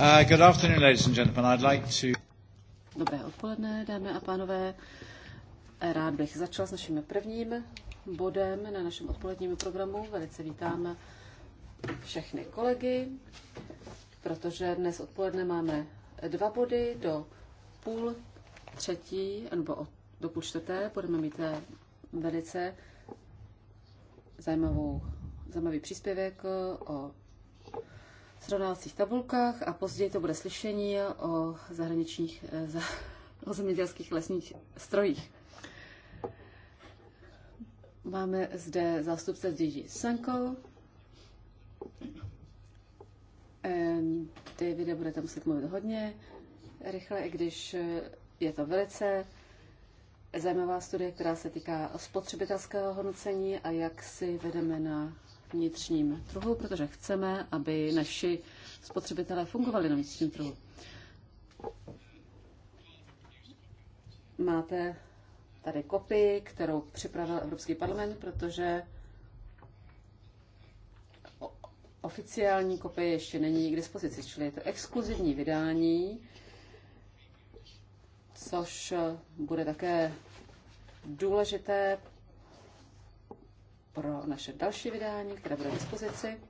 Uh, good afternoon, ladies and gentlemen. I'd like to... Dobré odpoledne, dámy a pánové. Rád bych začal s naším prvním bodem na našem odpoledním programu. Velice vítám všechny kolegy, protože dnes odpoledne máme dva body do půl třetí nebo do půl čtvrté. Budeme mít eh, velice zajímavou, zajímavý příspěvek eh, o srovnávacích tabulkách a později to bude slyšení o zahraničních, eh, o zemědělských lesních strojích. Máme zde zástupce z DG Sanko. Davide, budete muset mluvit hodně rychle, i když eh, je to velice zajímavá studie, která se týká spotřebitelského hodnocení a jak si vedeme na vnitřním trhu, protože chceme, aby naši spotřebitelé fungovali na vnitřním trhu. Máte tady kopii, kterou připravil Evropský parlament, protože oficiální kopie ještě není k dispozici, čili je to exkluzivní vydání, což bude také důležité pro naše další vydání, které bude k dispozici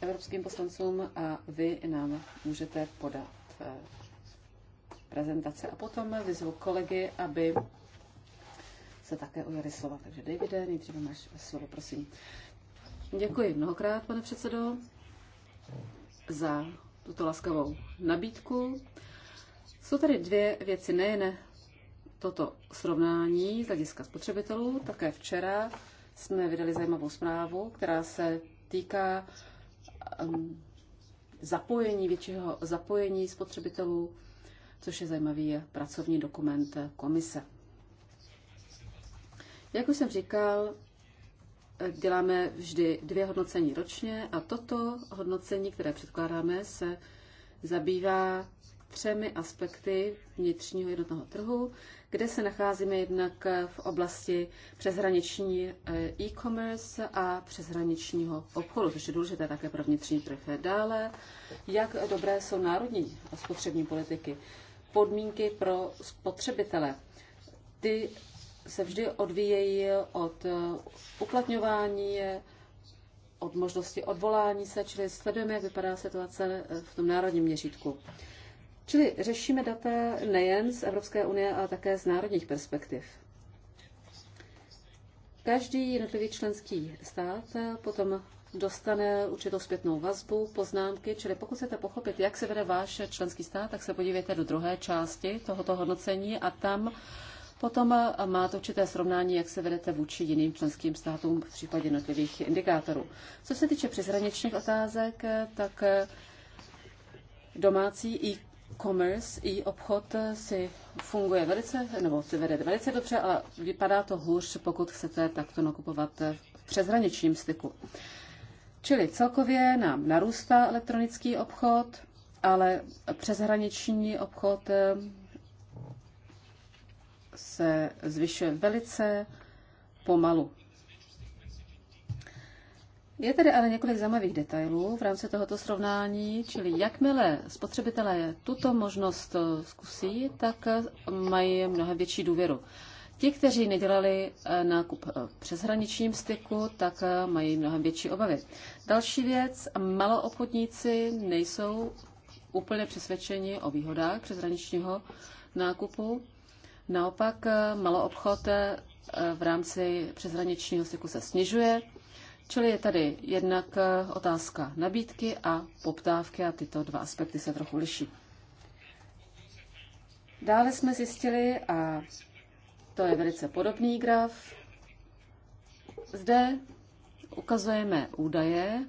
evropským poslancům a vy nám můžete podat eh, prezentace. A potom vyzvu kolegy, aby se také ujeli slova. Takže Davide, nejdříve máš slovo, prosím. Děkuji mnohokrát, pane předsedo, za tuto laskavou nabídku. Jsou tady dvě věci, nejen toto srovnání z hlediska spotřebitelů, také včera jsme vydali zajímavou zprávu, která se týká um, zapojení, většího zapojení spotřebitelů, což je zajímavý pracovní dokument komise. Jak už jsem říkal, děláme vždy dvě hodnocení ročně a toto hodnocení, které předkládáme, se zabývá třemi aspekty vnitřního jednotného trhu, kde se nacházíme jednak v oblasti přeshraniční eh, e-commerce a přeshraničního obchodu, což je důležité také pro vnitřní trh. Dále, jak dobré jsou národní spotřební politiky, podmínky pro spotřebitele. Ty se vždy odvíjejí od eh, uplatňování od možnosti odvolání se, čili sledujeme, jak vypadá situace eh, v tom národním měřítku. Čili řešíme data nejen z Evropské unie, ale také z národních perspektiv. Každý jednotlivý členský stát potom dostane určitou zpětnou vazbu, poznámky, čili pokud chcete pochopit, jak se vede váš členský stát, tak se podívejte do druhé části tohoto hodnocení a tam potom máte určité srovnání, jak se vedete vůči jiným členským státům v případě jednotlivých indikátorů. Co se týče přeshraničních otázek, tak domácí i e-commerce, e-obchod si funguje velice, nebo si vede velice dobře, a vypadá to hůř, pokud chcete takto nakupovat v přeshraničním styku. Čili celkově nám narůstá elektronický obchod, ale přeshraniční obchod eh, se zvyšuje velice pomalu. Je tady ale několik zajímavých detailů v rámci tohoto srovnání, čili jakmile spotřebitelé tuto možnost eh, zkusí, tak eh, mají mnohem větší důvěru. Ti, kteří nedělali eh, nákup přes hraničním styku, tak mají mnohem větší obavy. Další věc, maloobchodníci nejsou úplně přesvědčeni o výhodách přeshraničního nákupu. Naopak maloobchod v rámci přeshraničního styku se snižuje. Čili je tady jednak eh, otázka nabídky a poptávky a tyto dva aspekty se trochu liší. Dále jsme zjistili, a to je velice podobný graf, zde ukazujeme údaje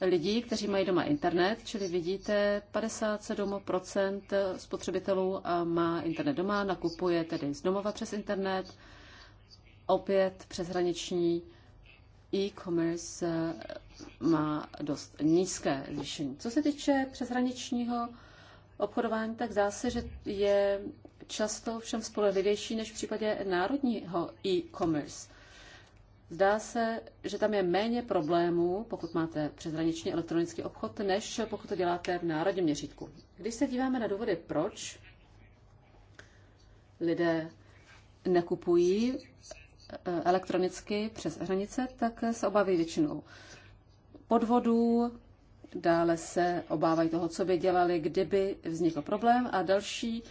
lidí, kteří mají doma internet, čili vidíte, 57% spotřebitelů eh, má internet doma, nakupuje tedy z domova přes internet, opět přeshraniční e-commerce eh, má dost nízké zvýšení. Co se týče přeshraničního obchodování, tak zdá se, že je často všem spolehlivější než v případě národního e-commerce. Zdá se, že tam je méně problémů, pokud máte přeshraniční elektronický obchod, než pokud to děláte v národním měřítku. Když se díváme na důvody, proč lidé nekupují Eh, elektronicky přes hranice, tak se obávají většinou podvodů, dále se obávají toho, co by dělali, kdyby vznikl problém a další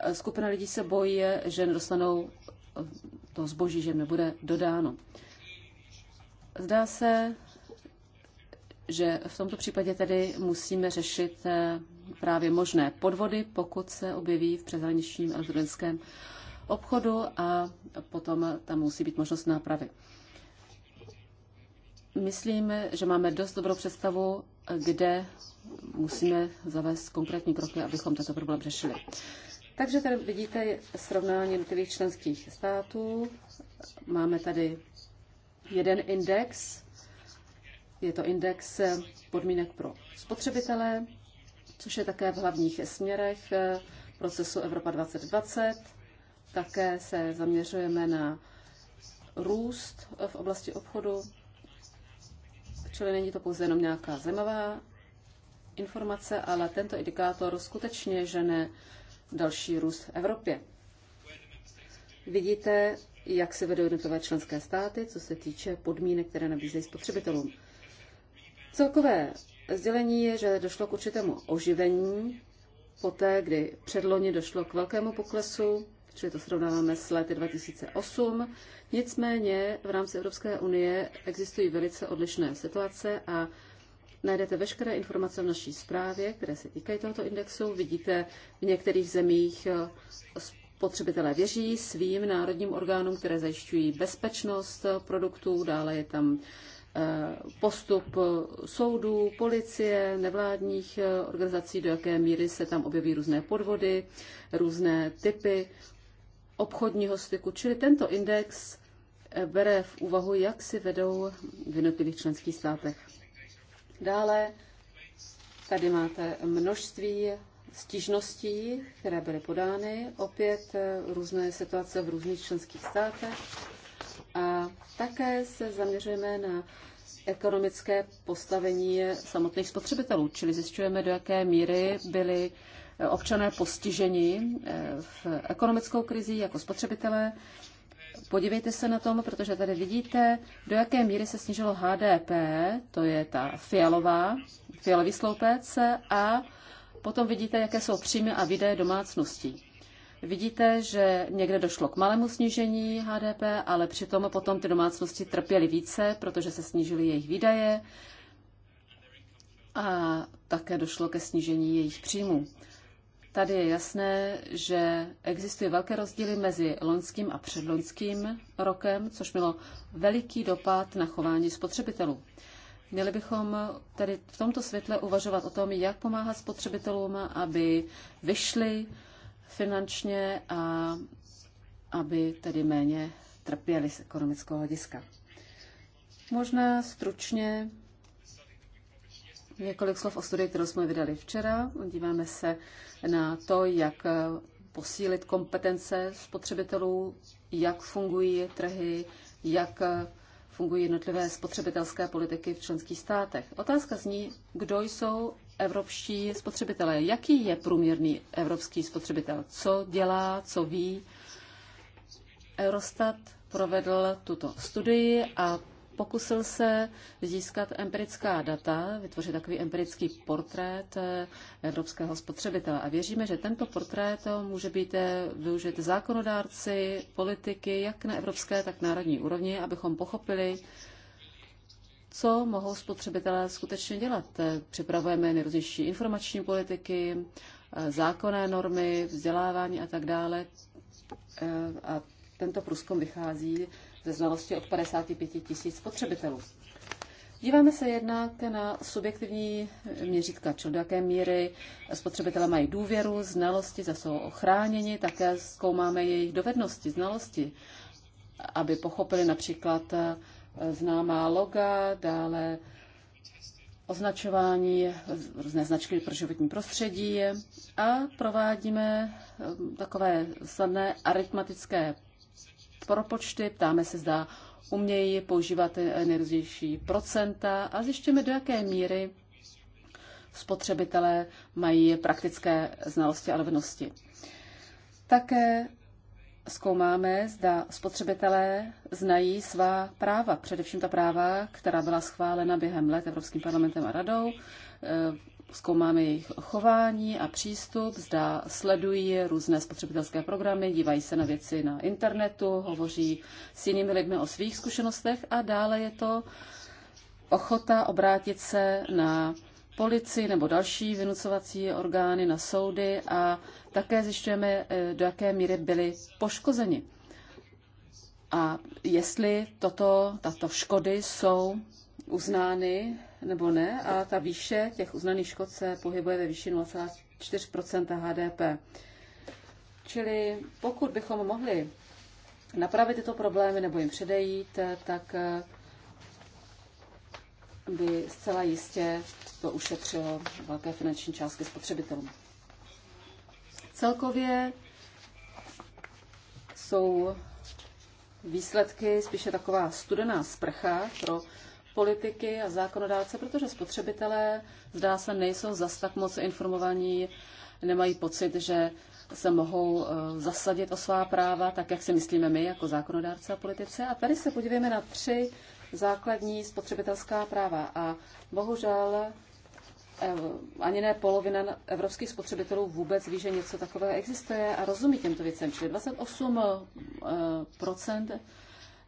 eh, skupina lidí se bojí, že nedostanou eh, to zboží, že nebude dodáno. Zdá se, že v tomto případě tedy musíme řešit právě možné podvody, pokud se objeví v přeshraničním elektronickém obchodu a potom tam musí být možnost nápravy. Myslím, že máme dost dobrou představu, kde musíme zavést konkrétní kroky, abychom tento problém řešili. Takže tady vidíte srovnání jednotlivých členských států. Máme tady jeden index. Je to index podmínek pro spotřebitele, což je také v hlavních směrech procesu Evropa 2020. Také se zaměřujeme na růst v oblasti obchodu, čili není to pouze jenom nějaká zajímavá informace, ale tento indikátor skutečně žene další růst v Evropě. Vidíte, jak se vedou jednotlivé členské státy, co se týče podmínek, které nabízejí spotřebitelům. Celkové sdělení je, že došlo k určitému oživení, poté, kdy předloni došlo k velkému poklesu čili to srovnáváme s lety 2008. Nicméně v rámci Evropské unie existují velice odlišné situace a najdete veškeré informace v naší zprávě, které se týkají tohoto indexu. Vidíte v některých zemích eh, Potřebitelé věří svým národním orgánům, které zajišťují bezpečnost eh, produktů, dále je tam eh, postup soudů, policie, nevládních organizací, do jaké míry se tam objeví různé podvody, různé typy obchodního styku. Čili tento index eh, bere v úvahu, jak si vedou v jednotlivých členských státech. Dále tady máte množství stížností, které byly podány, opět eh, různé situace v různých členských státech. A také se zaměřujeme na ekonomické postavení samotných spotřebitelů, čili zjišťujeme, do jaké míry byly občané postiženi eh, v ekonomickou krizi jako spotřebitelé. Podívejte se na tom, protože tady vidíte, do jaké míry se snížilo HDP, to je ta fialová, fialový sloupec, a potom vidíte, jaké jsou příjmy a výdaje domácností. Vidíte, že někde došlo k malému snížení HDP, ale přitom potom ty domácnosti trpěly více, protože se snížily jejich výdaje a také došlo ke snížení jejich příjmů. Tady je jasné, že existují velké rozdíly mezi loňským a předloňským rokem, což mělo veliký dopad na chování spotřebitelů. Měli bychom tedy v tomto světle uvažovat o tom, jak pomáhat spotřebitelům, aby vyšli finančně a aby tedy méně trpěli z ekonomického hlediska. Možná stručně Několik slov o studii, kterou jsme vydali včera. Díváme se na to, jak posílit kompetence spotřebitelů, jak fungují trhy, jak fungují jednotlivé spotřebitelské politiky v členských státech. Otázka zní, kdo jsou evropští spotřebitelé. Jaký je průměrný evropský spotřebitel? Co dělá, co ví? Eurostat provedl tuto studii a Pokusil se získat empirická data, vytvořit takový empirický portrét eh, evropského spotřebitele. A věříme, že tento portrét může být eh, využit zákonodárci, politiky, jak na evropské, tak národní úrovni, abychom pochopili, co mohou spotřebitelé skutečně dělat. Eh, připravujeme nejrůznější informační politiky, zákonné normy, vzdělávání a tak dále. A tento průzkum vychází ze znalosti od 55 tisíc spotřebitelů. Díváme se jednak na subjektivní měřítka, či do jaké míry spotřebitelé mají důvěru, znalosti, za jsou ochráněni, také zkoumáme jejich dovednosti, znalosti, aby pochopili například eh, známá loga, dále označování, eh, různé značky pro životní prostředí a provádíme eh, takové snadné aritmatické propočty, ptáme se, zda umějí používat nejrůznější procenta a zjišťujeme, do jaké míry spotřebitelé mají praktické znalosti a dovednosti. Také zkoumáme, zda spotřebitelé znají svá práva, především ta práva, která byla schválena během let Evropským parlamentem a radou zkoumáme jejich chování a přístup, zda sledují různé spotřebitelské programy, dívají se na věci na internetu, hovoří s jinými lidmi o svých zkušenostech a dále je to ochota obrátit se na policii nebo další vynucovací orgány, na soudy a také zjišťujeme, eh, do jaké míry byli poškozeni. A jestli toto, tato škody jsou uznány nebo ne a ta výše těch uznaných škod se pohybuje ve výši 0,4 HDP. Čili pokud bychom mohli napravit tyto problémy nebo jim předejít, tak eh, by zcela jistě to ušetřilo velké finanční částky spotřebitelům. Celkově jsou výsledky spíše taková studená sprcha pro politiky a zákonodárce, protože spotřebitelé, zdá se, nejsou zas tak moc informovaní, nemají pocit, že se mohou eh, zasadit o svá práva, tak jak si myslíme my jako zákonodárce a politici. A tady se podívejme na tři základní spotřebitelská práva. A bohužel eh, ani ne polovina evropských spotřebitelů vůbec ví, že něco takového existuje a rozumí těmto věcem. Čili 28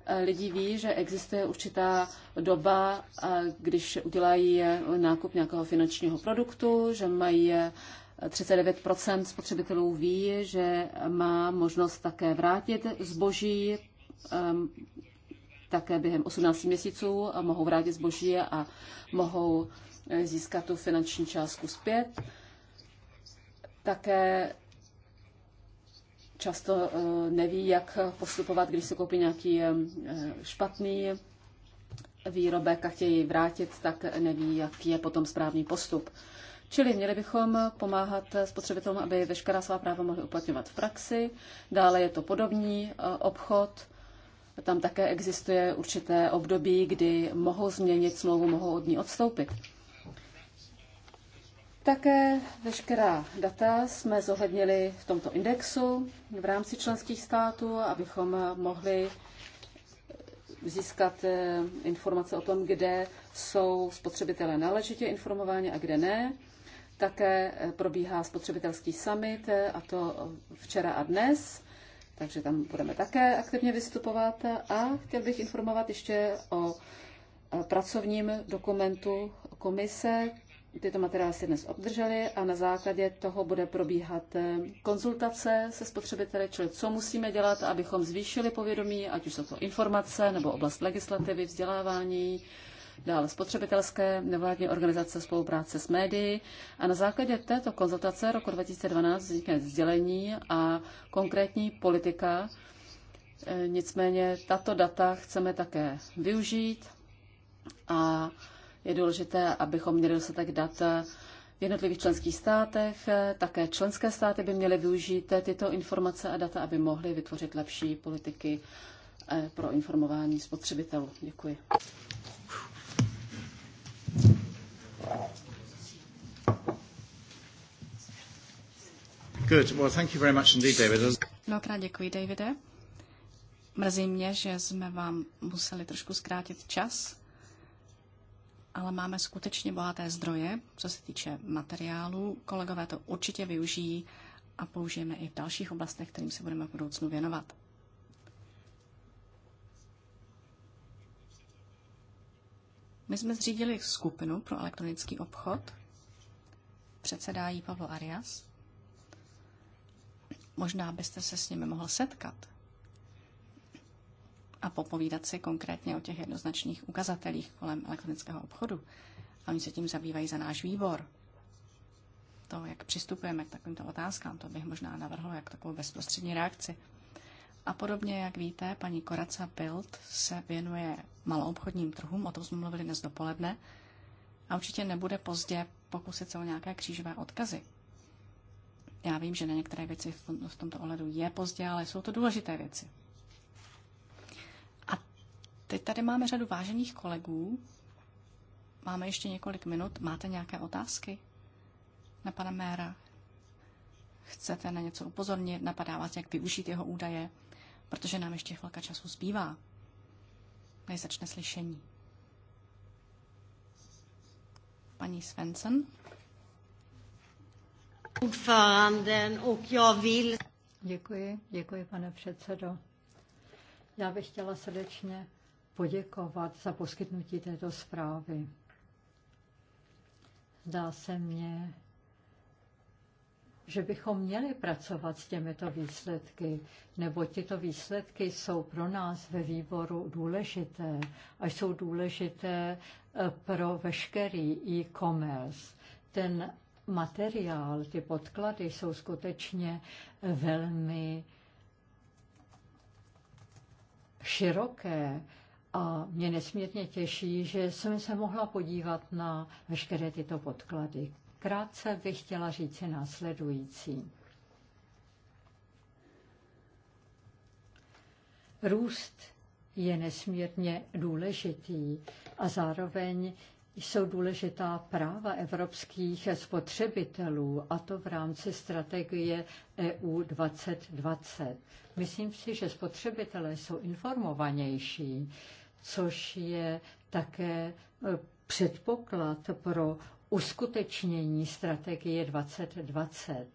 E, lidí ví, že existuje určitá doba, e, když udělají nákup nějakého finančního produktu, že mají 39 e, spotřebitelů ví, že má možnost také vrátit zboží také během 18 měsíců a mohou vrátit zboží a mohou získat tu finanční částku zpět. Také často eh, neví, jak postupovat, když se koupí nějaký eh, špatný výrobek a chtějí vrátit, tak neví, jaký je potom správný postup. Čili měli bychom pomáhat spotřebitelům, aby veškerá svá práva mohli uplatňovat v praxi. Dále je to podobní eh, obchod. Tam také existuje určité období, kdy mohou změnit smlouvu, mohou od ní odstoupit. Také veškerá data jsme zohlednili v tomto indexu v rámci členských států, abychom mohli získat eh, informace o tom, kde jsou spotřebitelé náležitě informováni a kde ne. Také eh, probíhá spotřebitelský summit, eh, a to včera a dnes, takže tam budeme také aktivně vystupovat. A chtěl bych informovat ještě o pracovním dokumentu komise, Tyto materiály si dnes obdrželi a na základě toho bude probíhat eh, konzultace se spotřebiteli, čili co musíme dělat, abychom zvýšili povědomí, ať už jsou to informace nebo oblast legislativy, vzdělávání, dále spotřebitelské nevládní organizace spolupráce s médií. A na základě této konzultace roku 2012 vznikne sdělení a konkrétní politika. Eh, nicméně tato data chceme také využít a je důležité, abychom měli dostatek dat v jednotlivých členských státech. Také členské státy by měly využít tyto informace a data, aby mohly vytvořit lepší politiky eh, pro informování spotřebitelů. Děkuji. Good. Well, thank you very much indeed, David. Mnohokrát děkuji, Davide. Mrzí mě, že jsme vám museli trošku zkrátit čas, ale máme skutečně bohaté zdroje, co se týče materiálu. Kolegové to určitě využijí a použijeme i v dalších oblastech, kterým se budeme v budoucnu věnovat. My jsme zřídili skupinu pro elektronický obchod. Předsedá jí Pavlo Arias. Možná byste se s nimi mohl setkat a popovídat si konkrétně o těch jednoznačných ukazatelích kolem elektronického obchodu. A oni se tím zabývají za náš výbor. To, jak přistupujeme k takovýmto otázkám, to bych možná navrhl jak takovou bezprostřední reakci. A podobně, jak víte, paní Koraca Bild se věnuje maloobchodním trhům, o tom jsme mluvili dnes dopoledne, a určitě nebude pozdě pokusit se o nějaké křížové odkazy. Já vím, že na některé věci v, tom, v tomto ohledu je pozdě, ale jsou to důležité věci. Teď tady máme řadu vážených kolegů. Máme ještě několik minut. Máte nějaké otázky na pana méra? Chcete na něco upozornit? Napadá vás, jak využít jeho údaje? Protože nám ještě chvilka času zbývá, než začne slyšení. Paní Svensson. Děkuji, děkuji, pane předsedo. Já bych chtěla srdečně poděkovat za poskytnutí této zprávy. Zdá se mně, že bychom měli pracovat s těmito výsledky, nebo tyto výsledky jsou pro nás ve výboru důležité a jsou důležité eh, pro veškerý e-commerce. Ten materiál, ty podklady jsou skutečně eh, velmi široké a mě nesmírně těší, že jsem se mohla podívat na veškeré tyto podklady. Krátce bych chtěla říci následující. Růst je nesmírně důležitý a zároveň jsou důležitá práva evropských spotřebitelů, a to v rámci strategie EU 2020. Myslím si, že spotřebitelé jsou informovanější, což je také e, předpoklad pro uskutečnění strategie 2020.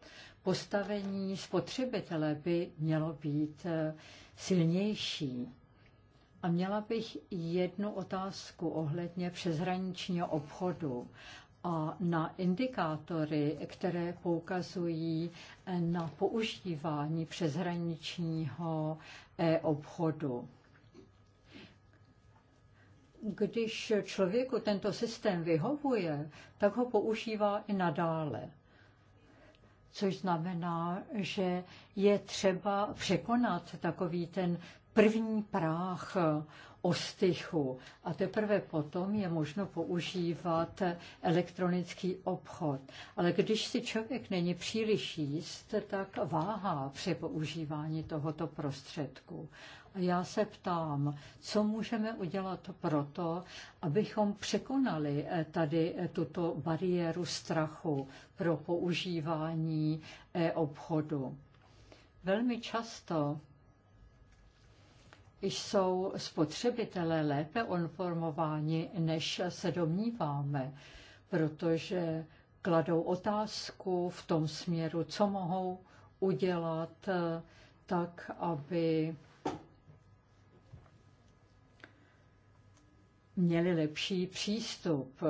Postavení spotřebitele by mělo být e, silnější. A měla bych jednu otázku ohledně přeshraničního obchodu a na indikátory, které poukazují e, na používání přeshraničního e-obchodu když člověku tento systém vyhovuje, tak ho používá i nadále. Což znamená, že je třeba překonat takový ten první práh ostychu a teprve potom je možno používat elektronický obchod. Ale když si člověk není příliš jíst, tak váhá při používání tohoto prostředku. A já se ptám, co můžeme udělat pro to, abychom překonali eh, tady eh, tuto bariéru strachu pro používání e-obchodu. Eh, Velmi často jsou spotřebitelé lépe informováni, než se domníváme, protože kladou otázku v tom směru, co mohou udělat tak, aby měli lepší přístup.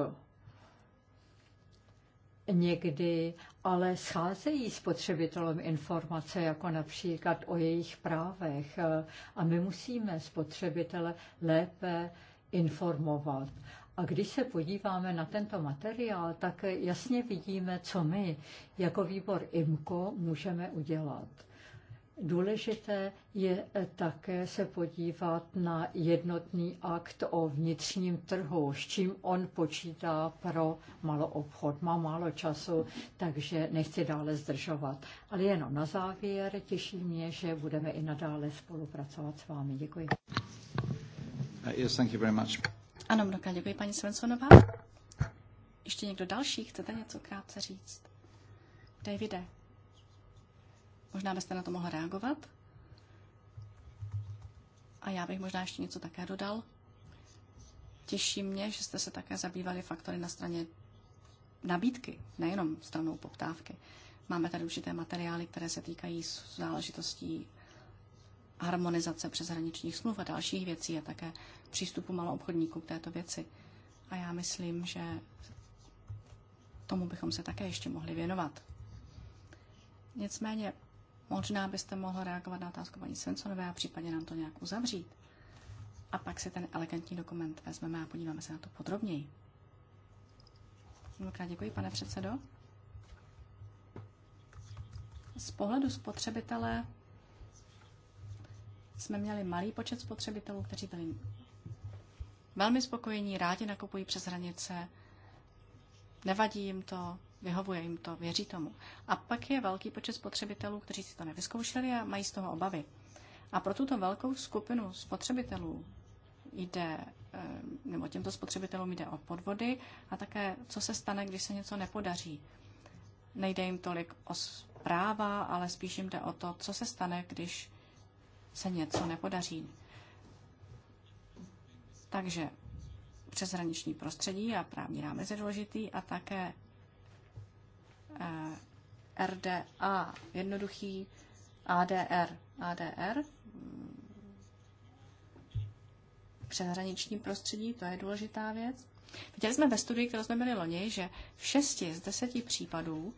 Někdy ale scházejí spotřebitelům informace, jako například o jejich právech. A my musíme spotřebitele lépe informovat. A když se podíváme na tento materiál, tak jasně vidíme, co my jako výbor IMCO můžeme udělat. Důležité je také se podívat na jednotný akt o vnitřním trhu, s čím on počítá pro maloobchod. Má málo času, takže nechci dále zdržovat. Ale jenom na závěr těší mě, že budeme i nadále spolupracovat s vámi. Děkuji. Uh, yes, thank you very much. Ano, mnoha děkuji, paní Svensonová. Ještě někdo další? Chcete něco krátce říct? Davide. Možná byste na to mohla reagovat. A já bych možná ještě něco také dodal. Těší mě, že jste se také zabývali faktory na straně nabídky, nejenom stranou poptávky. Máme tady určité materiály, které se týkají záležitostí harmonizace přeshraničních smluv a dalších věcí a také přístupu maloobchodníků k této věci. A já myslím, že tomu bychom se také ještě mohli věnovat. Nicméně Možná byste mohl reagovat na otázku paní Sensonové a případně nám to nějak uzavřít. A pak si ten elegantní dokument vezmeme a podíváme se na to podrobněji. Mnohokrát děkuji, pane předsedo. Z pohledu spotřebitele jsme měli malý počet spotřebitelů, kteří byli velmi spokojení, rádi nakupují přes hranice, nevadí jim to, vyhovuje jim to, věří tomu. A pak je velký počet spotřebitelů, kteří si to nevyzkoušeli a mají z toho obavy. A pro tuto velkou skupinu spotřebitelů jde, eh, nebo těmto spotřebitelům jde o podvody a také, co se stane, když se něco nepodaří. Nejde jim tolik o práva, ale spíš jim jde o to, co se stane, když se něco nepodaří. Takže přeshraniční prostředí a právní rámec je důležitý a také Eh, RDA, jednoduchý ADR. ADR, mm, přeshraniční prostředí, to je důležitá věc. Viděli jsme ve studii, kterou jsme měli loni, že v šesti z deseti případů,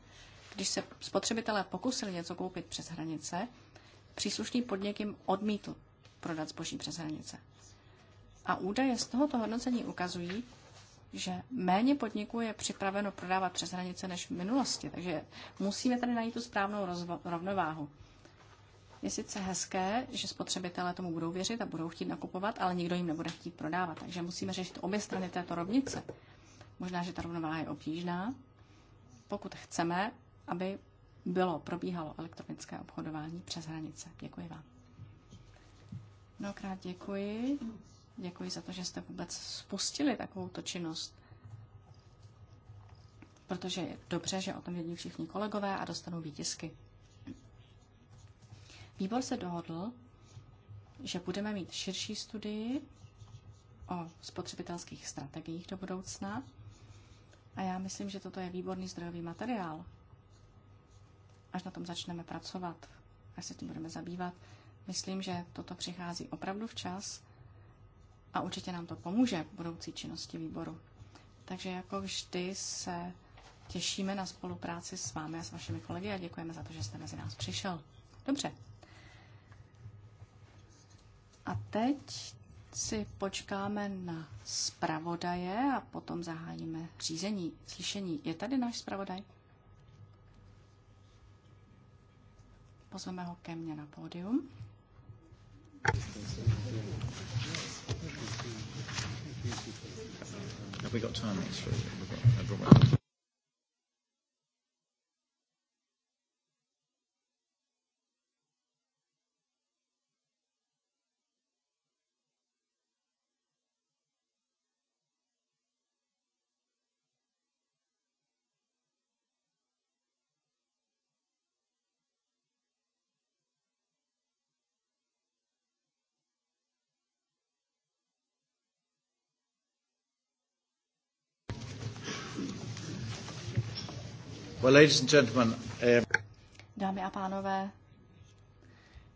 když se spotřebitelé pokusili něco koupit přes hranice, příslušný podnik jim odmítl prodat zboží přes hranice. A údaje z tohoto hodnocení ukazují, že méně podniků je připraveno prodávat přes hranice než v minulosti. Takže musíme tady najít tu správnou rovnováhu. Je sice hezké, že spotřebitelé tomu budou věřit a budou chtít nakupovat, ale nikdo jim nebude chtít prodávat. Takže musíme řešit obě strany této rovnice. Možná, že ta rovnováha je obtížná. Pokud chceme, aby bylo, probíhalo elektronické obchodování přes hranice. Děkuji vám. Mnohokrát děkuji. Děkuji za to, že jste vůbec spustili takovou činnost. Protože je dobře, že o tom vědí všichni kolegové a dostanou výtisky. Výbor se dohodl, že budeme mít širší studii o spotřebitelských strategiích do budoucna. A já myslím, že toto je výborný zdrojový materiál. Až na tom začneme pracovat, až se tím budeme zabývat, myslím, že toto přichází opravdu včas a určitě nám to pomůže v budoucí činnosti výboru. Takže jako vždy se těšíme na spolupráci s vámi a s vašimi kolegy a děkujeme za to, že jste mezi nás přišel. Dobře. A teď si počkáme na zpravodaje a potom zahájíme řízení, slyšení. Je tady náš zpravodaj? Pozveme ho ke mně na pódium. Have we got time next week? Well, ladies and gentlemen, um, Dámy a pánové,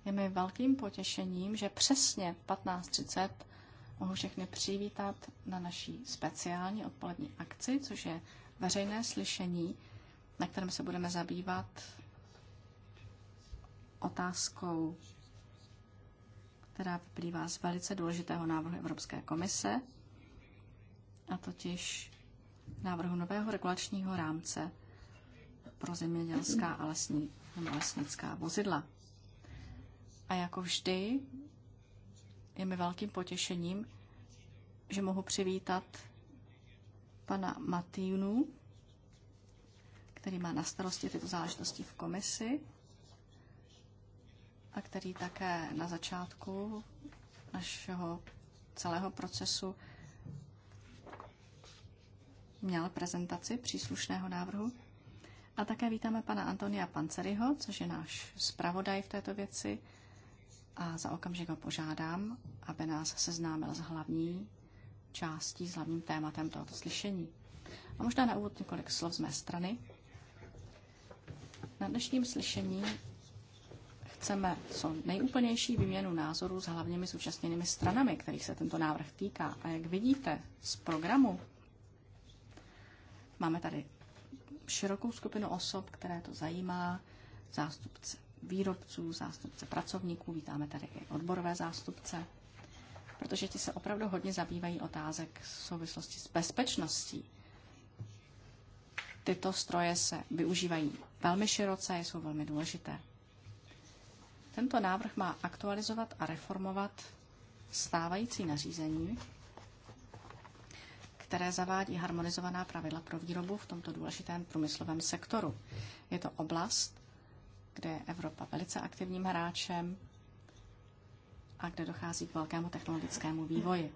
je mi velkým potěšením, že přesně v 15.30 mohu všechny přivítat na naší speciální odpolední akci, což je veřejné slyšení, na kterém se budeme zabývat otázkou, která vyplývá z velice důležitého návrhu Evropské komise, a totiž návrhu nového regulačního rámce pro zemědělská a lesní, nebo lesnická vozidla. A jako vždy je mi velkým potěšením, že mohu přivítat pana Matýnu, který má na starosti tyto záležitosti v komisi a který také na začátku našeho celého procesu měl prezentaci příslušného návrhu. A také vítáme pana Antonia Panceryho, což je náš zpravodaj v této věci. A za okamžik ho požádám, aby nás seznámil s hlavní částí, s hlavním tématem tohoto slyšení. A možná na úvod několik slov z mé strany. Na dnešním slyšení chceme co nejúplnější výměnu názorů s hlavními zúčastněnými stranami, kterých se tento návrh týká. A jak vidíte z programu, máme tady širokou skupinu osob, které to zajímá, zástupce výrobců, zástupce pracovníků, vítáme tady i odborové zástupce, protože ti se opravdu hodně zabývají otázek v souvislosti s bezpečností. Tyto stroje se využívají velmi široce a jsou velmi důležité. Tento návrh má aktualizovat a reformovat stávající nařízení, které zavádí harmonizovaná pravidla pro výrobu v tomto důležitém průmyslovém sektoru. Je to oblast, kde je Evropa velice aktivním hráčem a kde dochází k velkému technologickému vývoji.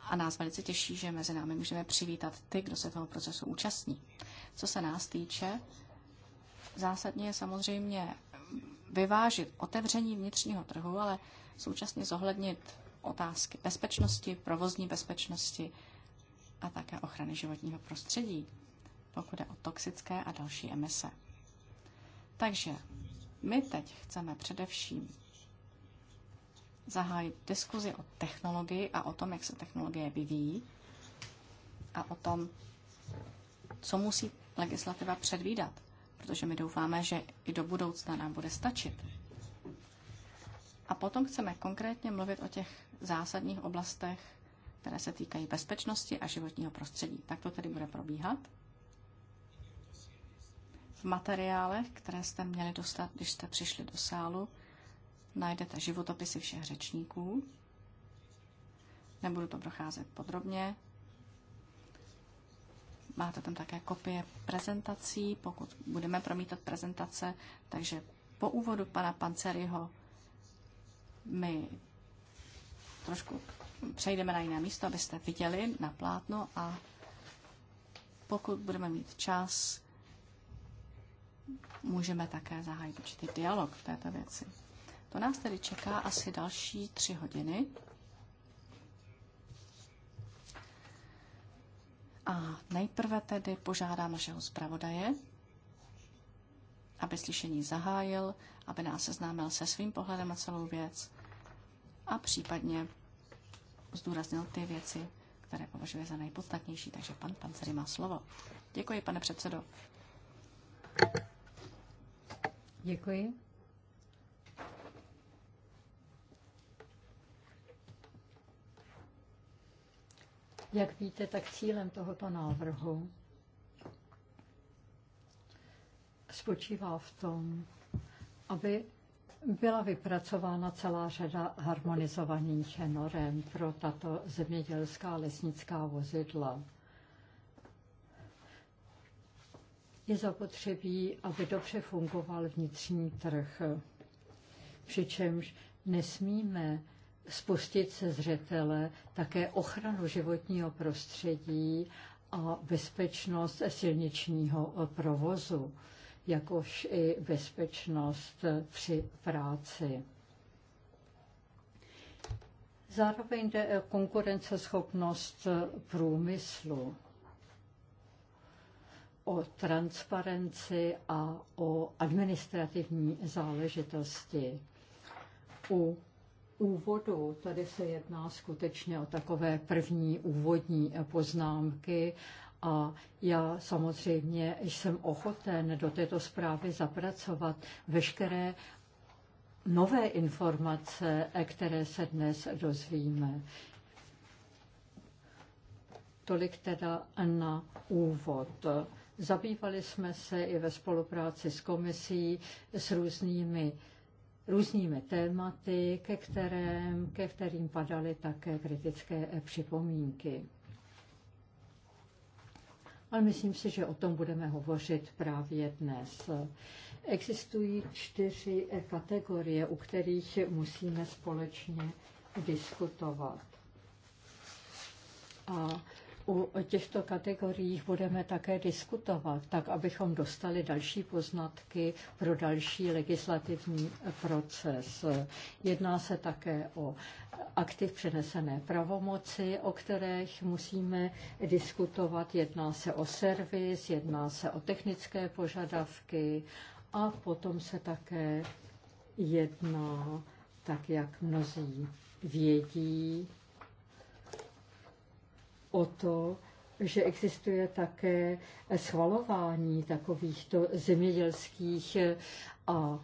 A nás velice těší, že mezi námi můžeme přivítat ty, kdo se toho procesu účastní. Co se nás týče, zásadně je samozřejmě vyvážit otevření vnitřního trhu, ale současně zohlednit otázky bezpečnosti, provozní bezpečnosti a také ochrany životního prostředí, pokud je o toxické a další emise. Takže my teď chceme především zahájit diskuzi o technologii a o tom, jak se technologie vyvíjí a o tom, co musí legislativa předvídat, protože my doufáme, že i do budoucna nám bude stačit. A potom chceme konkrétně mluvit o těch zásadních oblastech, které se týkají bezpečnosti a životního prostředí. Tak to tedy bude probíhat. V materiálech, které jste měli dostat, když jste přišli do sálu, najdete životopisy všech řečníků. Nebudu to procházet podrobně. Máte tam také kopie prezentací, pokud budeme promítat prezentace, takže po úvodu pana Panceryho my trošku přejdeme na jiné místo, abyste viděli na plátno a pokud budeme mít čas, můžeme také zahájit určitý dialog v této věci. To nás tedy čeká asi další tři hodiny. A nejprve tedy požádám našeho zpravodaje, aby slyšení zahájil, aby nás seznámil se svým pohledem na celou věc a případně zdůraznil ty věci, které považuje za nejpodstatnější. Takže pan Pancery má slovo. Děkuji, pane předsedo. Děkuji. Jak víte, tak cílem tohoto návrhu spočívá v tom, aby byla vypracována celá řada harmonizovaných norem pro tato zemědělská lesnická vozidla. Je zapotřebí, aby dobře fungoval vnitřní trh. Přičemž nesmíme spustit se zřetele také ochranu životního prostředí a bezpečnost silničního provozu jakož i bezpečnost při práci. Zároveň jde o konkurenceschopnost průmyslu, o transparenci a o administrativní záležitosti. U úvodu tady se jedná skutečně o takové první úvodní poznámky a já samozřejmě jsem ochoten do této zprávy zapracovat veškeré nové informace, e, které se dnes dozvíme. Tolik teda na úvod. Zabývali jsme se i ve spolupráci s komisí s různými, různými tématy, ke, kterém, ke kterým padaly také kritické e, připomínky ale myslím si, že o tom budeme hovořit právě dnes. Existují čtyři kategorie, u kterých musíme společně diskutovat. A u těchto kategoriích budeme také diskutovat, tak abychom dostali další poznatky pro další legislativní proces. Jedná se také o aktiv přenesené pravomoci, o kterých musíme diskutovat. Jedná se o servis, jedná se o technické požadavky a potom se také jedná, tak jak mnozí vědí, o to, že existuje také schvalování takovýchto zemědělských a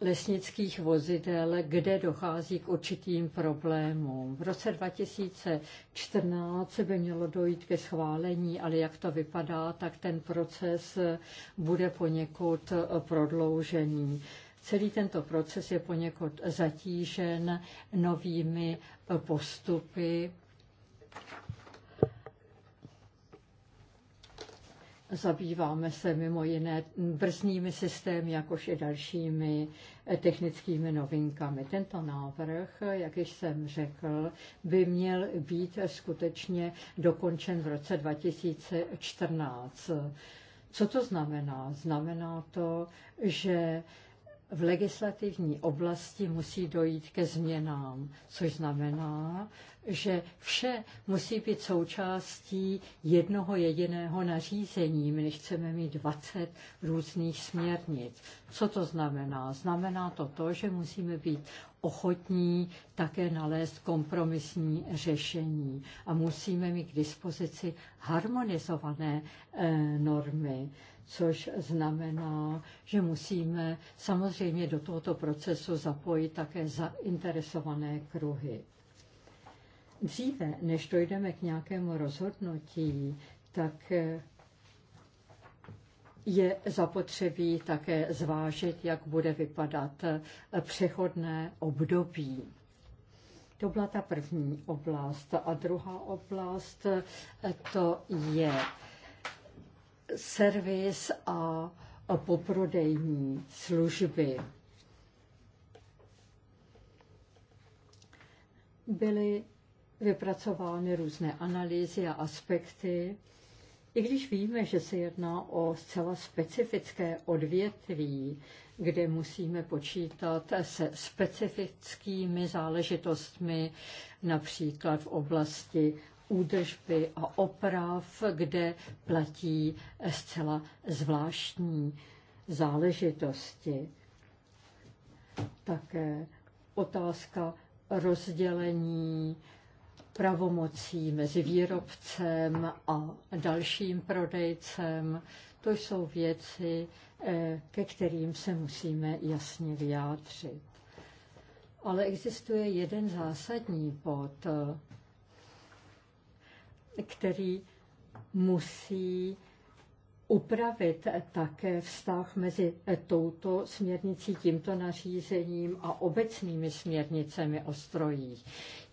lesnických vozidel, kde dochází k určitým problémům. V roce 2014 by mělo dojít ke schválení, ale jak to vypadá, tak ten proces bude poněkud prodloužený. Celý tento proces je poněkud zatížen novými postupy Zabýváme se mimo jiné brzdními systémy, jakož i dalšími eh, technickými novinkami. Tento návrh, jak již jsem řekl, by měl být skutečně dokončen v roce 2014. Co to znamená? Znamená to, že v legislativní oblasti musí dojít ke změnám, což znamená, že vše musí být součástí jednoho jediného nařízení. My nechceme mít 20 různých směrnic. Co to znamená? Znamená to to, že musíme být ochotní také nalézt kompromisní řešení a musíme mít k dispozici harmonizované eh, normy. Eh, což znamená, že musíme samozřejmě do tohoto procesu zapojit také zainteresované kruhy. Dříve, než dojdeme k nějakému rozhodnutí, tak eh, je zapotřebí také zvážit, jak bude vypadat eh, přechodné období. To byla ta první oblast. A druhá oblast eh, to je servis a, a poprodejní služby. Byly vypracovány různé analýzy a aspekty. I když víme, že se jedná o zcela specifické odvětví, kde musíme počítat se specifickými záležitostmi, například v oblasti údržby a oprav, kde platí zcela zvláštní záležitosti. Také otázka rozdělení pravomocí mezi výrobcem a dalším prodejcem. To jsou věci, eh, ke kterým se musíme jasně vyjádřit. Ale existuje jeden zásadní bod, který musí upravit také vztah mezi touto směrnicí, tímto nařízením a obecnými směrnicemi o strojích.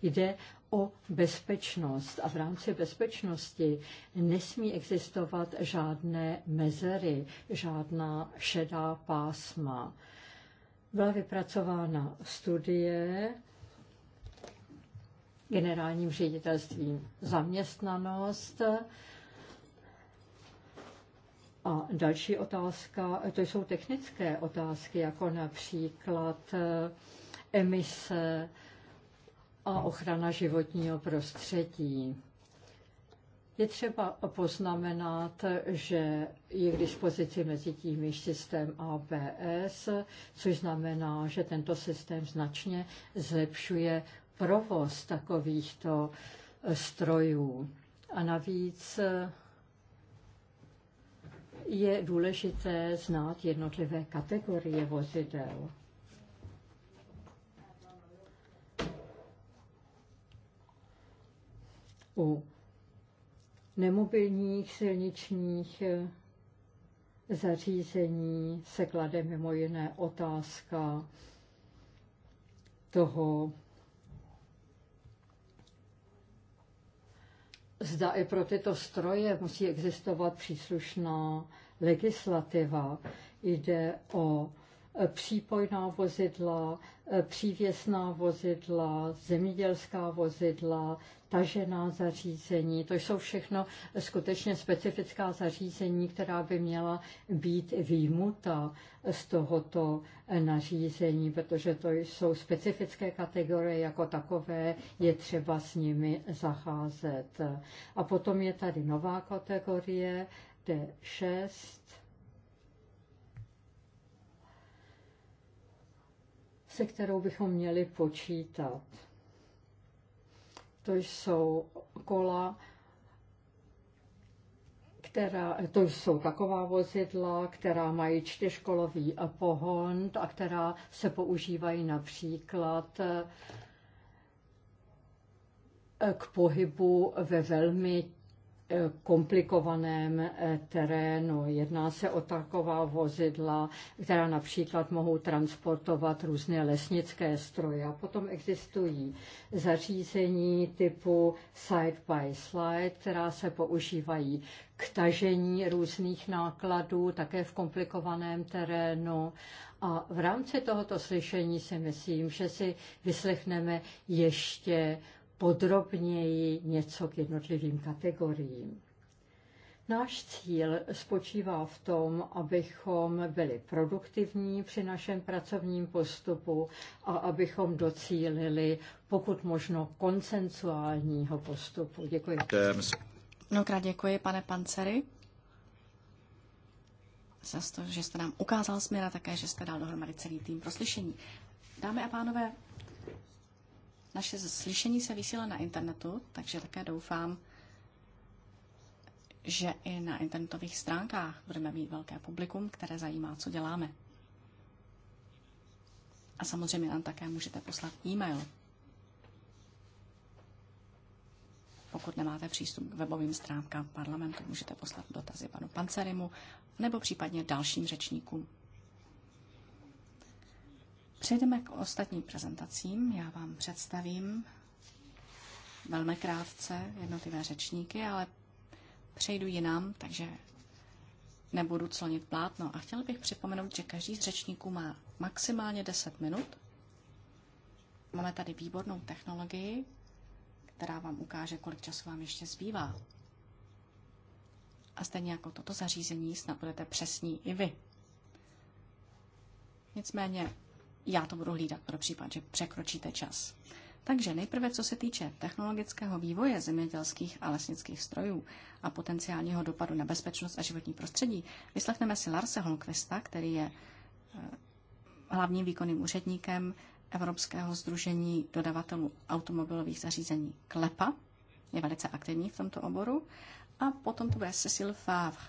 Jde o bezpečnost a v rámci bezpečnosti nesmí existovat žádné mezery, žádná šedá pásma. Byla vypracována studie, generálním ředitelstvím zaměstnanost. A další otázka, to jsou technické otázky, jako například eh, emise a ochrana životního prostředí. Je třeba poznamenat, že je k dispozici mezi tím již systém ABS, což znamená, že tento systém značně zlepšuje provoz takovýchto eh, strojů. A navíc eh, je důležité znát jednotlivé kategorie vozidel. U nemobilních silničních eh, zařízení se klade mimo jiné otázka toho, zda i pro tyto stroje musí existovat příslušná legislativa. Jde o přípojná vozidla, eh, přívěsná vozidla, zemědělská vozidla, tažená zařízení. To jsou všechno skutečně specifická zařízení, která by měla být výjimuta z tohoto eh, nařízení, protože to jsou specifické kategorie jako takové, je třeba s nimi zacházet. A potom je tady nová kategorie, D6, se kterou bychom měli počítat. To jsou kola, která, to jsou taková vozidla, která mají čtyřkolový pohon a která se používají například eh, k pohybu ve velmi komplikovaném eh, terénu. Jedná se o taková vozidla, která například mohou transportovat různé lesnické stroje. A potom existují zařízení typu side-by-slide, která se používají k tažení různých nákladů, také v komplikovaném terénu. A v rámci tohoto slyšení si myslím, že si vyslechneme ještě podrobněji něco k jednotlivým kategoriím. Náš cíl spočívá v tom, abychom byli produktivní při našem pracovním postupu a abychom docílili pokud možno konsensuálního postupu. Děkuji. Mnohokrát děkuji, pane Pancery, za to, že jste nám ukázal směr a také, že jste dal dohromady celý tým pro slyšení. Dámy a pánové, naše slyšení se vysílá na internetu, takže také doufám, že i na internetových stránkách budeme mít velké publikum, které zajímá, co děláme. A samozřejmě nám také můžete poslat e-mail, pokud nemáte přístup k webovým stránkám parlamentu, můžete poslat dotazy panu Pancerimu nebo případně dalším řečníkům. Přejdeme k ostatním prezentacím. Já vám představím velmi krátce jednotlivé řečníky, ale přejdu jinam, takže nebudu clonit plátno. A chtěl bych připomenout, že každý z řečníků má maximálně 10 minut. Máme tady výbornou technologii, která vám ukáže, kolik času vám ještě zbývá. A stejně jako toto zařízení snad budete přesní i vy. Nicméně já to budu hlídat pro případ, že překročíte čas. Takže nejprve, co se týče technologického vývoje zemědělských a lesnických strojů a potenciálního dopadu na bezpečnost a životní prostředí, vyslechneme si Larse Holmquista, který je eh, hlavním výkonným úředníkem Evropského združení dodavatelů automobilových zařízení KLEPA, je velice aktivní v tomto oboru. A potom to bude Cecil Favre,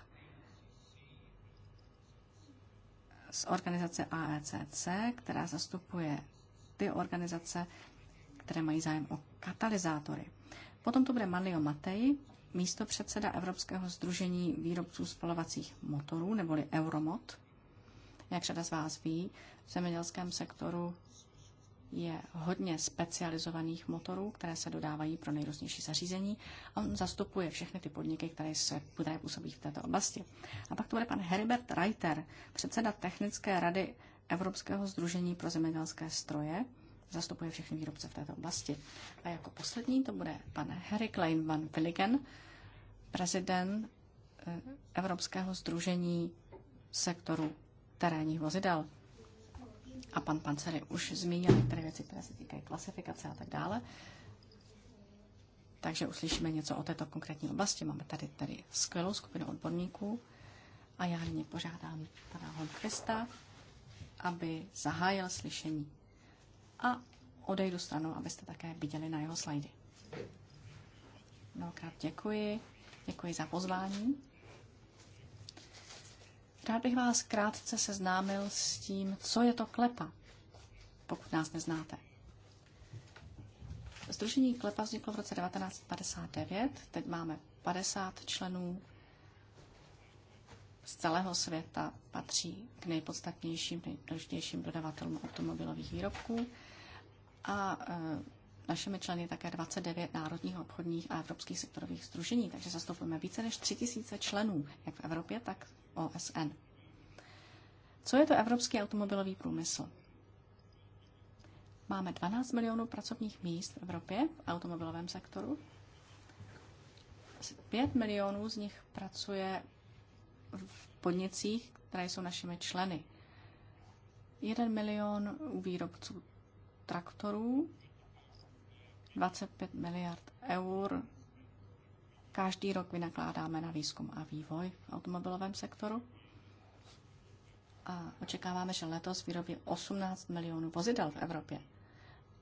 z organizace AECC, která zastupuje ty organizace, které mají zájem o katalyzátory. Potom to bude Manlio Matej, místo předseda Evropského združení výrobců spalovacích motorů, neboli Euromot. Jak řada z vás ví, v zemědělském sektoru je hodně specializovaných motorů, které se dodávají pro nejrůznější zařízení a on zastupuje všechny ty podniky, které, se, které působí v této oblasti. A pak to bude pan Herbert Reiter, předseda Technické rady Evropského združení pro zemědělské stroje, zastupuje všechny výrobce v této oblasti. A jako poslední to bude pan Harry Klein van Willigen, prezident eh, Evropského združení sektoru terénních vozidel. A pan Pancery už zmínil některé věci, které se týkají klasifikace a tak dále. Takže uslyšíme něco o této konkrétní oblasti. Máme tady, tady skvělou skupinu odborníků a já nyní požádám pana Holmquista, aby zahájil slyšení. A odejdu stranou, abyste také viděli na jeho slajdy. Mnohokrát děkuji. Děkuji za pozvání. Rád bych vás krátce seznámil s tím, co je to klepa, pokud nás neznáte. Združení Klepa vzniklo v roce 1959, teď máme 50 členů z celého světa, patří k nejpodstatnějším, nejdůležitějším dodavatelům automobilových výrobků a e, našimi členy také 29 národních obchodních a evropských sektorových združení, takže zastupujeme více než 3000 členů, jak v Evropě, tak OSN. Co je to evropský automobilový průmysl? Máme 12 milionů pracovních míst v Evropě v automobilovém sektoru. Asi 5 milionů z nich pracuje v podnicích, které jsou našimi členy. 1 milion u výrobců traktorů, 25 miliard eur Každý rok vynakládáme na výzkum a vývoj v automobilovém sektoru a očekáváme, že letos vyrobí 18 milionů vozidel v Evropě.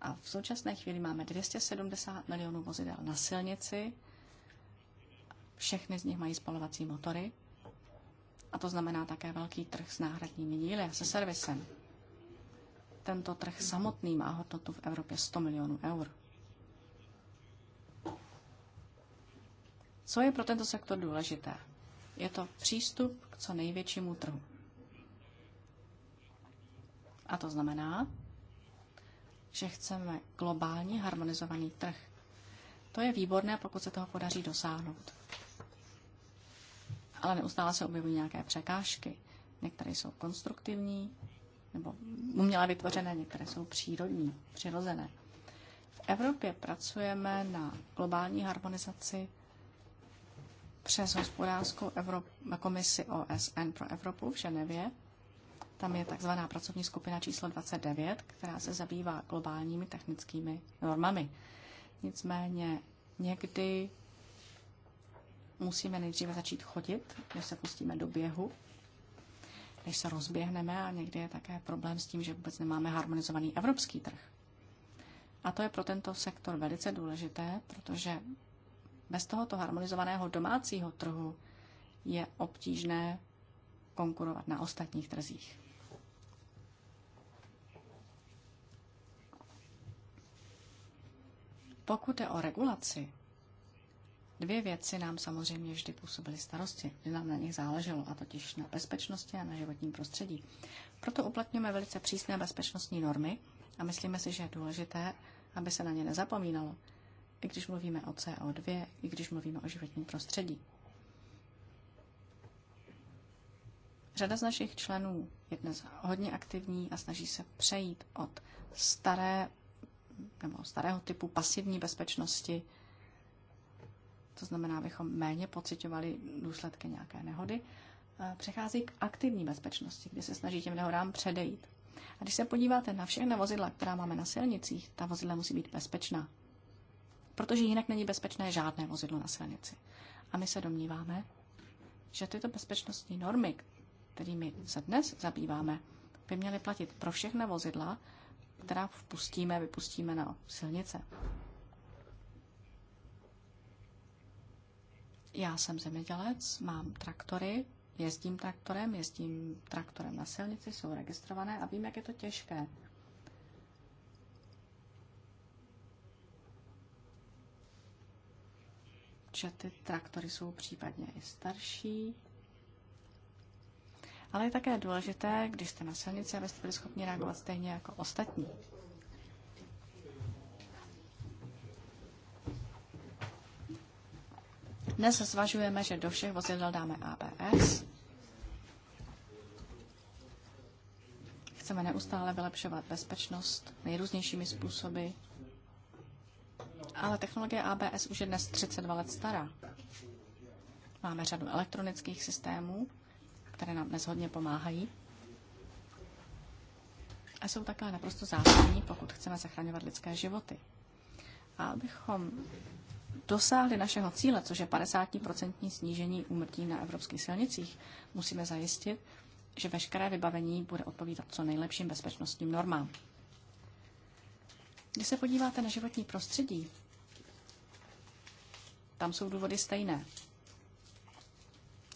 A v současné chvíli máme 270 milionů vozidel na silnici, všechny z nich mají spalovací motory a to znamená také velký trh s náhradními díly a se servisem. Tento trh samotný má hodnotu v Evropě 100 milionů eur. Co je pro tento sektor důležité? Je to přístup k co největšímu trhu. A to znamená, že chceme globálně harmonizovaný trh. To je výborné, pokud se toho podaří dosáhnout. Ale neustále se objevují nějaké překážky. Některé jsou konstruktivní, nebo uměle vytvořené, některé jsou přírodní, přirozené. V Evropě pracujeme na globální harmonizaci přes hospodářskou Evrop- komisi OSN pro Evropu v Ženevě. Tam je takzvaná pracovní skupina číslo 29, která se zabývá globálními technickými normami. Nicméně někdy musíme nejdříve začít chodit, než se pustíme do běhu, než se rozběhneme a někdy je také problém s tím, že vůbec nemáme harmonizovaný evropský trh. A to je pro tento sektor velice důležité, protože bez tohoto harmonizovaného domácího trhu je obtížné konkurovat na ostatních trzích. Pokud je o regulaci, dvě věci nám samozřejmě vždy působily starosti, kdy nám na nich záleželo, a totiž na bezpečnosti a na životním prostředí. Proto uplatňujeme velice přísné bezpečnostní normy a myslíme si, že je důležité, aby se na ně nezapomínalo i když mluvíme o CO2, i když mluvíme o životním prostředí. Řada z našich členů je dnes hodně aktivní a snaží se přejít od staré nebo starého typu pasivní bezpečnosti, to znamená, abychom méně pocitovali důsledky nějaké nehody, přechází k aktivní bezpečnosti, kdy se snaží těm nehodám předejít. A když se podíváte na všechna vozidla, která máme na silnicích, ta vozidla musí být bezpečná protože jinak není bezpečné žádné vozidlo na silnici. A my se domníváme, že tyto bezpečnostní normy, kterými se dnes zabýváme, by měly platit pro všechna vozidla, která vpustíme, vypustíme na silnice. Já jsem zemědělec, mám traktory, jezdím traktorem, jezdím traktorem na silnici, jsou registrované a vím, jak je to těžké že ty traktory jsou případně i starší. Ale je také důležité, když jste na silnici, abyste byli schopni reagovat stejně jako ostatní. Dnes zvažujeme, že do všech vozidel dáme ABS. Chceme neustále vylepšovat bezpečnost nejrůznějšími způsoby, ale technologie ABS už je dnes 32 let stará. Máme řadu elektronických systémů, které nám dnes hodně pomáhají. A jsou také naprosto zásadní, pokud chceme zachraňovat lidské životy. A abychom dosáhli našeho cíle, což je 50% snížení úmrtí na evropských silnicích, musíme zajistit, že veškeré vybavení bude odpovídat co nejlepším bezpečnostním normám. Když se podíváte na životní prostředí, tam jsou důvody stejné.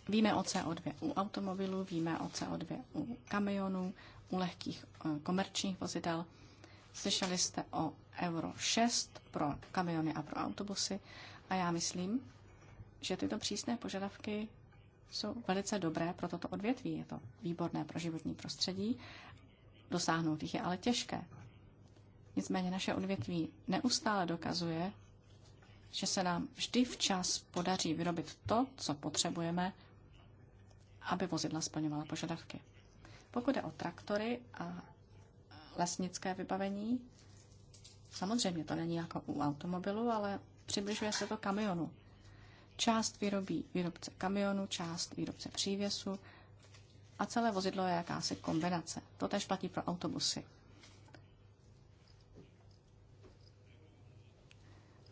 Víme o CO2 u automobilů, víme o CO2 u kamionů, u lehkých eh, komerčních vozidel. Slyšeli jste o Euro 6 pro kamiony a pro autobusy a já myslím, že tyto přísné požadavky jsou velice dobré pro toto odvětví. Je to výborné pro životní prostředí. Dosáhnout jich je ale těžké. Nicméně naše odvětví neustále dokazuje, že se nám vždy včas podaří vyrobit to, co potřebujeme, aby vozidla splňovala požadavky. Pokud je o traktory a lesnické vybavení, samozřejmě to není jako u automobilu, ale přibližuje se to kamionu. Část vyrobí výrobce kamionu, část výrobce přívěsu a celé vozidlo je jakási kombinace. To tež platí pro autobusy.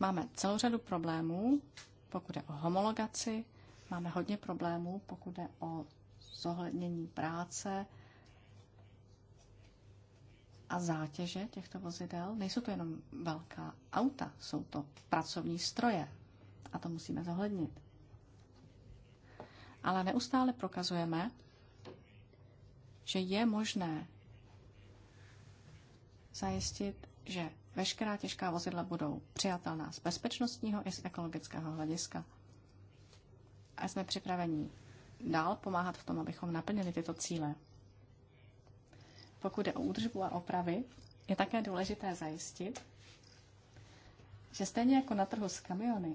Máme celou řadu problémů, pokud je o homologaci, máme hodně problémů, pokud je o zohlednění práce a zátěže těchto vozidel. Nejsou to jenom velká auta, jsou to pracovní stroje a to musíme zohlednit. Ale neustále prokazujeme, že je možné zajistit, že veškerá těžká vozidla budou přijatelná z bezpečnostního i z ekologického hlediska. A jsme připraveni dál pomáhat v tom, abychom naplnili tyto cíle. Pokud je o údržbu a opravy, je také důležité zajistit, že stejně jako na trhu s kamiony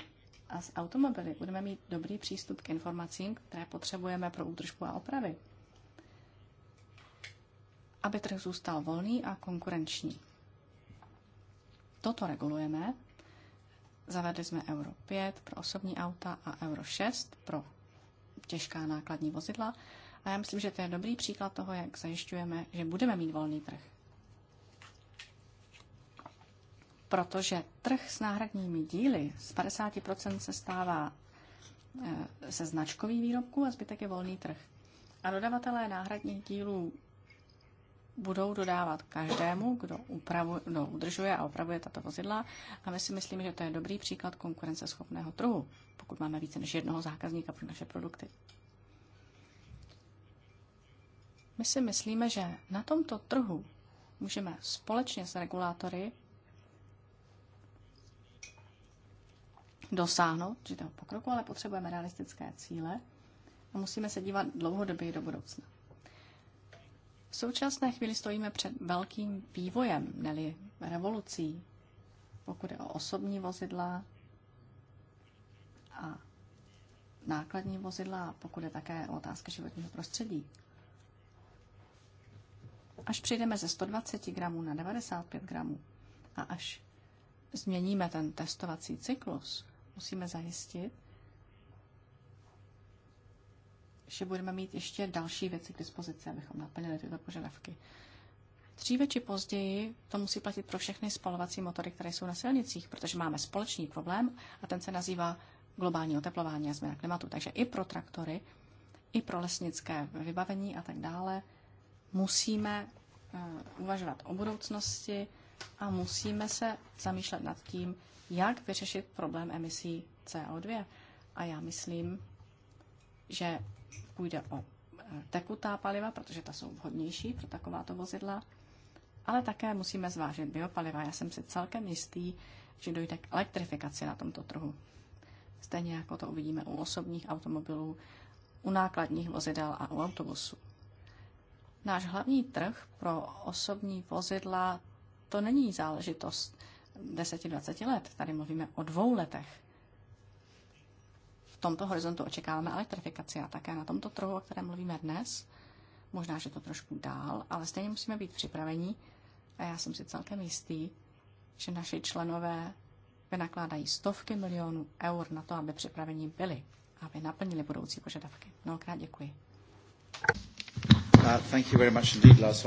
a s automobily budeme mít dobrý přístup k informacím, které potřebujeme pro údržbu a opravy, aby trh zůstal volný a konkurenční. Toto regulujeme. Zavedli jsme Euro 5 pro osobní auta a Euro 6 pro těžká nákladní vozidla. A já myslím, že to je dobrý příklad toho, jak zajišťujeme, že budeme mít volný trh. Protože trh s náhradními díly z 50% se stává eh, se značkový výrobků a zbytek je volný trh. A dodavatelé náhradních dílů budou dodávat každému, kdo, upravuje, kdo udržuje a opravuje tato vozidla. A my si myslíme, že to je dobrý příklad konkurenceschopného trhu, pokud máme více než jednoho zákazníka pro naše produkty. My si myslíme, že na tomto trhu můžeme společně s regulátory dosáhnout určitého pokroku, ale potřebujeme realistické cíle a musíme se dívat dlouhodobě do budoucna. V současné chvíli stojíme před velkým vývojem, neli revolucí, pokud je o osobní vozidla a nákladní vozidla, pokud je také o otázky životního prostředí. Až přijdeme ze 120 gramů na 95 gramů a až změníme ten testovací cyklus, musíme zajistit, že budeme mít ještě další věci k dispozici, abychom naplnili tyto požadavky. Dříve či později to musí platit pro všechny spalovací motory, které jsou na silnicích, protože máme společný problém a ten se nazývá globální oteplování a změna klimatu. Takže i pro traktory, i pro lesnické vybavení a tak dále musíme eh, uvažovat o budoucnosti a musíme se zamýšlet nad tím, jak vyřešit problém emisí CO2. A já myslím, že půjde o eh, tekutá paliva, protože ta jsou vhodnější pro takováto vozidla, ale také musíme zvážit biopaliva. Já jsem si celkem jistý, že dojde k elektrifikaci na tomto trhu. Stejně jako to uvidíme u osobních automobilů, u nákladních vozidel a u autobusů. Náš hlavní trh pro osobní vozidla to není záležitost 10-20 let. Tady mluvíme o dvou letech tomto horizontu očekáváme elektrifikaci a také na tomto trhu, o kterém mluvíme dnes, možná, že to trošku dál, ale stejně musíme být připraveni a já jsem si celkem jistý, že naši členové vynakládají stovky milionů eur na to, aby připraveni byli, aby naplnili budoucí požadavky. Mnohokrát děkuji. Uh, thank you very much indeed, Lars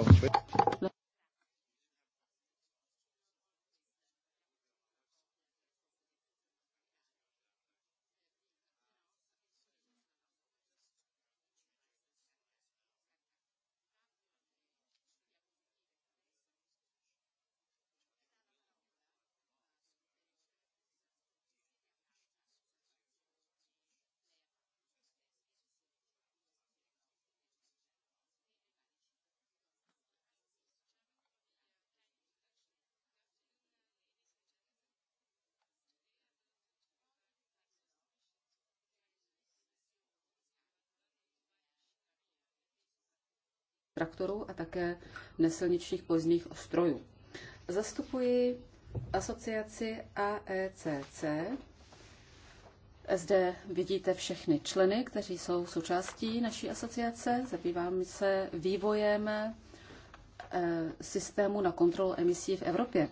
traktorů a také nesilničních pozdních strojů. Zastupuji asociaci AECC. Zde vidíte všechny členy, kteří jsou součástí naší asociace. Zabýváme se vývojem eh, systému na kontrolu emisí v Evropě.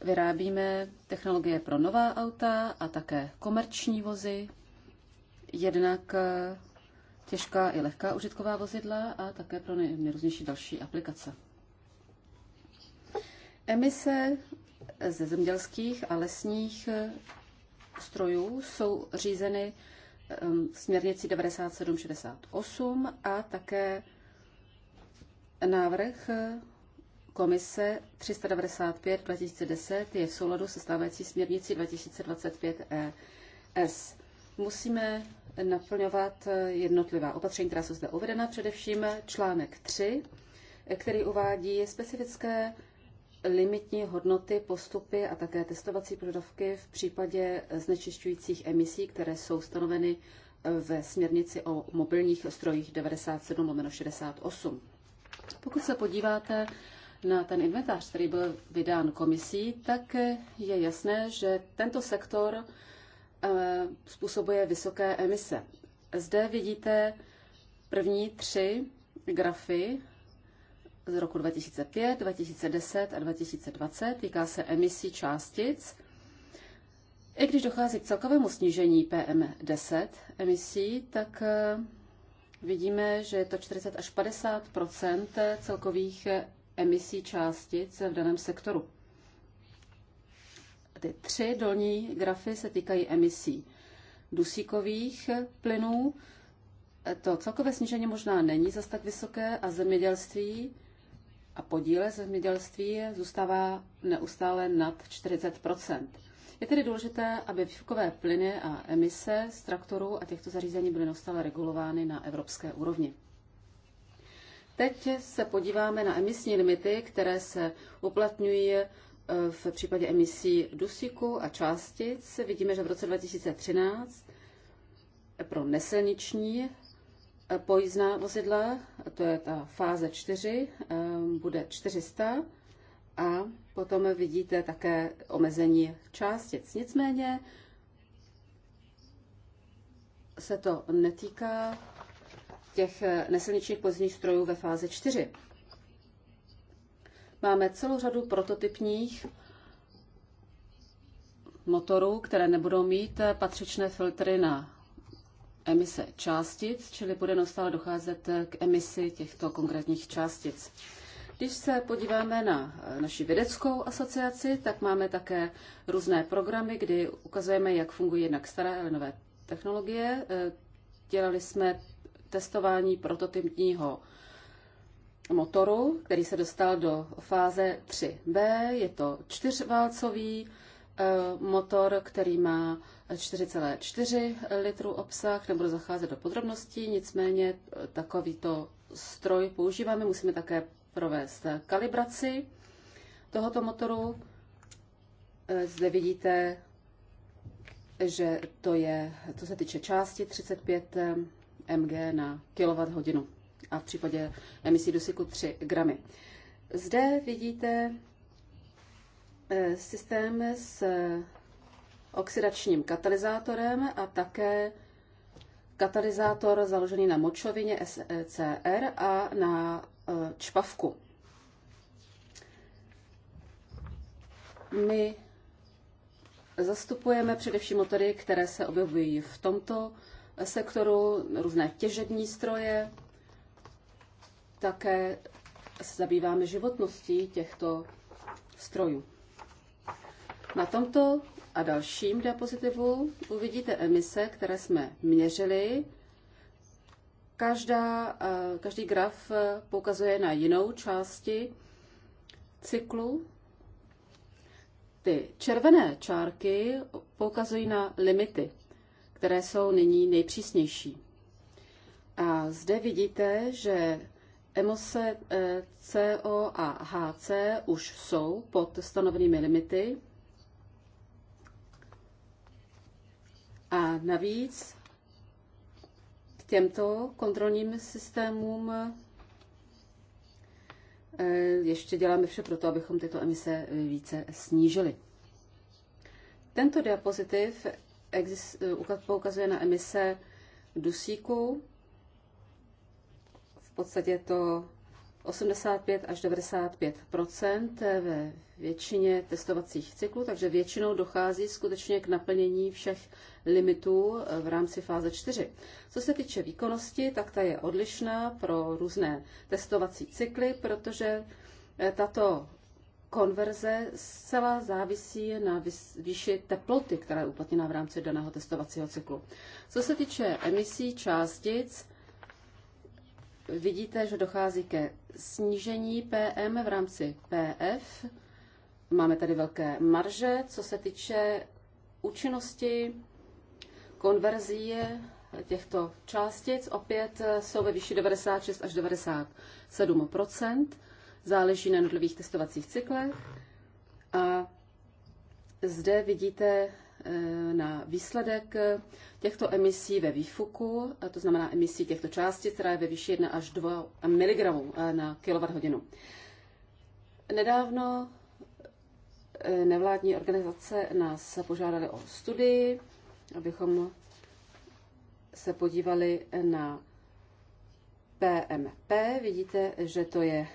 Vyrábíme technologie pro nová auta a také komerční vozy. Jednak eh, těžká i lehká užitková vozidla a také pro nejrůznější další aplikace. Emise ze zemědělských a lesních eh, strojů jsou řízeny ehm, směrnicí 9768 a také návrh eh, komise 395 2010 je v souladu se stávající směrnicí 2025 ES. Musíme naplňovat eh, jednotlivá opatření, která jsou zde uvedena, především článek 3, který uvádí specifické limitní hodnoty, postupy a také testovací požadavky v případě znečišťujících emisí, které jsou stanoveny eh, ve směrnici o mobilních strojích 97-68. Pokud se podíváte na ten inventář, který byl vydán komisí, tak je jasné, že tento sektor E, způsobuje vysoké emise. Zde vidíte první tři grafy z roku 2005, 2010 a 2020. Týká se emisí částic. I když dochází k celkovému snížení PM10 emisí, tak e, vidíme, že je to 40 až 50 celkových emisí částic v daném sektoru. Ty tři dolní grafy se týkají emisí dusíkových plynů. To celkové snížení možná není zas tak vysoké a zemědělství a podíle zemědělství zůstává neustále nad 40 Je tedy důležité, aby výfukové plyny a emise z traktorů a těchto zařízení byly neustále regulovány na evropské úrovni. Teď se podíváme na emisní limity, které se uplatňují v případě emisí dusíku a částic vidíme, že v roce 2013 pro neselniční eh, pojízdná vozidla, to je ta fáze 4, eh, bude 400 a potom vidíte také omezení částic. Nicméně se to netýká těch eh, neselničních pozdních strojů ve fázi 4. Máme celou řadu prototypních motorů, které nebudou mít patřičné filtry na emise částic, čili bude neustále docházet k emisi těchto konkrétních částic. Když se podíváme na naši vědeckou asociaci, tak máme také různé programy, kdy ukazujeme, jak fungují jednak staré, ale nové technologie. Dělali jsme testování prototypního motoru, který se dostal do fáze 3B. Je to čtyřválcový eh, motor, který má 4,4 litru obsah. Nebudu zacházet do podrobností, nicméně eh, takovýto stroj používáme. Musíme také provést kalibraci tohoto motoru. Eh, zde vidíte, že to je, co se týče části, 35 mg na kWh a v případě emisí dusíku 3 gramy. Zde vidíte eh, systém s oxidačním katalyzátorem a také katalyzátor založený na močovině SCR e a na eh, čpavku. My zastupujeme především motory, které se objevují v tomto sektoru, různé těžební stroje, také se zabýváme životností těchto strojů. Na tomto a dalším diapozitivu uvidíte emise, které jsme měřili. Každá, každý graf poukazuje na jinou části cyklu. Ty červené čárky poukazují na limity, které jsou nyní nejpřísnější. A zde vidíte, že Emose eh, CO a HC už jsou pod stanovenými limity. A navíc k těmto kontrolním systémům eh, ještě děláme vše pro to, abychom tyto emise více snížili. Tento diapozitiv eh, poukazuje na emise dusíku podstatě je to 85 až 95 ve většině testovacích cyklů, takže většinou dochází skutečně k naplnění všech limitů eh, v rámci fáze 4. Co se týče výkonnosti, tak ta je odlišná pro různé testovací cykly, protože eh, tato konverze zcela závisí na výši teploty, která je uplatněna v rámci daného testovacího cyklu. Co se týče emisí částic, vidíte, že dochází ke snížení PM v rámci PF. Máme tady velké marže, co se týče účinnosti, konverzí těchto částic. Opět jsou ve výši 96 až 97 záleží na jednotlivých testovacích cyklech. A zde vidíte eh, na výsledek těchto emisí ve výfuku, to znamená emisí těchto částic, která je ve výši 1 až 2 mg eh, na kWh. Nedávno eh, nevládní organizace nás požádali o studii, abychom se podívali na PMP. Vidíte, že to je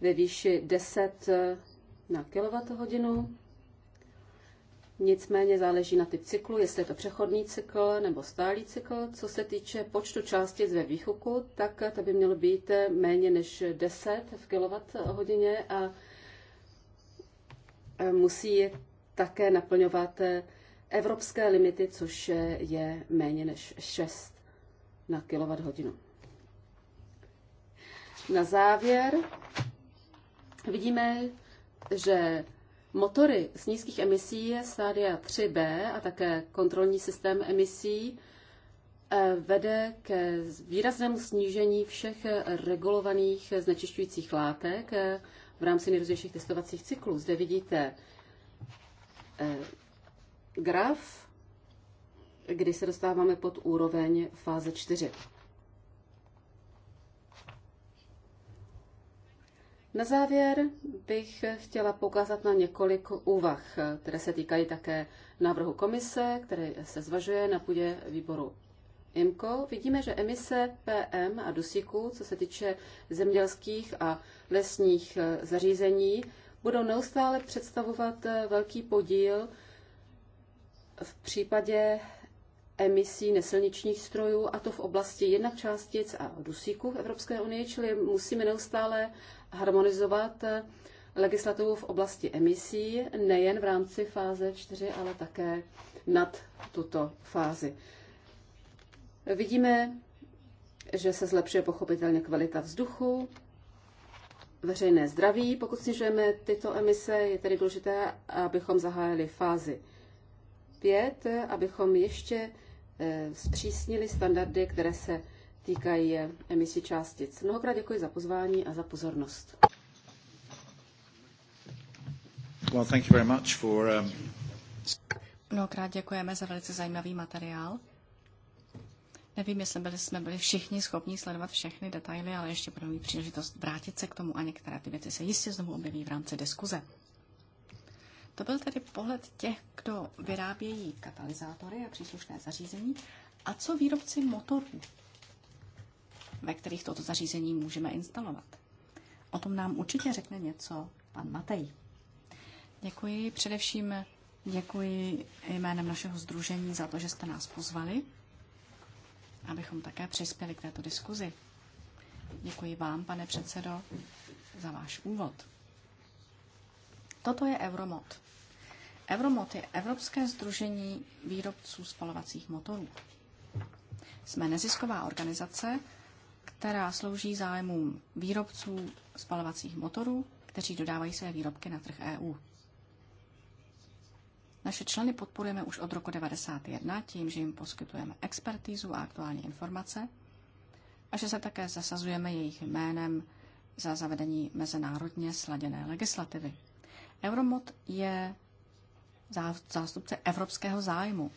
ve výši 10 eh, na kWh. Nicméně záleží na typ cyklu, jestli je to přechodný cykl nebo stálý cykl. Co se týče počtu částic ve výchuku, tak to by mělo být méně než 10 v kWh a musí také naplňovat evropské limity, což je méně než 6 na kWh. Na závěr vidíme, že Motory z nízkých emisí je stádia 3B a také kontrolní systém emisí eh, vede ke výraznému snížení všech eh, regulovaných znečišťujících látek eh, v rámci nejrůznějších testovacích cyklů. Zde vidíte graf, kdy se dostáváme pod úroveň fáze 4. Na závěr bych chtěla poukázat na několik úvah, které se týkají také návrhu komise, který se zvažuje na půdě výboru IMCO. Vidíme, že emise PM a dusíku, co se týče zemědělských a lesních eh, zařízení, budou neustále představovat eh, velký podíl v případě emisí nesilničních strojů, a to v oblasti jednak částic a dusíků v Evropské unii, čili musíme neustále harmonizovat eh, legislativu v oblasti emisí, nejen v rámci fáze 4, ale také nad tuto fázi. Vidíme, že se zlepšuje pochopitelně kvalita vzduchu, veřejné zdraví. Pokud snižujeme tyto emise, je tedy důležité, abychom zahájili fázi 5, abychom ještě eh, zpřísnili standardy, které se týkají emisí částic. Mnohokrát děkuji za pozvání a za pozornost. Well, thank you very much for, um... Mnohokrát děkujeme za velice zajímavý materiál. Nevím, jestli byli, jsme byli všichni schopni sledovat všechny detaily, ale ještě budeme mít příležitost vrátit se k tomu a některé ty věci se jistě znovu objeví v rámci diskuze. To byl tedy pohled těch, kdo vyrábějí katalyzátory a příslušné zařízení. A co výrobci motorů? ve kterých toto zařízení můžeme instalovat. O tom nám určitě řekne něco pan Matej. Děkuji především děkuji jménem našeho združení za to, že jste nás pozvali, abychom také přispěli k této diskuzi. Děkuji vám, pane předsedo, za váš úvod. Toto je Euromod. Euromod je Evropské združení výrobců spalovacích motorů. Jsme nezisková organizace, která slouží zájmům výrobců spalovacích motorů, kteří dodávají své výrobky na trh EU. Naše členy podporujeme už od roku 1991 tím, že jim poskytujeme expertízu a aktuální informace a že se také zasazujeme jejich jménem za zavedení mezinárodně sladěné legislativy. Euromod je zástupce evropského zájmu.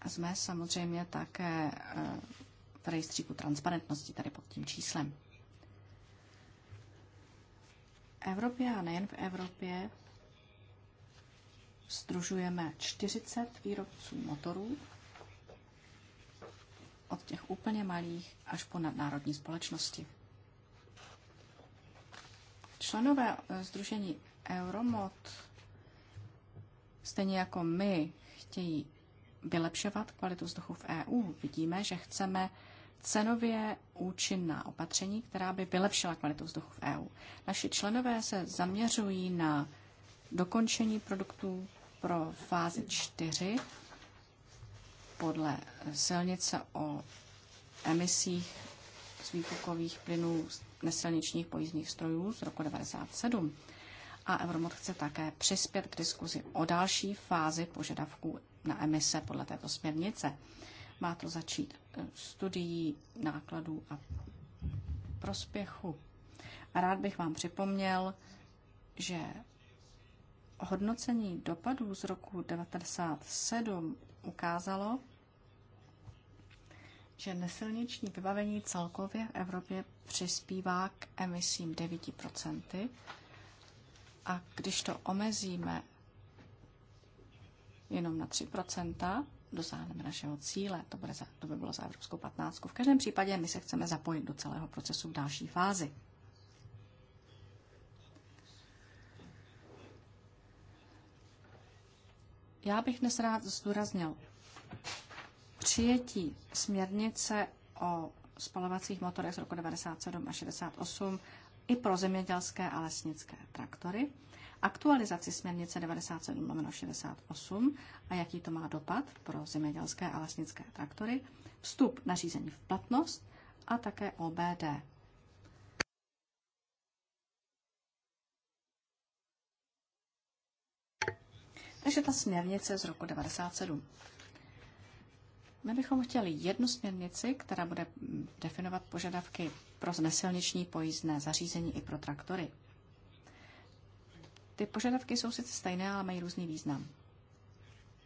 A jsme samozřejmě také eh, rejstříku transparentnosti, tady pod tím číslem. Evropě a nejen v Evropě združujeme 40 výrobců motorů, od těch úplně malých až po nadnárodní společnosti. Členové eh, Združení Euromod, stejně jako my, chtějí vylepšovat kvalitu vzduchu v EU. Vidíme, že chceme cenově účinná opatření, která by vylepšila kvalitu vzduchu v EU. Naši členové se zaměřují na dokončení produktů pro fázi 4 podle silnice o emisích z výfukových plynů nesilničních pojízdních strojů z roku 1997. A Euromod chce také přispět k diskuzi o další fázi požadavků na emise podle této směrnice. Má to začít eh, studií nákladů a prospěchu. A rád bych vám připomněl, že hodnocení dopadů z roku 1997 ukázalo, že nesilniční vybavení celkově v Evropě přispívá k emisím 9%. A když to omezíme jenom na 3%, dosáhneme našeho cíle. To, bude za, to by bylo za Evropskou 15. V každém případě my se chceme zapojit do celého procesu v další fázi. Já bych dnes rád zdůraznil přijetí směrnice o spalovacích motorech z roku 1997 a 68 i pro zemědělské a lesnické traktory aktualizaci směrnice 97-68 a jaký to má dopad pro zemědělské a lesnické traktory, vstup nařízení v platnost a také OBD. Takže ta směrnice z roku 97. My bychom chtěli jednu směrnici, která bude definovat požadavky pro nesilniční pojízdné zařízení i pro traktory. Ty požadavky jsou sice stejné, ale mají různý význam.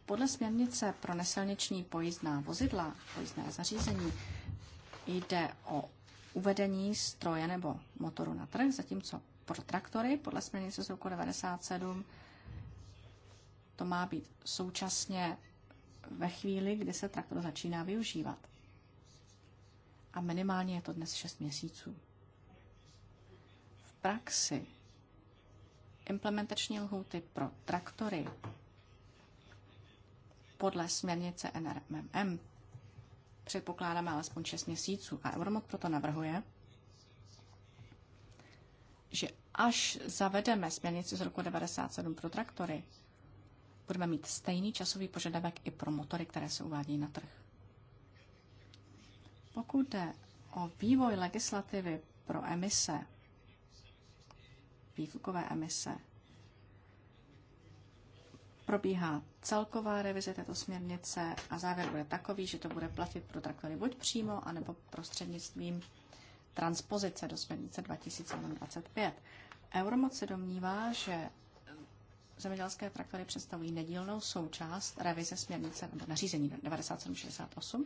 Podle směrnice pro nesilniční pojízdná vozidla, pojízdné zařízení, jde o uvedení stroje nebo motoru na trh, zatímco pro traktory podle směrnice z roku 97 to má být současně ve chvíli, kdy se traktor začíná využívat. A minimálně je to dnes 6 měsíců. V praxi implementační lhůty pro traktory podle směrnice NRMM předpokládáme alespoň 6 měsíců a Euromod proto navrhuje, že až zavedeme směrnici z roku 97 pro traktory, budeme mít stejný časový požadavek i pro motory, které se uvádí na trh. Pokud jde o vývoj legislativy pro emise výfukové emise. Probíhá celková revize této směrnice a závěr bude takový, že to bude platit pro traktory buď přímo, anebo prostřednictvím transpozice do směrnice 2025. Euromoc se domnívá, že zemědělské traktory představují nedílnou součást revize směrnice nebo nařízení 9768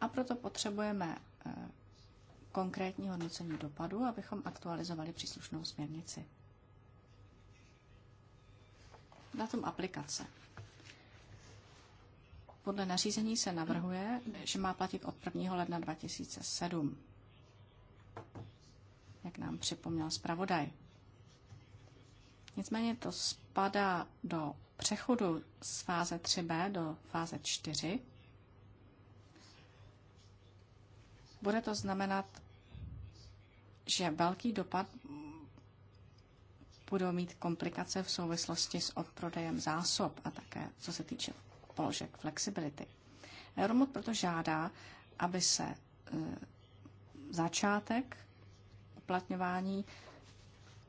a proto potřebujeme eh, konkrétní hodnocení dopadu, abychom aktualizovali příslušnou směrnici. Datum aplikace. Podle nařízení se navrhuje, že má platit od 1. ledna 2007, jak nám připomněl zpravodaj. Nicméně to spadá do přechodu z fáze 3b do fáze 4 Bude to znamenat, že velký dopad budou mít komplikace v souvislosti s odprodejem zásob a také co se týče položek flexibility. Euromod proto žádá, aby se e, začátek uplatňování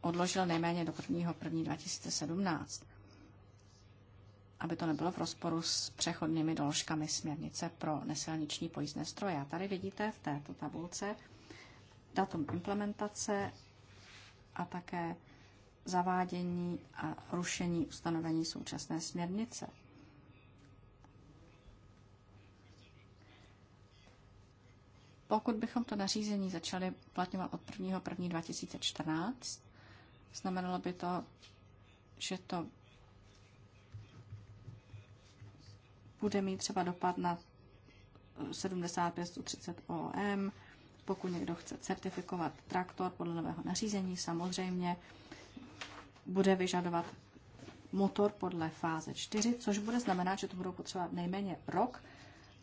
odložil nejméně do 1. 1. 2017 aby to nebylo v rozporu s přechodnými doložkami směrnice pro nesilniční pojízdné stroje. A tady vidíte v této tabulce datum implementace a také zavádění a rušení ustanovení současné směrnice. Pokud bychom to nařízení začali platňovat od 1. 1. 2014, znamenalo by to, že to bude mít třeba dopad na 75-130 OM, pokud někdo chce certifikovat traktor podle nového nařízení, samozřejmě bude vyžadovat motor podle fáze 4, což bude znamenat, že to budou potřebovat nejméně rok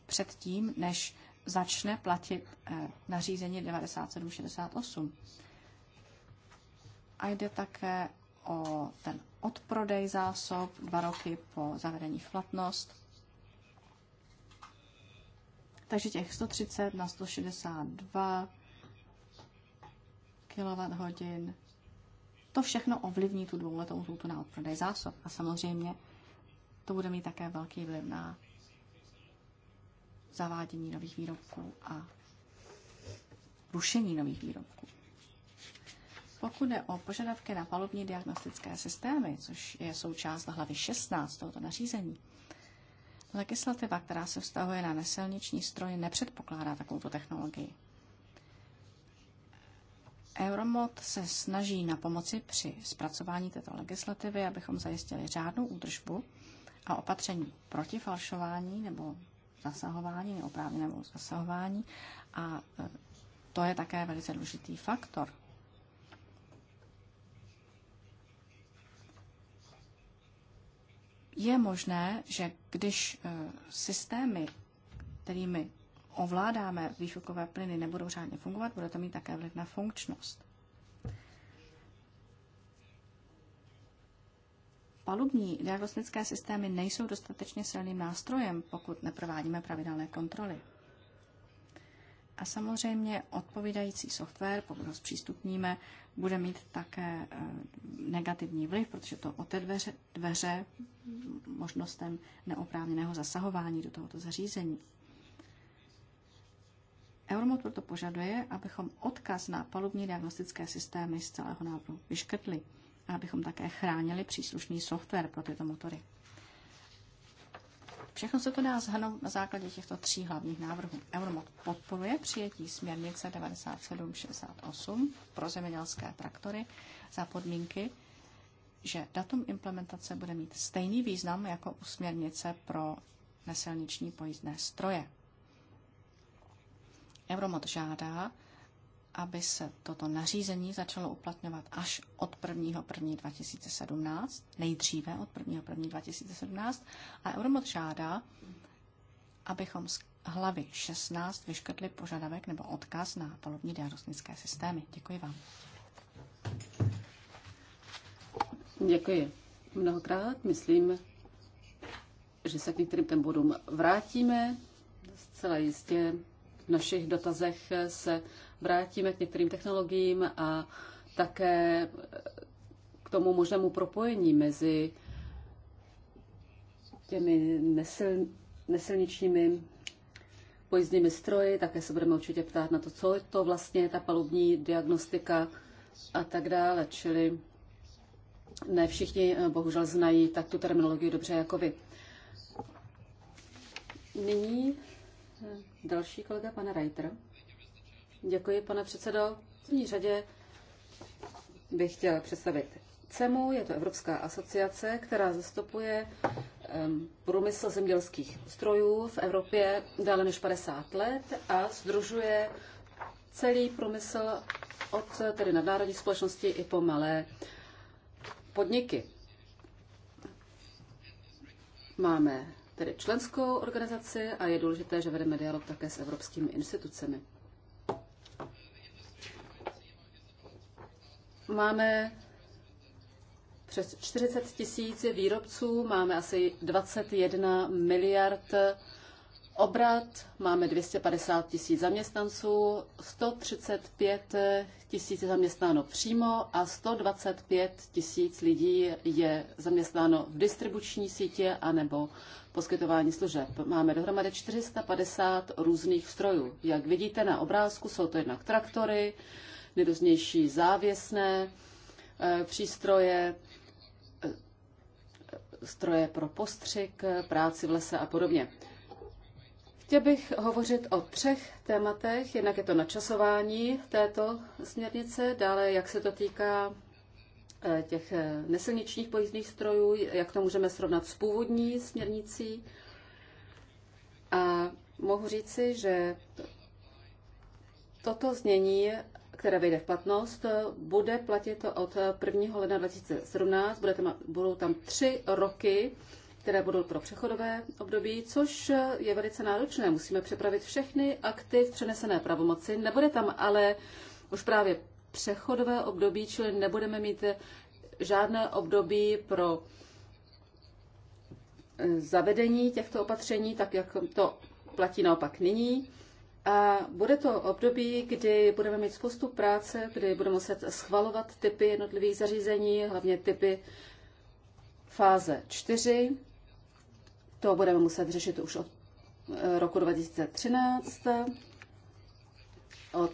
předtím, než začne platit eh, nařízení 9768. A jde také o ten odprodej zásob dva roky po zavedení v platnost. Takže těch 130 na 162 kWh, to všechno ovlivní tu dvouletou lhůtu na odprodej zásob. A samozřejmě to bude mít také velký vliv na zavádění nových výrobků a rušení nových výrobků. Pokud jde o požadavky na palubní diagnostické systémy, což je součást hlavy 16 tohoto nařízení, Legislativa, která se vztahuje na nesilniční stroje, nepředpokládá takovou technologii. Euromod se snaží na pomoci při zpracování této legislativy, abychom zajistili řádnou údržbu a opatření proti falšování nebo zasahování, neoprávněnému zasahování. A e, to je také velice důležitý faktor je možné, že když eh, systémy, kterými ovládáme výfukové plyny, nebudou řádně fungovat, bude to mít také vliv na funkčnost. Palubní diagnostické systémy nejsou dostatečně silným nástrojem, pokud neprovádíme pravidelné kontroly. A samozřejmě odpovídající software, pokud ho zpřístupníme, bude mít také eh, negativní vliv, protože to otevře dveře možnostem neoprávněného zasahování do tohoto zařízení. Euromod proto požaduje, abychom odkaz na palubní diagnostické systémy z celého návrhu vyškrtli a abychom také chránili příslušný software pro tyto motory. Všechno se to dá zhrnout na základě těchto tří hlavních návrhů. Euromod podporuje přijetí směrnice 9768 pro zemědělské traktory za podmínky, že datum implementace bude mít stejný význam jako u směrnice pro nesilniční pojízdné stroje. Euromod žádá, aby se toto nařízení začalo uplatňovat až od 1. 1. 2017, nejdříve od 1. 1. 2017, a Euromod žádá, abychom z hlavy 16 vyškrtli požadavek nebo odkaz na palubní diagnostické systémy. Děkuji vám. Děkuji mnohokrát. Myslím, že se k některým těm bodům vrátíme. Zcela jistě v našich dotazech se vrátíme k některým technologiím a také k tomu možnému propojení mezi těmi nesil, nesilničními pojízdními stroji. Také se budeme určitě ptát na to, co je to vlastně ta palubní diagnostika a tak dále. Čili ne všichni eh, bohužel znají tak tu terminologii dobře jako vy. Nyní eh, další kolega, pana Reiter. Děkuji, pane předsedo. V první řadě bych chtěla představit CEMU, je to Evropská asociace, která zastupuje ehm, průmysl zemědělských strojů v Evropě déle než 50 let a združuje celý průmysl od tedy nadnárodní společnosti i po malé podniky. Máme tedy členskou organizaci a je důležité, že vedeme dialog také s evropskými institucemi. Máme přes 40 tisíc výrobců, máme asi 21 miliard obrat, máme 250 tisíc zaměstnanců, 135 tisíc zaměstnáno přímo a 125 tisíc lidí je zaměstnáno v distribuční sítě anebo poskytování služeb. Máme dohromady 450 různých strojů. Jak vidíte na obrázku, jsou to jednak traktory, nejrůznější závěsné eh, přístroje, eh, stroje pro postřik, práci v lese a podobně. Chtěl bych hovořit o třech tématech. Jednak je to načasování této směrnice, dále jak se to týká eh, těch nesilničních pojízdných strojů, jak to můžeme srovnat s původní směrnicí. A mohu říci, že toto znění které vejde v platnost, bude platit to od 1. ledna 2017. Bude tam, budou tam tři roky, které budou pro přechodové období, což je velice náročné. Musíme přepravit všechny akty v přenesené pravomoci. Nebude tam ale už právě přechodové období, čili nebudeme mít žádné období pro eh, zavedení těchto opatření, tak jak to platí naopak nyní. A bude to období, kdy budeme mít spoustu práce, kdy budeme muset schvalovat typy jednotlivých zařízení, hlavně typy fáze 4. To budeme muset řešit už od eh, roku 2013, od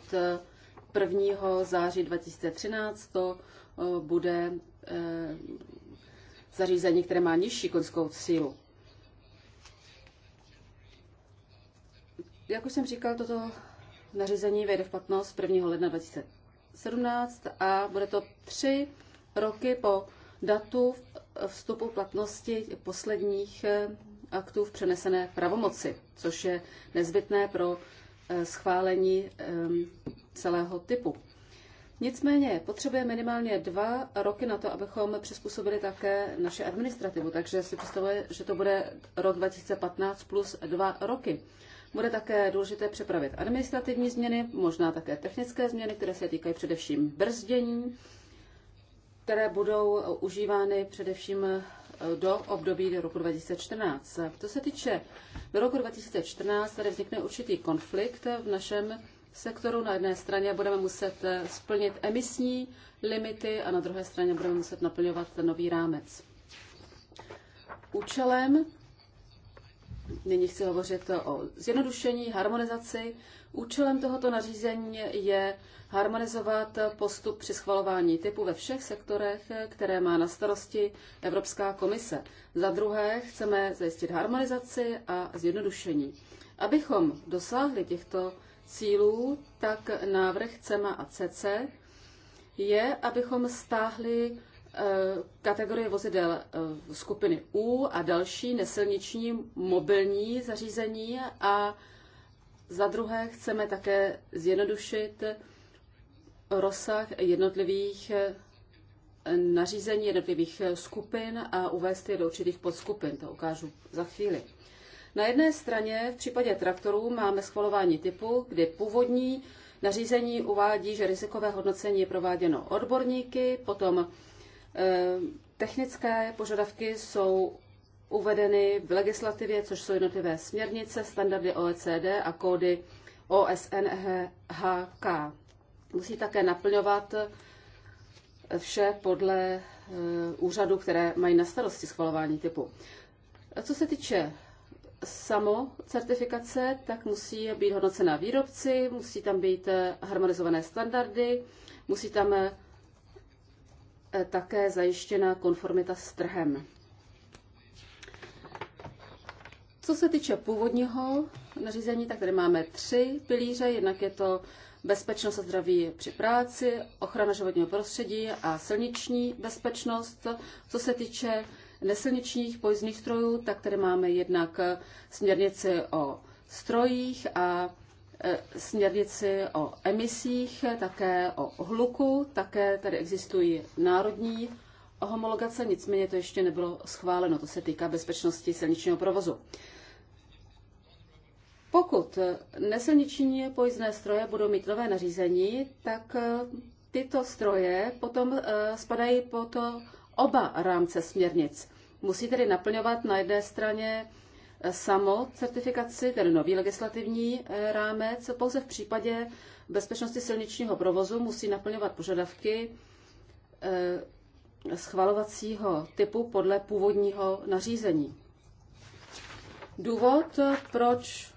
1. Eh, září 2013 to eh, bude zařízení, které má nižší konskou sílu. Jak už jsem říkal, toto nařízení vejde v platnost 1. ledna 2017 a bude to tři roky po datu vstupu platnosti posledních eh, aktů v přenesené pravomoci, což je nezbytné pro eh, schválení ehm, celého typu. Nicméně potřebuje minimálně dva roky na to, abychom přizpůsobili také naše administrativu, takže si představuje, že to bude rok 2015 plus dva roky. Bude také důležité připravit administrativní změny, možná také technické změny, které se týkají především brzdění, které budou užívány především eh, do období do roku 2014. To se týče do roku 2014, tady vznikne určitý konflikt v našem sektoru. Na jedné straně budeme muset eh, splnit emisní limity a na druhé straně budeme muset naplňovat nový rámec. Účelem Nyní chci hovořit o zjednodušení, harmonizaci. Účelem tohoto nařízení je harmonizovat postup při schvalování typu ve všech sektorech, které má na starosti Evropská komise. Za druhé, chceme zajistit harmonizaci a zjednodušení. Abychom dosáhli těchto cílů, tak návrh CEMA a CC je, abychom stáhli Eh, kategorie vozidel eh, skupiny U a další nesilniční mobilní zařízení a za druhé chceme také zjednodušit rozsah jednotlivých eh, nařízení jednotlivých skupin a uvést je do určitých podskupin. To ukážu za chvíli. Na jedné straně v případě traktorů máme schvalování typu, kdy původní nařízení uvádí, že rizikové hodnocení je prováděno odborníky, potom Technické požadavky jsou uvedeny v legislativě, což jsou jednotlivé směrnice, standardy OECD a kódy OSNHK. Musí také naplňovat vše podle eh, úřadu, které mají na starosti schvalování typu. A co se týče samo certifikace, tak musí být hodnocena výrobci, musí tam být eh, harmonizované standardy, musí tam eh, Eh, také zajištěna konformita s trhem. Co se týče původního nařízení, tak tady máme tři pilíře. Jednak je to bezpečnost a zdraví při práci, ochrana životního prostředí a silniční bezpečnost. Co se týče nesilničních pojízdných strojů, tak tady máme jednak směrnici o strojích a Eh, směrnici o emisích, také o hluku, také tady existují národní homologace, nicméně to ještě nebylo schváleno, to se týká bezpečnosti silničního provozu. Pokud nesilniční pojízdné stroje budou mít nové nařízení, tak eh, tyto stroje potom eh, spadají pod oba rámce směrnic. Musí tedy naplňovat na jedné straně samo certifikaci, tedy nový legislativní eh, rámec, pouze v případě bezpečnosti silničního provozu musí naplňovat požadavky eh, schvalovacího typu podle původního nařízení. Důvod, proč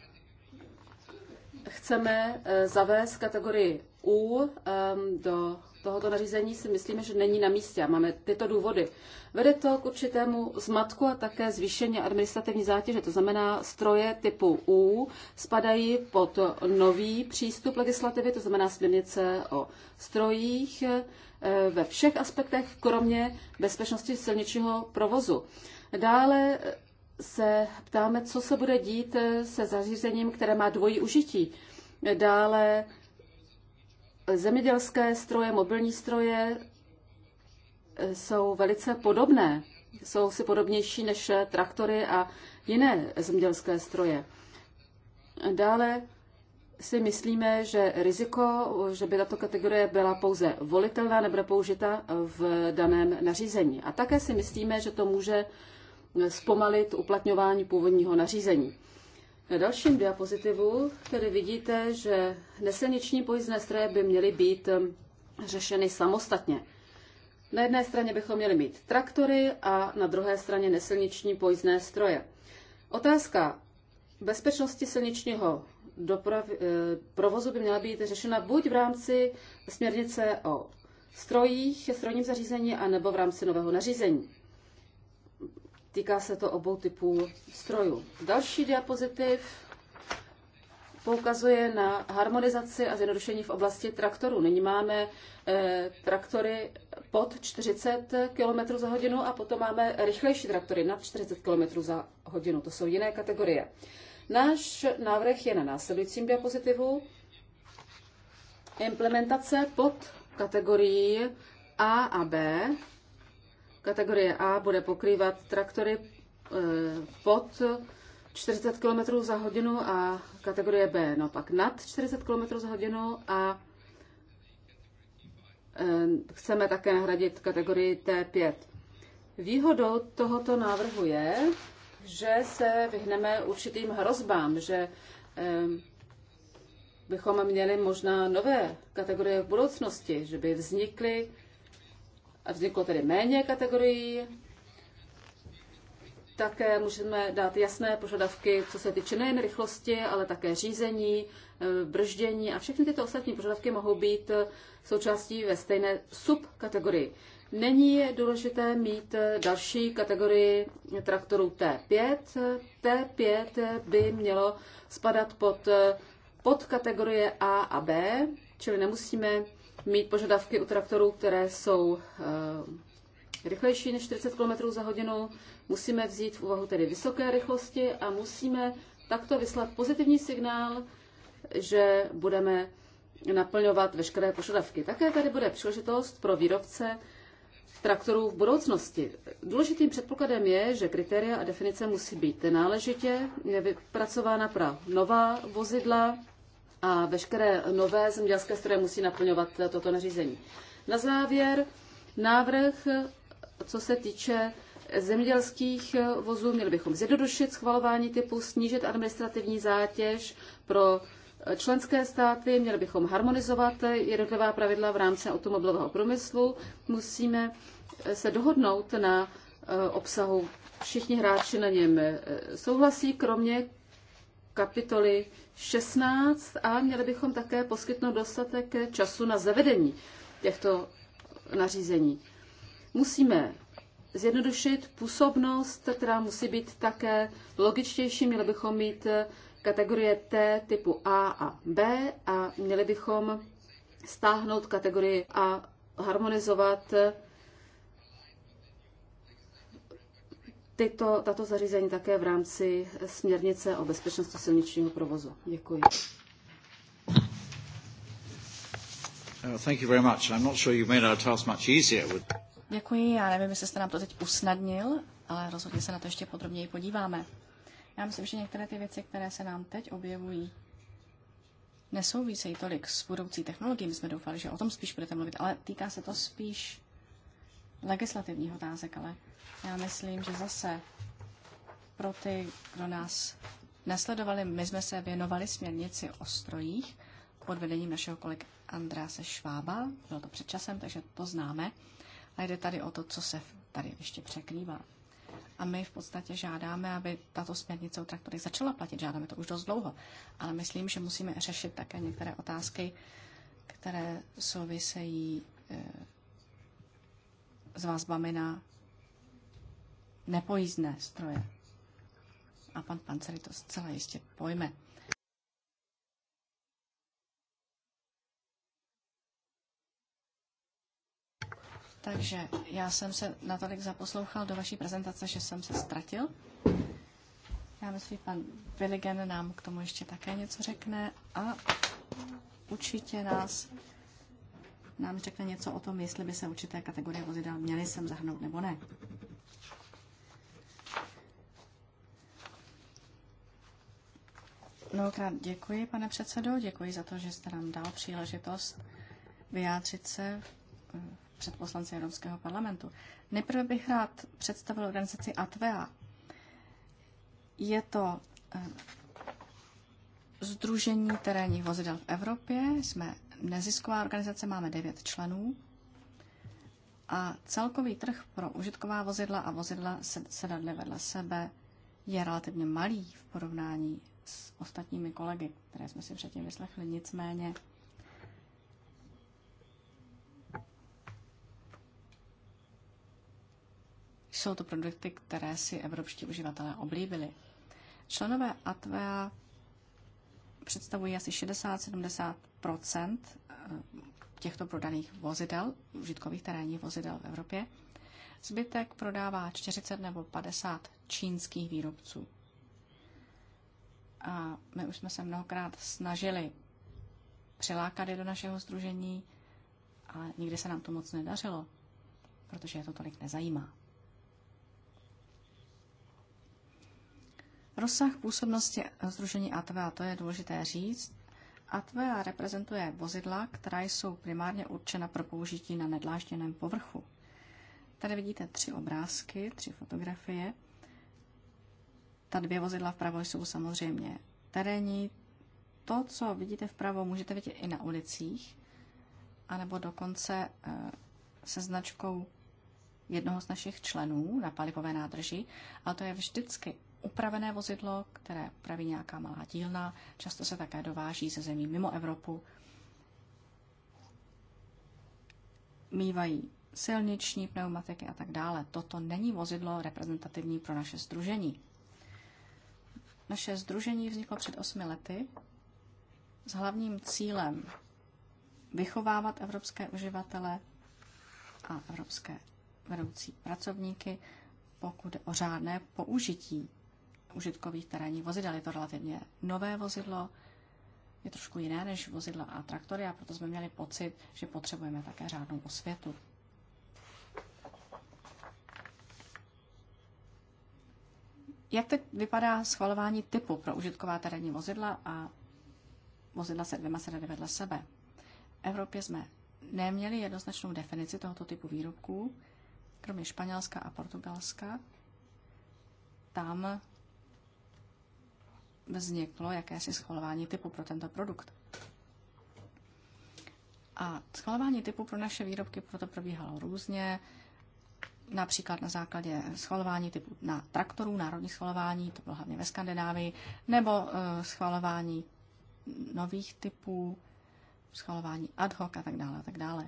chceme eh, zavést kategorii U ehm, do tohoto nařízení si myslíme, že není na místě a máme tyto důvody. Vede to k určitému zmatku a také zvýšení administrativní zátěže. To znamená, stroje typu U spadají pod nový přístup legislativy, to znamená směrnice o strojích eh, ve všech aspektech, kromě bezpečnosti silničního provozu. Dále eh, se ptáme, co se bude dít eh, se zařízením, které má dvojí užití. Dále zemědělské stroje, mobilní stroje eh, jsou velice podobné. Jsou si podobnější než eh, traktory a jiné zemědělské stroje. Dále si myslíme, že riziko, že by tato kategorie byla pouze volitelná, nebude použita v daném nařízení. A také si myslíme, že to může eh, zpomalit uplatňování původního nařízení. Na dalším diapozitivu tedy vidíte, že nesilniční pojízdné stroje by měly být um, řešeny samostatně. Na jedné straně bychom měli mít traktory a na druhé straně nesilniční pojízdné stroje. Otázka bezpečnosti silničního doprav, eh, provozu by měla být řešena buď v rámci směrnice o strojích, strojním zařízení, anebo v rámci nového nařízení. Týká se to obou typů strojů. Další diapozitiv poukazuje na harmonizaci a zjednodušení v oblasti traktorů. Nyní máme eh, traktory pod 40 km za hodinu a potom máme rychlejší traktory nad 40 km za hodinu. To jsou jiné kategorie. Náš návrh je na následujícím diapozitivu. Implementace pod kategorií A a B Kategorie A bude pokrývat traktory eh, pod 40 km za hodinu a kategorie B no pak nad 40 km za hodinu a eh, chceme také nahradit kategorii T5. Výhodou tohoto návrhu je, že se vyhneme určitým hrozbám, že eh, bychom měli možná nové kategorie v budoucnosti, že by vznikly a Vzniklo tedy méně kategorií. Také můžeme dát jasné požadavky, co se týče nejen rychlosti, ale také řízení, e, brždění a všechny tyto ostatní požadavky mohou být e, součástí ve stejné subkategorii. Není důležité mít e, další kategorii traktorů T5. T5 by mělo spadat pod podkategorie A a B, čili nemusíme mít požadavky u traktorů, které jsou eh, rychlejší než 40 km za hodinu. Musíme vzít v úvahu tedy vysoké rychlosti a musíme takto vyslat pozitivní signál, že budeme naplňovat veškeré požadavky. Také tady bude příležitost pro výrobce traktorů v budoucnosti. Důležitým předpokladem je, že kritéria a definice musí být náležitě je vypracována pro nová vozidla, a veškeré nové zemědělské stroje musí naplňovat toto nařízení. Na závěr návrh, co se týče zemědělských vozů, měli bychom zjednodušit schvalování typu, snížit administrativní zátěž pro členské státy, měli bychom harmonizovat jednotlivá pravidla v rámci automobilového průmyslu, musíme se dohodnout na eh, obsahu. Všichni hráči na něm eh, souhlasí, kromě kapitoly 16 a měli bychom také poskytnout dostatek času na zavedení těchto nařízení. Musíme zjednodušit působnost, která musí být také logičtější. Měli bychom mít kategorie T typu A a B a měli bychom stáhnout kategorii a harmonizovat tyto, tato zařízení také v rámci směrnice o bezpečnosti silničního provozu. Děkuji. Děkuji, já nevím, jestli jste nám to teď usnadnil, ale rozhodně se na to ještě podrobněji podíváme. Já myslím, že některé ty věci, které se nám teď objevují, nesouvisejí tolik s budoucí technologií. My jsme doufali, že o tom spíš budete mluvit, ale týká se to spíš legislativních otázek, ale já myslím, že zase pro ty, kdo nás nesledovali, my jsme se věnovali směrnici o strojích pod vedením našeho kolegy Andráse Švába. Bylo to před časem, takže to známe. A jde tady o to, co se tady ještě překrývá. A my v podstatě žádáme, aby tato směrnice o traktorech začala platit. Žádáme to už dost dlouho. Ale myslím, že musíme řešit také některé otázky, které souvisejí eh, z vás na nepojízdné stroje. A pan Pancery to zcela jistě pojme. Takže já jsem se natolik zaposlouchal do vaší prezentace, že jsem se ztratil. Já myslím, pan Viligen nám k tomu ještě také něco řekne a určitě nás nám řekne něco o tom, jestli by se určité kategorie vozidel měly sem zahrnout nebo ne. Mnohokrát děkuji, pane předsedo, děkuji za to, že jste nám dal příležitost vyjádřit se eh, před poslanci Evropského parlamentu. Nejprve bych rád představil organizaci ATVA. Je to Združení eh, terénních vozidel v Evropě. Jsme nezisková organizace, máme 9 členů a celkový trh pro užitková vozidla a vozidla sedadly vedle sebe je relativně malý v porovnání s ostatními kolegy, které jsme si předtím vyslechli. Nicméně jsou to produkty, které si evropští uživatelé oblíbili. Členové ATVA představují asi Eh, těchto prodaných vozidel, užitkových terénních vozidel v Evropě. Zbytek prodává 40 nebo 50 čínských výrobců. A my už jsme se mnohokrát snažili přilákat je do našeho združení, ale nikdy se nám to moc nedařilo, protože je to tolik nezajímá. Rozsah působnosti združení ATV, a to je důležité říct, Atvea reprezentuje vozidla, která jsou primárně určena pro použití na nedlážděném povrchu. Tady vidíte tři obrázky, tři fotografie. Ta dvě vozidla vpravo jsou samozřejmě terénní. To, co vidíte vpravo, můžete vidět i na ulicích, anebo dokonce eh, se značkou jednoho z našich členů na palivové nádrži, ale to je vždycky upravené vozidlo, které praví nějaká malá dílna, často se také dováží ze zemí mimo Evropu. Mývají silniční pneumatiky a tak dále. Toto není vozidlo reprezentativní pro naše združení. Naše združení vzniklo před osmi lety s hlavním cílem vychovávat evropské uživatele a evropské vedoucí pracovníky, pokud o řádné použití užitkových terénních vozidel. Je to relativně nové vozidlo, je trošku jiné než vozidla a traktory a proto jsme měli pocit, že potřebujeme také řádnou osvětu. Jak teď vypadá schvalování typu pro užitková terénní vozidla a vozidla se dvěma sedady vedle sebe? V Evropě jsme neměli jednoznačnou definici tohoto typu výrobků, kromě Španělska a Portugalska. Tam vzniklo jakési schvalování typu pro tento produkt. A schvalování typu pro naše výrobky proto probíhalo různě, například na základě schvalování typu na traktorů, národní schvalování, to bylo hlavně ve Skandinávii, nebo eh, schvalování nových typů, schvalování ad hoc a tak dále a tak dále.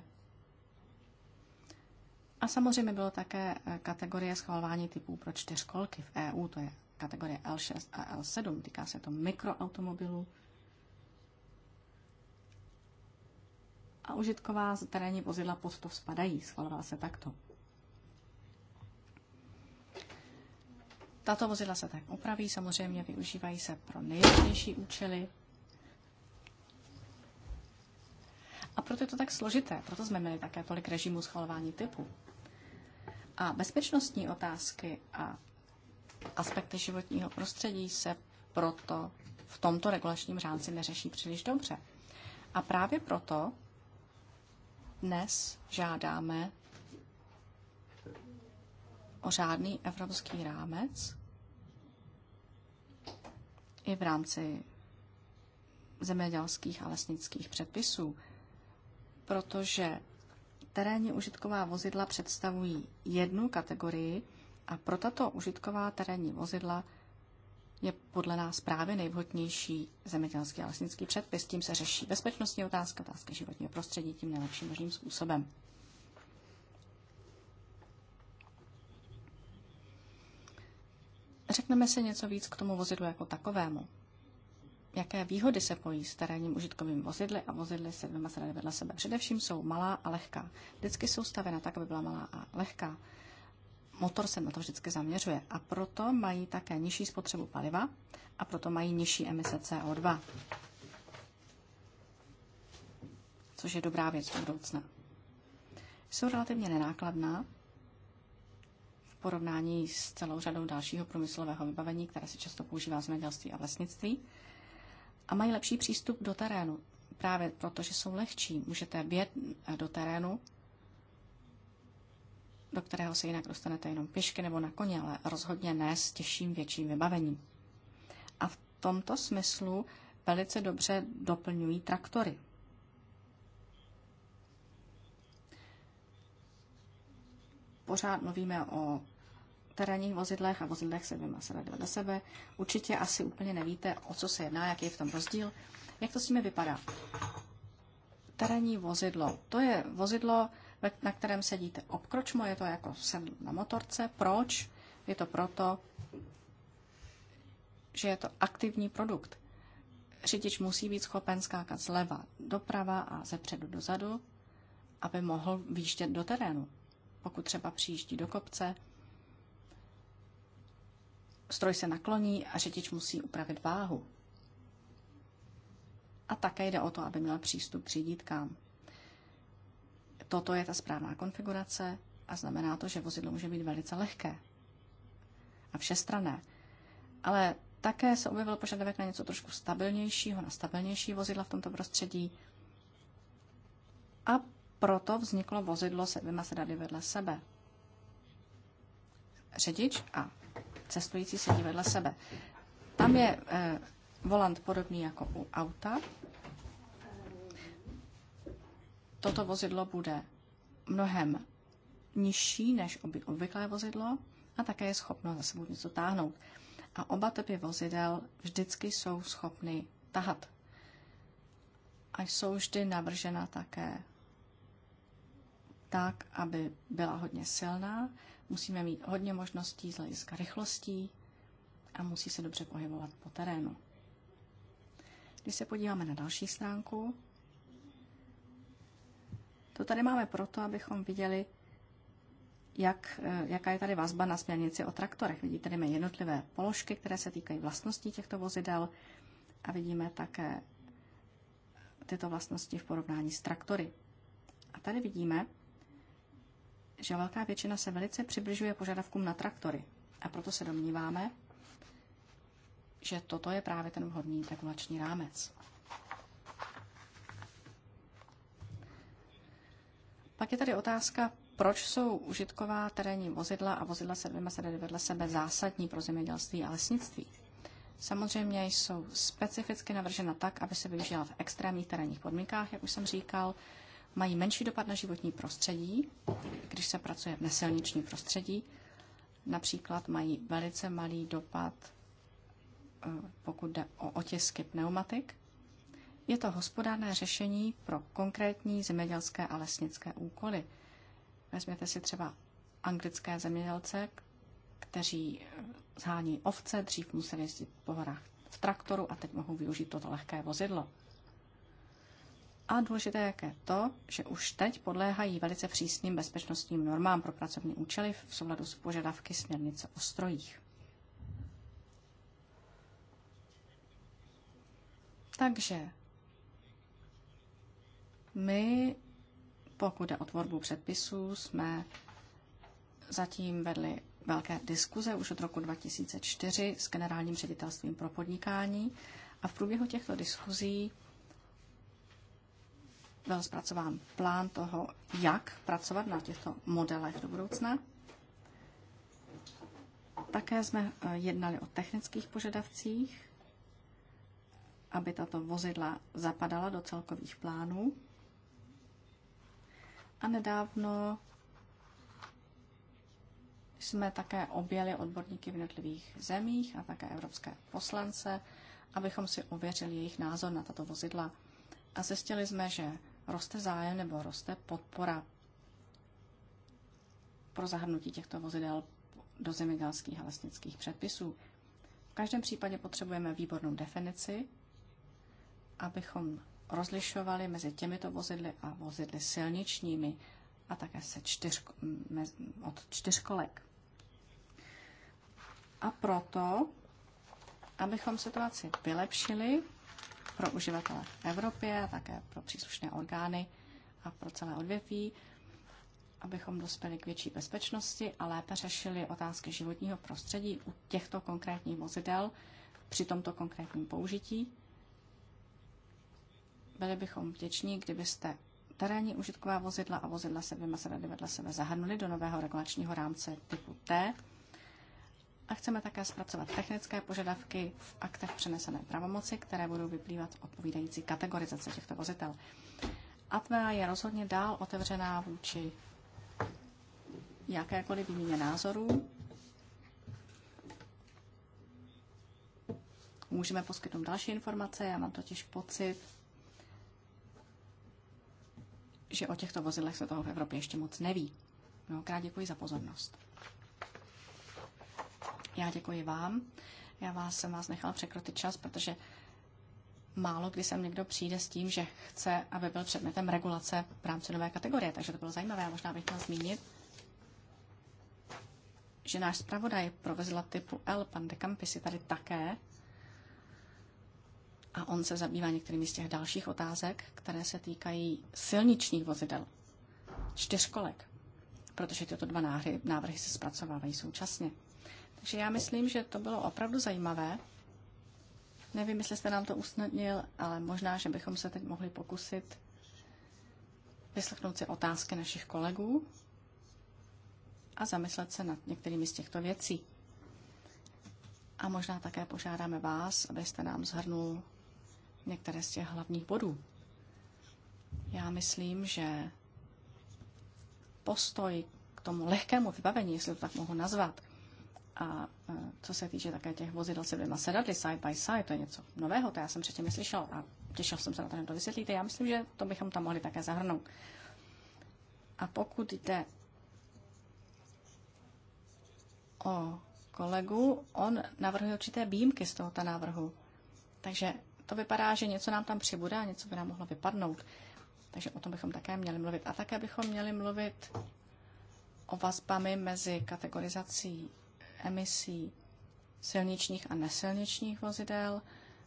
A samozřejmě bylo také eh, kategorie schvalování typů pro čtyřkolky v EU, to je kategorie L6 a L7. Týká se to mikroautomobilů a užitková terénní vozidla pod to spadají. Schvalovala se takto. Tato vozidla se tak upraví, samozřejmě využívají se pro nejrůznější účely. A proto je to tak složité, proto jsme měli také tolik režimů schvalování typu. A bezpečnostní otázky a aspekty životního prostředí se proto v tomto regulačním rámci neřeší příliš dobře. A právě proto dnes žádáme o řádný evropský rámec i v rámci zemědělských a lesnických předpisů, protože terénní užitková vozidla představují jednu kategorii, a pro tato užitková terénní vozidla je podle nás právě nejvhodnější zemědělský a lesnický předpis. Tím se řeší bezpečnostní otázka, otázka životního prostředí tím nejlepším možným způsobem. Řekneme si něco víc k tomu vozidlu jako takovému. Jaké výhody se pojí s terénním užitkovým vozidly a vozidly se dvěma vedle sebe? Především jsou malá a lehká. Vždycky jsou stavena tak, aby byla malá a lehká motor se na to vždycky zaměřuje a proto mají také nižší spotřebu paliva a proto mají nižší emise CO2. Což je dobrá věc do budoucna. Jsou relativně nenákladná v porovnání s celou řadou dalšího průmyslového vybavení, které se často používá v zemědělství a v lesnictví. A mají lepší přístup do terénu, právě proto, že jsou lehčí. Můžete vjet do terénu do kterého se jinak dostanete jenom pěšky nebo na koně, ale rozhodně ne s těžším větším vybavením. A v tomto smyslu velice dobře doplňují traktory. Pořád mluvíme o terénních vozidlech a vozidlech se dvěma sebe vedle sebe. Určitě asi úplně nevíte, o co se jedná, jaký je v tom rozdíl. Jak to s nimi vypadá? Terénní vozidlo. To je vozidlo, na kterém sedíte obkročmo, je to jako jsem na motorce. Proč? Je to proto, že je to aktivní produkt. Řidič musí být schopen skákat zleva doprava a ze předu dozadu, aby mohl výjíždět do terénu. Pokud třeba přijíždí do kopce, stroj se nakloní a řidič musí upravit váhu. A také jde o to, aby měl přístup k řídítkám. Toto je ta správná konfigurace a znamená to, že vozidlo může být velice lehké a všestrané. Ale také se objevil požadavek na něco trošku stabilnějšího, na stabilnější vozidla v tomto prostředí. A proto vzniklo vozidlo se dvěma sedady vedle sebe. Řidič a cestující sedí vedle sebe. Tam je eh, volant podobný jako u auta, toto vozidlo bude mnohem nižší než obvyklé vozidlo a také je schopno za sebou něco táhnout. A oba typy vozidel vždycky jsou schopny tahat. A jsou vždy navržena také tak, aby byla hodně silná. Musíme mít hodně možností z hlediska rychlostí a musí se dobře pohybovat po terénu. Když se podíváme na další stránku, to tady máme proto, abychom viděli, jak, e, jaká je tady vazba na směrnici o traktorech. Vidíte, tady jednotlivé položky, které se týkají vlastností těchto vozidel a vidíme také tyto vlastnosti v porovnání s traktory. A tady vidíme, že velká většina se velice přibližuje požadavkům na traktory. A proto se domníváme, že toto je právě ten vhodný regulační rámec. Pak je tady otázka, proč jsou užitková terénní vozidla a vozidla se dvěma sedady vedle sebe zásadní pro zemědělství a lesnictví. Samozřejmě jsou specificky navržena tak, aby se využila v extrémních terénních podmínkách, jak už jsem říkal, mají menší dopad na životní prostředí, když se pracuje v nesilniční prostředí. Například mají velice malý dopad, eh, pokud jde o otisky pneumatik. Je to hospodárné řešení pro konkrétní zemědělské a lesnické úkoly. Vezměte si třeba anglické zemědělce, kteří eh, zhání ovce, dřív museli jezdit po horách v traktoru a teď mohou využít toto lehké vozidlo. A důležité jak je to, že už teď podléhají velice přísným bezpečnostním normám pro pracovní účely v souladu s požadavky směrnice o strojích. Takže my, pokud jde o tvorbu předpisů, jsme zatím vedli velké diskuze už od roku 2004 s generálním ředitelstvím pro podnikání a v průběhu těchto diskuzí byl zpracován plán toho, jak pracovat na těchto modelech do budoucna. Také jsme eh, jednali o technických požadavcích, aby tato vozidla zapadala do celkových plánů. A nedávno jsme také objeli odborníky v jednotlivých zemích a také evropské poslance, abychom si ověřili jejich názor na tato vozidla. A zjistili jsme, že roste zájem nebo roste podpora pro zahrnutí těchto vozidel do zemědělských a lesnických předpisů. V každém případě potřebujeme výbornou definici, abychom rozlišovali mezi těmito vozidly a vozidly silničními a také se čtyř, od čtyřkolek. A proto, abychom situaci vylepšili pro uživatele v Evropě a také pro příslušné orgány a pro celé odvětví, abychom dospěli k větší bezpečnosti a lépe řešili otázky životního prostředí u těchto konkrétních vozidel při tomto konkrétním použití byli bychom vděční, kdybyste terénní užitková vozidla a vozidla se vymasené vedle sebe zahrnuli do nového regulačního rámce typu T. A chceme také zpracovat technické požadavky v aktech přenesené pravomoci, které budou vyplývat odpovídající kategorizace těchto vozitel. ATVA je rozhodně dál otevřená vůči jakékoliv výměně názorů. Můžeme poskytnout další informace, já mám totiž pocit, že o těchto vozidlech se toho v Evropě ještě moc neví. Mnohokrát děkuji za pozornost. Já děkuji vám. Já vás jsem vás nechala překrotit čas, protože málo kdy sem někdo přijde s tím, že chce, aby byl předmětem regulace v rámci nové kategorie. Takže to bylo zajímavé. A možná bych měl zmínit, že náš zpravodaj pro vozidla typu L, pan de Campis, je tady také a on se zabývá některými z těch dalších otázek, které se týkají silničních vozidel, čtyřkolek, protože tyto dva návrhy, návrhy se zpracovávají současně. Takže já myslím, že to bylo opravdu zajímavé. Nevím, jestli jste nám to usnadnil, ale možná, že bychom se teď mohli pokusit vyslechnout si otázky našich kolegů a zamyslet se nad některými z těchto věcí. A možná také požádáme vás, abyste nám zhrnul některé z těch hlavních bodů. Já myslím, že postoj k tomu lehkému vybavení, jestli to tak mohu nazvat, a e, co se týče také těch vozidel se dvěma sedadly side by side, to je něco nového, to já jsem předtím neslyšel a těšil jsem se na to, že to vysvětlíte. Já myslím, že to bychom tam mohli také zahrnout. A pokud jde o kolegu, on navrhuje určité výjimky z tohoto návrhu. Takže to vypadá, že něco nám tam přibude a něco by nám mohlo vypadnout. Takže o tom bychom také měli mluvit. A také bychom měli mluvit o vazbami mezi kategorizací emisí silničních a nesilničních vozidel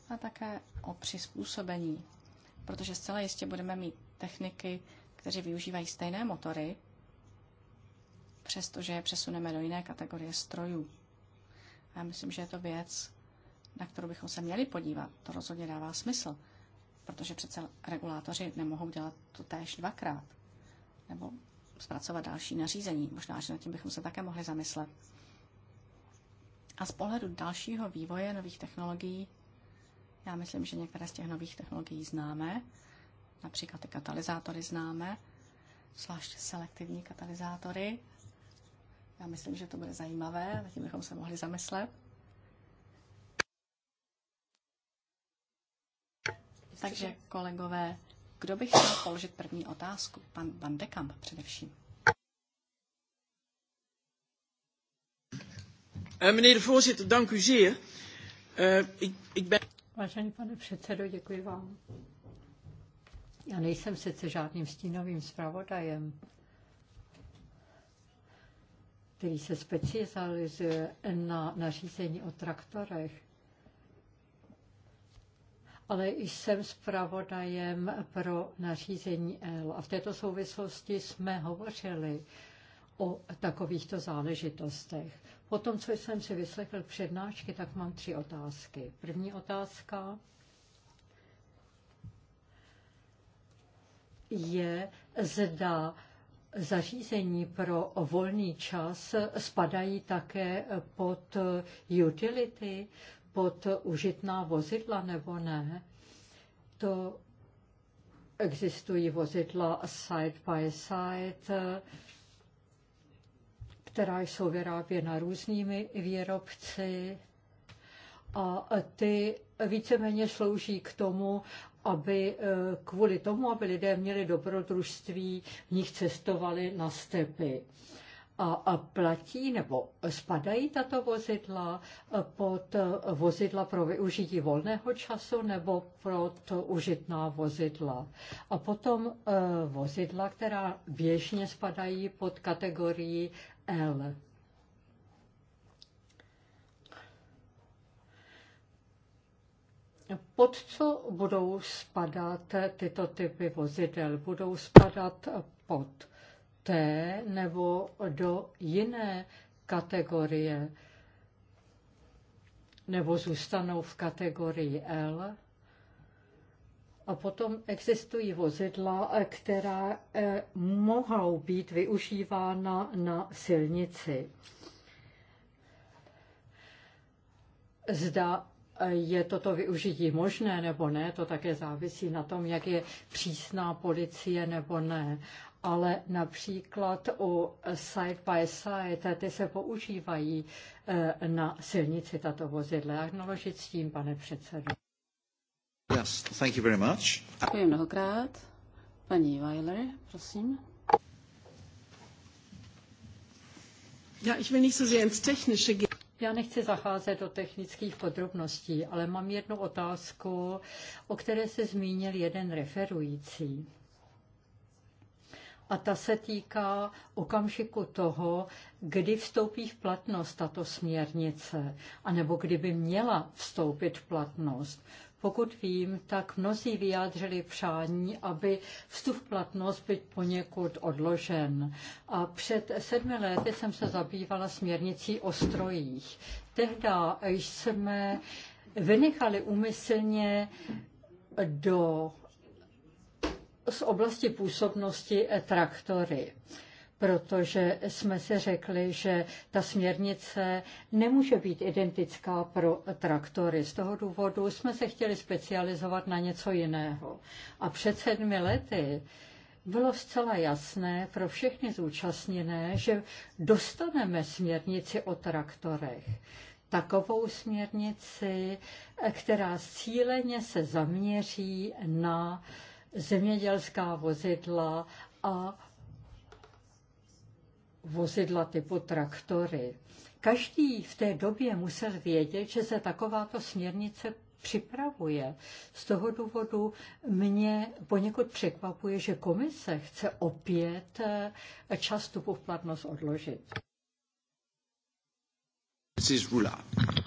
a také o přizpůsobení. Protože zcela jistě budeme mít techniky, kteří využívají stejné motory, přestože je přesuneme do jiné kategorie strojů. A já myslím, že je to věc, na kterou bychom se měli podívat. To rozhodně dává smysl, protože přece regulátoři nemohou dělat to též dvakrát nebo zpracovat další nařízení. Možná, že nad tím bychom se také mohli zamyslet. A z pohledu dalšího vývoje nových technologií, já myslím, že některé z těch nových technologií známe, například ty katalyzátory známe, zvlášť selektivní katalyzátory. Já myslím, že to bude zajímavé, nad tím bychom se mohli zamyslet. Takže kolegové, kdo by chtěl položit první otázku? Pan Van především. Eh, meneer de voorzitter, dank u zeer. Eh, Vážený pane předsedo, děkuji vám. Já nejsem sice žádným stínovým zpravodajem, který se specializuje na nařízení o traktorech, ale jsem zpravodajem pro nařízení e L. A v této souvislosti jsme hovořili o takovýchto záležitostech. Po tom, co jsem si vyslechl přednášky, tak mám tři otázky. První otázka je, zda zařízení pro volný čas spadají také pod utility pod užitná vozidla nebo ne. To existují vozidla side by side, která jsou vyráběna různými výrobci a ty víceméně slouží k tomu, aby eh, kvůli tomu, aby lidé měli dobrodružství, v nich cestovali na stepy a platí nebo spadají tato vozidla eh, pod eh, vozidla pro využití volného času nebo pod užitná vozidla. A potom eh, vozidla, která běžně spadají pod kategorii L. Pod co budou spadat tyto typy vozidel? Budou spadat pod té nebo do jiné kategorie, nebo zůstanou v kategorii L. A potom existují vozidla, která eh, mohou být využívána na silnici. Zda eh, je toto využití možné nebo ne, to také závisí na tom, jak je přísná policie nebo ne ale například u side by side, ty se používají eh, na silnici tato vozidla. Jak naložit s tím, pane předsedo? Yes, thank you very much. Děkuji mnohokrát. Paní Weiler, prosím. Ja, ich will nicht so sehr ins Technische gehen. Já nechci zacházet do technických podrobností, ale mám jednu otázku, o které se zmínil jeden referující a ta se týká okamžiku toho, kdy vstoupí v platnost tato směrnice, anebo kdyby měla vstoupit v platnost. Pokud vím, tak mnozí vyjádřili přání, aby vstup v platnost byl poněkud odložen. A před sedmi lety jsem se zabývala směrnicí o strojích. Tehdy jsme vynechali úmyslně do z oblasti působnosti e, traktory protože jsme si řekli, že ta směrnice nemůže být identická pro traktory. Z toho důvodu jsme se chtěli specializovat na něco jiného. A před sedmi lety bylo zcela jasné pro všechny zúčastněné, že dostaneme směrnici o traktorech. Takovou směrnici, e, která cíleně se zaměří na uh, zemědělská vozidla a vozidla typu traktory. Každý v té době musel vědět, že se takováto směrnice připravuje. Z toho důvodu mě poněkud překvapuje, že komise chce opět eh, čas tu platnost odložit.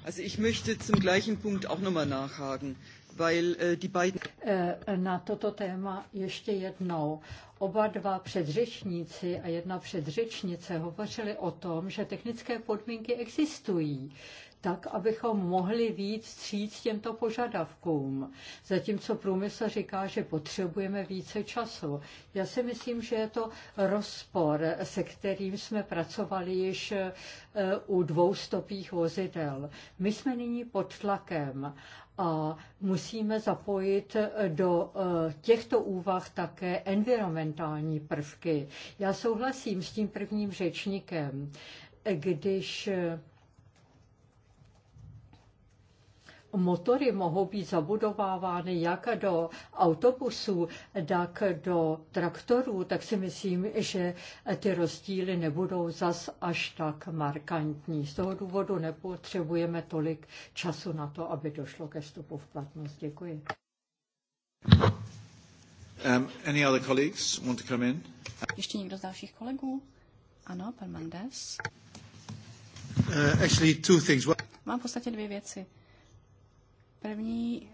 Also ich möchte zum gleichen Punkt auch nochmal nachhaken weil äh, die beiden... Eh, na toto téma ještě jednou. Oba dva předřečníci a jedna předřečnice hovořili o tom, že technické podmínky existují tak, abychom mohli víc stříc těmto požadavkům. Zatímco průmysl říká, že potřebujeme více času. Já si myslím, že je to rozpor, se kterým jsme pracovali již eh, u dvoustopých vozidel. My jsme nyní pod tlakem a musíme zapojit do e, těchto úvah také environmentální prvky. Já souhlasím s tím prvním řečníkem, když e, motory mohou být zabudovávány jak do autobusů, tak do traktorů, tak si myslím, že ty rozdíly nebudou zas až tak markantní. Z toho důvodu nepotřebujeme tolik času na to, aby došlo ke vstupu v platnost. Děkuji. Um, any other colleagues want to come in? Ještě někdo z dalších kolegů? Ano, pan Mendes. Uh, actually two things. Mám v podstatě dvě věci. První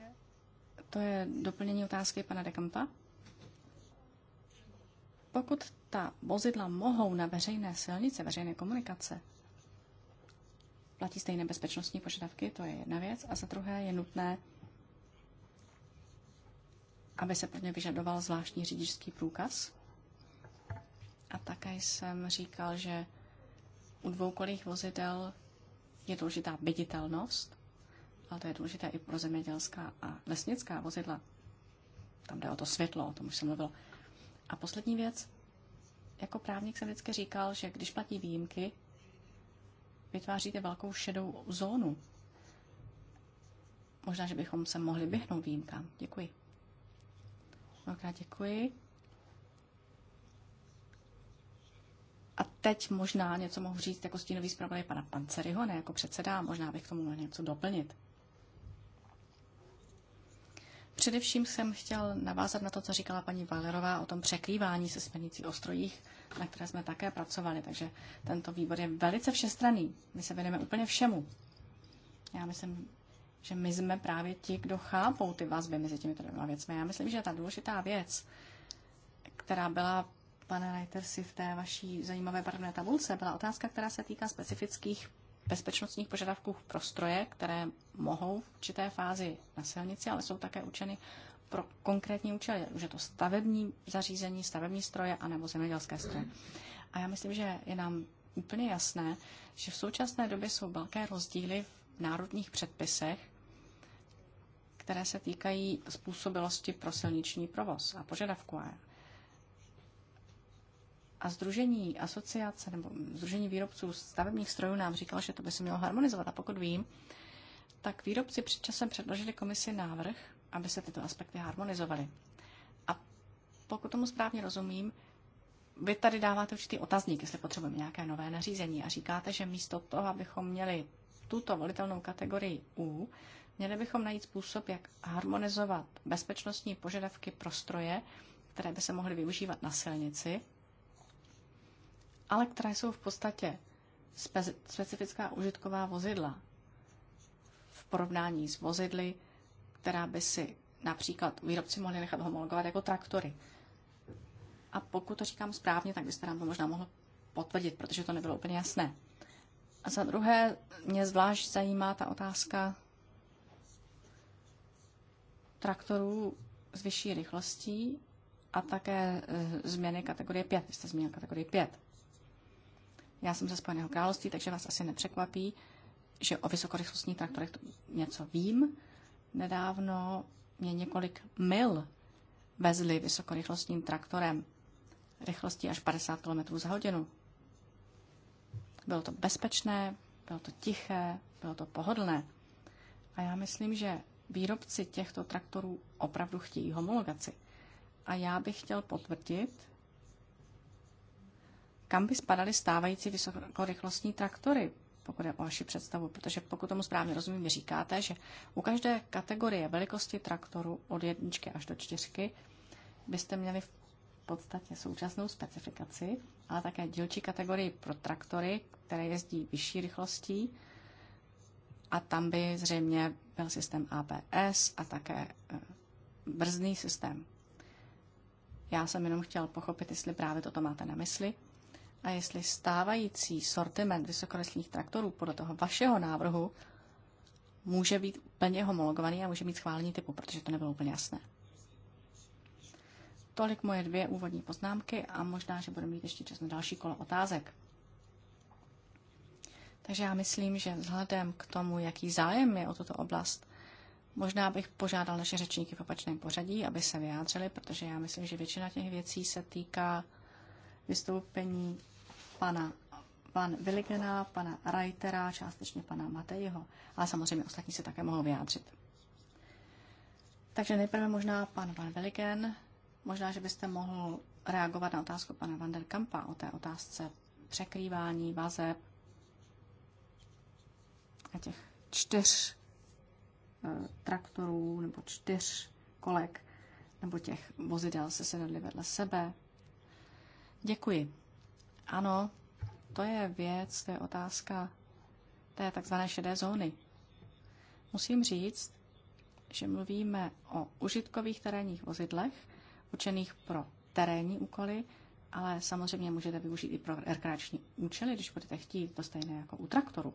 to je doplnění otázky pana Dekampa. Pokud ta vozidla mohou na veřejné silnice, veřejné komunikace, platí stejné bezpečnostní požadavky, to je jedna věc, a za druhé je nutné, aby se pro ně vyžadoval zvláštní řidičský průkaz. A také jsem říkal, že u dvoukolých vozidel je důležitá viditelnost, ale to je důležité i pro zemědělská a lesnická vozidla. Tam jde o to světlo, o tom už jsem mluvil. A poslední věc. Jako právník jsem vždycky říkal, že když platí výjimky, vytváříte velkou šedou zónu. Možná, že bychom se mohli vyhnout výjimkám. Děkuji. Mnohokrát děkuji. A teď možná něco mohu říct jako stínový zpravodaj pana Panceryho, ne jako předseda, možná bych k tomu mohl něco doplnit. Především jsem chtěl navázat na to, co říkala paní Valerová o tom překrývání se směrnicí o strojích, na které jsme také pracovali. Takže tento výbor je velice všestranný. My se věnujeme úplně všemu. Já myslím, že my jsme právě ti, kdo chápou ty vazby mezi těmito dvěma věcmi. Já myslím, že ta důležitá věc, která byla, pane si v té vaší zajímavé barvné tabulce, byla otázka, která se týká specifických bezpečnostních požadavků pro stroje, které mohou v určité fázi na silnici, ale jsou také učeny pro konkrétní účely, už je to stavební zařízení, stavební stroje anebo zemědělské stroje. A já myslím, že je nám úplně jasné, že v současné době jsou velké rozdíly v národních předpisech, které se týkají způsobilosti pro silniční provoz a požadavků. A Združení asociace nebo Združení výrobců stavebních strojů nám říkalo, že to by se mělo harmonizovat. A pokud vím, tak výrobci před časem předložili komisi návrh, aby se tyto aspekty harmonizovaly. A pokud tomu správně rozumím, vy tady dáváte určitý otazník, jestli potřebujeme nějaké nové nařízení a říkáte, že místo toho, abychom měli tuto volitelnou kategorii U, měli bychom najít způsob, jak harmonizovat bezpečnostní požadavky pro stroje, které by se mohly využívat na silnici, ale které jsou v podstatě spe- specifická užitková vozidla v porovnání s vozidly, která by si například výrobci mohli nechat homologovat jako traktory. A pokud to říkám správně, tak byste nám to možná mohl potvrdit, protože to nebylo úplně jasné. A za druhé, mě zvlášť zajímá ta otázka traktorů s vyšší rychlostí a také eh, změny kategorie 5. Vy jste zmínil kategorii 5. Já jsem ze Spojeného království, takže vás asi nepřekvapí, že o vysokorychlostních traktorech něco vím. Nedávno mě několik mil vezli vysokorychlostním traktorem rychlostí až 50 km za hodinu. Bylo to bezpečné, bylo to tiché, bylo to pohodlné. A já myslím, že výrobci těchto traktorů opravdu chtějí homologaci. A já bych chtěl potvrdit, kam by spadaly stávající vysokorychlostní traktory, pokud je o vaši představu, protože pokud tomu správně rozumím, vy říkáte, že u každé kategorie velikosti traktoru od jedničky až do čtyřky byste měli v podstatě současnou specifikaci, ale také dílčí kategorii pro traktory, které jezdí vyšší rychlostí a tam by zřejmě byl systém ABS a také e, brzdný systém. Já jsem jenom chtěl pochopit, jestli právě toto máte na mysli a jestli stávající sortiment vysokorychlých traktorů podle toho vašeho návrhu může být plně homologovaný a může mít schválení typu, protože to nebylo úplně jasné. Tolik moje dvě úvodní poznámky a možná, že budeme mít ještě čas na další kolo otázek. Takže já myslím, že vzhledem k tomu, jaký zájem je o tuto oblast, možná bych požádal naše řečníky v opačném pořadí, aby se vyjádřili, protože já myslím, že většina těch věcí se týká vystoupení pana pan Willigena, pana Reitera, částečně pana Matejho, ale samozřejmě ostatní se také mohou vyjádřit. Takže nejprve možná pan Van Willigen, možná, že byste mohl reagovat na otázku pana Van der Kampa o té otázce překrývání vazeb a těch čtyř eh, traktorů nebo čtyř kolek nebo těch vozidel se sedadly vedle sebe. Děkuji. Ano, to je věc, to je otázka té takzvané šedé zóny. Musím říct, že mluvíme o užitkových terénních vozidlech, učených pro terénní úkoly, ale samozřejmě můžete využít i pro rekreační účely, když budete chtít, to stejné jako u traktoru.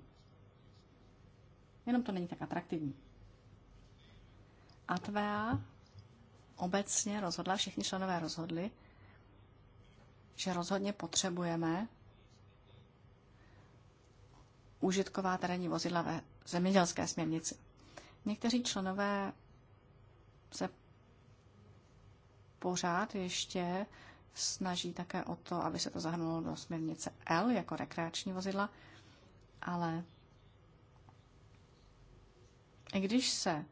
Jenom to není tak atraktivní. ATVA obecně rozhodla, všichni členové rozhodli, že rozhodně potřebujeme užitková terénní vozidla ve zemědělské směrnici. Někteří členové se pořád ještě snaží také o to, aby se to zahrnulo do směrnice L jako rekreační vozidla, ale i když se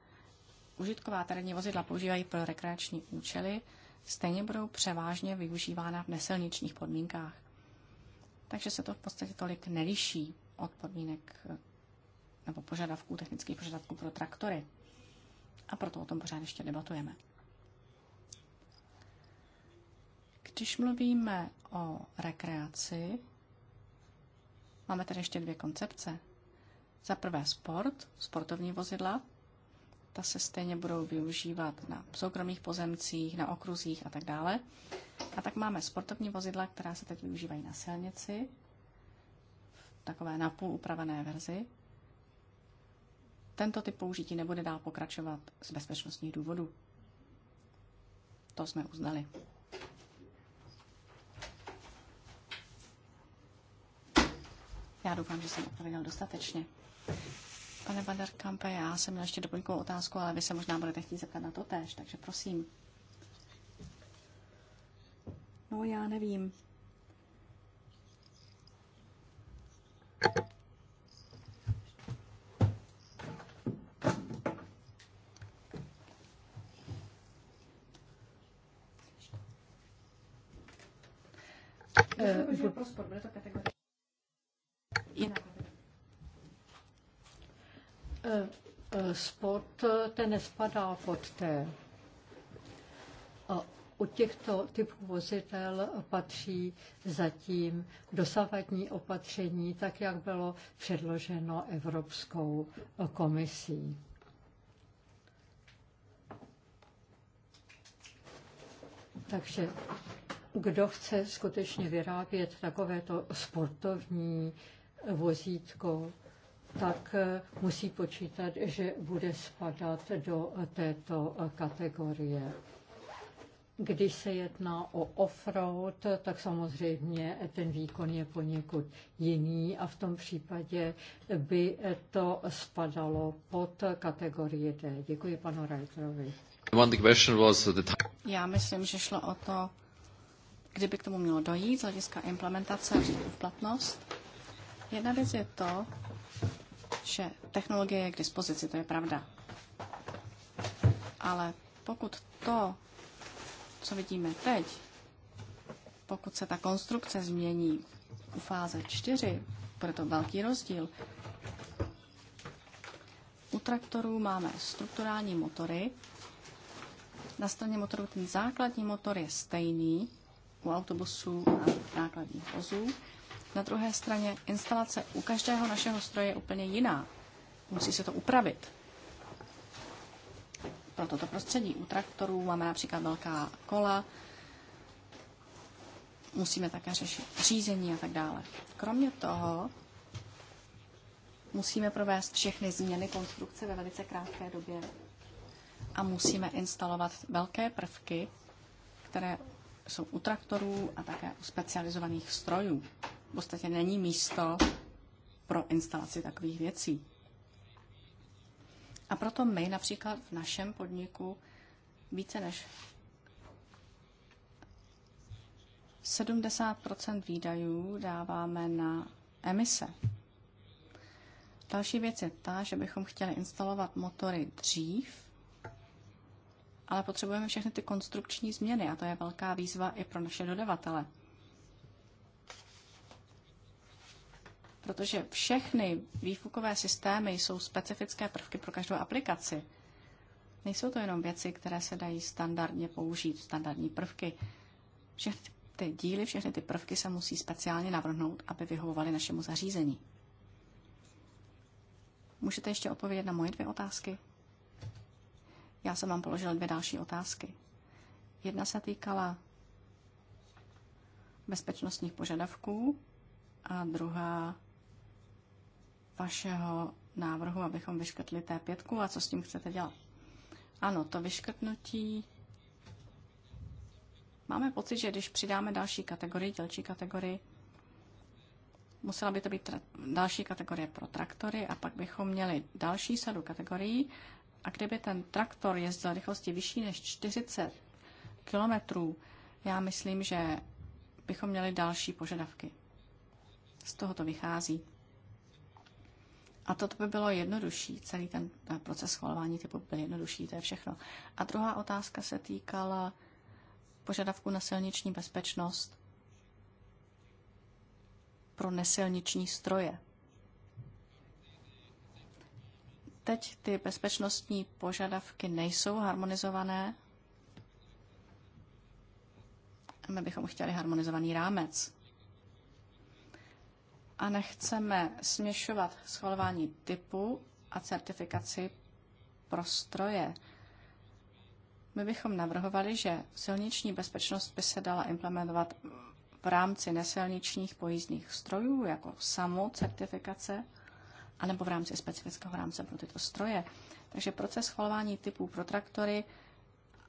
užitková terénní vozidla používají pro rekreační účely, stejně budou převážně využívána v nesilničních podmínkách. Takže se to v podstatě tolik neliší od podmínek eh, nebo požadavků, technických požadavků pro traktory. A proto o tom pořád ještě debatujeme. Když mluvíme o rekreaci, máme tady ještě dvě koncepce. Za prvé sport, sportovní vozidla, ta se stejně budou využívat na soukromých pozemcích, na okruzích a tak dále. A tak máme sportovní vozidla, která se teď využívají na silnici, v takové napůl upravené verzi. Tento typ použití nebude dál pokračovat z bezpečnostních důvodů. To jsme uznali. Já doufám, že jsem odpověděl dostatečně pane Vanderkampe. Já jsem měl ještě doplňkovou otázku, ale vy se možná budete chtít zeptat na to též, takže prosím. No, já nevím. Bude to kategorie sport ten nespadá pod té. A u těchto typů vozidel patří zatím dosavadní opatření, tak jak bylo předloženo Evropskou komisí. Takže kdo chce skutečně vyrábět takovéto sportovní vozítko, tak eh, musí počítat, že bude spadat do eh, této eh, kategorie. Když se jedná o offroad, tak samozřejmě ten výkon je poněkud jiný a v tom případě by to spadalo pod kategorii D. Děkuji panu Reiterovi. Já myslím, že šlo o to, kdyby k tomu mělo dojít z hlediska implementace v platnost. Jedna věc je to, Vše technologie je k dispozici, to je pravda. Ale pokud to, co vidíme teď, pokud se ta konstrukce změní u fáze 4, bude to velký rozdíl. U traktorů máme strukturální motory. Na straně motoru ten základní motor je stejný u autobusů a nákladních vozů. Na druhé straně instalace u každého našeho stroje je úplně jiná. Musí se to upravit. Pro toto prostředí u traktorů máme například velká kola, musíme také řešit řízení a tak dále. Kromě toho musíme provést všechny změny konstrukce ve velice krátké době a musíme instalovat velké prvky, které jsou u traktorů a také u specializovaných strojů. V podstatě není místo pro instalaci takových věcí. A proto my například v našem podniku více než 70 výdajů dáváme na emise. Další věc je ta, že bychom chtěli instalovat motory dřív, ale potřebujeme všechny ty konstrukční změny a to je velká výzva i pro naše dodavatele. Protože všechny výfukové systémy jsou specifické prvky pro každou aplikaci. Nejsou to jenom věci, které se dají standardně použít, standardní prvky. Všechny ty díly, všechny ty prvky se musí speciálně navrhnout, aby vyhovovaly našemu zařízení. Můžete ještě odpovědět na moje dvě otázky? Já jsem vám položila dvě další otázky. Jedna se týkala bezpečnostních požadavků a druhá vašeho návrhu, abychom vyškrtli té pětku a co s tím chcete dělat. Ano, to vyškrtnutí. Máme pocit, že když přidáme další kategorii, dělčí kategorii, musela by to být další kategorie pro traktory a pak bychom měli další sadu kategorií a kdyby ten traktor jezdil rychlosti vyšší než 40 kilometrů, já myslím, že bychom měli další požadavky. Z toho to vychází. A toto by bylo jednodušší, celý ten eh, proces schvalování typu by byl jednodušší, to je všechno. A druhá otázka se týkala požadavku na silniční bezpečnost pro nesilniční stroje. Teď ty bezpečnostní požadavky nejsou harmonizované. My bychom chtěli harmonizovaný rámec. A nechceme směšovat schvalování typu a certifikaci pro stroje. My bychom navrhovali, že silniční bezpečnost by se dala implementovat v rámci nesilničních pojízdných strojů jako samou certifikace anebo v rámci specifického rámce pro tyto stroje. Takže proces schvalování typů pro traktory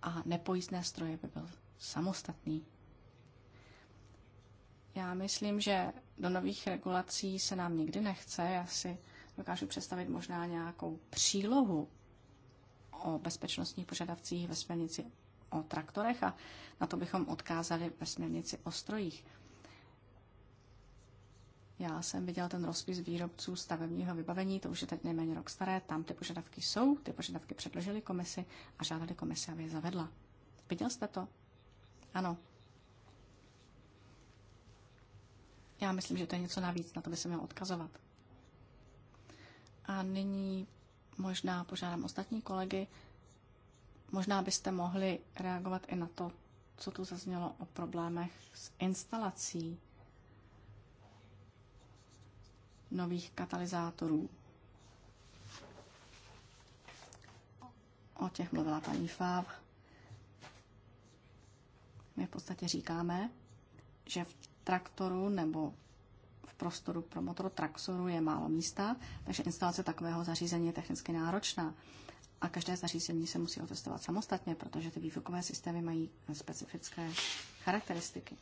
a nepojízdné stroje by byl samostatný. Já myslím, že do nových regulací se nám nikdy nechce. Já si dokážu představit možná nějakou přílohu o bezpečnostních požadavcích ve směrnici o traktorech a na to bychom odkázali ve směrnici o strojích. Já jsem viděl ten rozpis výrobců stavebního vybavení, to už je teď nejméně rok staré, tam ty požadavky jsou, ty požadavky předložili komisi a žádali komisi, aby je zavedla. Viděl jste to? Ano. Já myslím, že to je něco navíc, na to by se měl odkazovat. A nyní možná požádám ostatní kolegy, možná byste mohli reagovat i na to, co tu zaznělo o problémech s instalací nových katalyzátorů. O těch mluvila paní Fáv. My v podstatě říkáme, že v traktoru nebo v prostoru pro motor traktoru je málo místa, takže instalace takového zařízení je technicky náročná. A každé zařízení se musí otestovat samostatně, protože ty výfukové systémy mají specifické charakteristiky.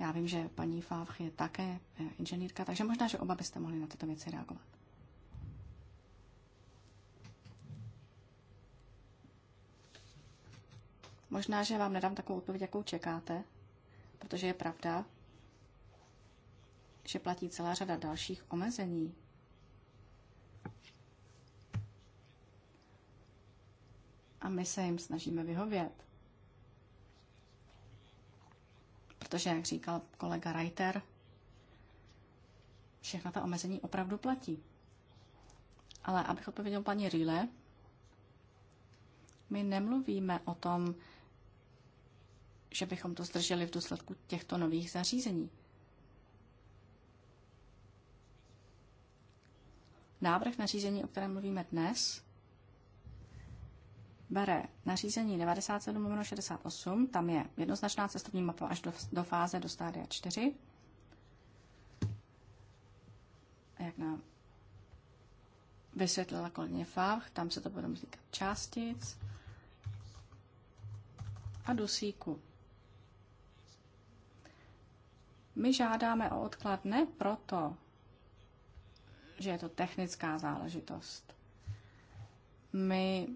Já vím, že paní Favch je také eh, inženýrka, takže možná, že oba byste mohli na tyto věci reagovat. Možná, že vám nedám takovou odpověď, jakou čekáte, protože je pravda, že platí celá řada dalších omezení. A my se jim snažíme vyhovět. protože, jak říkal kolega Reiter, všechna ta omezení opravdu platí. Ale abych odpověděl paní Rýle, my nemluvíme o tom, že bychom to zdrželi v důsledku těchto nových zařízení. Návrh na řízení, o kterém mluvíme dnes, bere nařízení 97 68, tam je jednoznačná cestovní mapa až do, do fáze do stádia 4. Jak nám vysvětlila kolegyně Favch, tam se to budou říkat částic a dusíku. My žádáme o odklad ne proto, že je to technická záležitost. My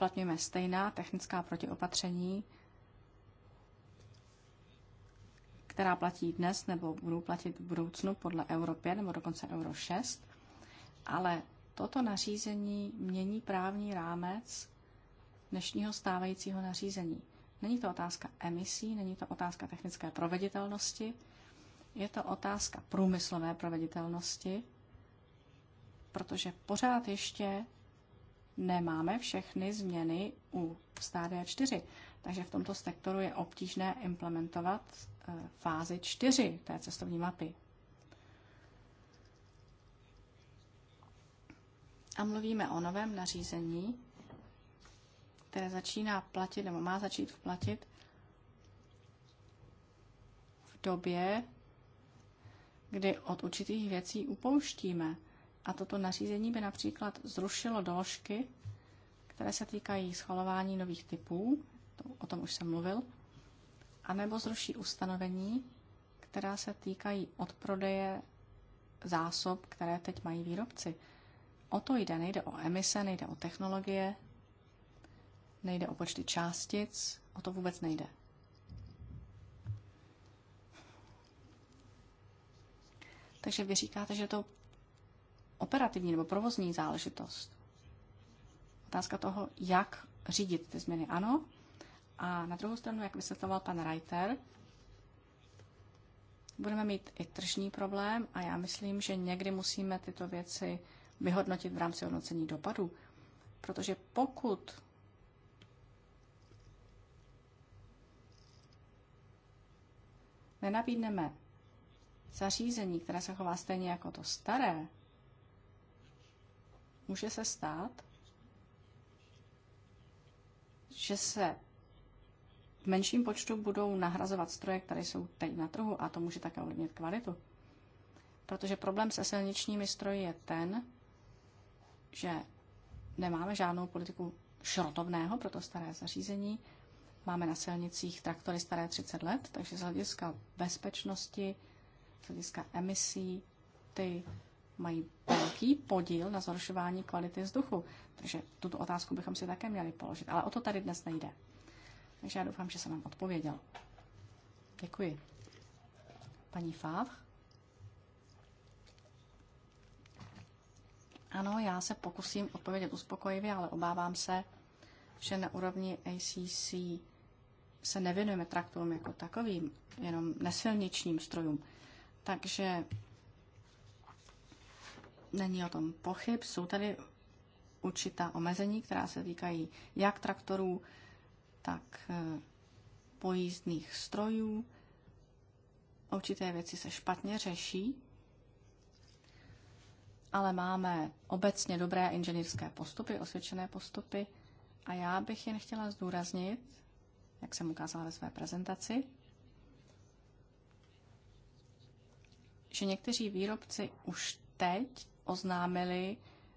uplatňujeme stejná technická protiopatření, která platí dnes nebo budou platit v budoucnu podle Euro 5 nebo dokonce Euro 6, ale toto nařízení mění právní rámec dnešního stávajícího nařízení. Není to otázka emisí, není to otázka technické proveditelnosti, je to otázka průmyslové proveditelnosti, protože pořád ještě nemáme všechny změny u stádia 4. Takže v tomto sektoru je obtížné implementovat eh, fázi 4 té cestovní mapy. A mluvíme o novém nařízení, které začíná platit nebo má začít platit v době, kdy od určitých věcí upouštíme. A toto nařízení by například zrušilo doložky, které se týkají schvalování nových typů, to, o tom už jsem mluvil, anebo zruší ustanovení, která se týkají odprodeje zásob, které teď mají výrobci. O to jde, nejde o emise, nejde o technologie, nejde o počty částic, o to vůbec nejde. Takže vy říkáte, že to operativní nebo provozní záležitost. Otázka toho, jak řídit ty změny, ano. A na druhou stranu, jak vysvětloval pan Reiter, budeme mít i tržní problém a já myslím, že někdy musíme tyto věci vyhodnotit v rámci hodnocení dopadu. Protože pokud nenabídneme zařízení, které se chová stejně jako to staré, Může se stát, že se v menším počtu budou nahrazovat stroje, které jsou teď na trhu a to může také ovlivnit kvalitu. Protože problém se silničními stroji je ten, že nemáme žádnou politiku šrotovného pro to staré zařízení. Máme na silnicích traktory staré 30 let, takže z hlediska bezpečnosti, z hlediska emisí, ty mají velký podíl na zhoršování kvality vzduchu. Takže tuto otázku bychom si také měli položit. Ale o to tady dnes nejde. Takže já doufám, že jsem vám odpověděl. Děkuji. Paní Favre? Ano, já se pokusím odpovědět uspokojivě, ale obávám se, že na úrovni ACC se nevěnujeme traktům jako takovým, jenom nesilničním strojům. Takže Není o tom pochyb. Jsou tady určitá omezení, která se týkají jak traktorů, tak eh, pojízdných strojů. Určité věci se špatně řeší, ale máme obecně dobré inženýrské postupy, osvědčené postupy a já bych jen chtěla zdůraznit, jak jsem ukázala ve své prezentaci, že někteří výrobci už teď oznámili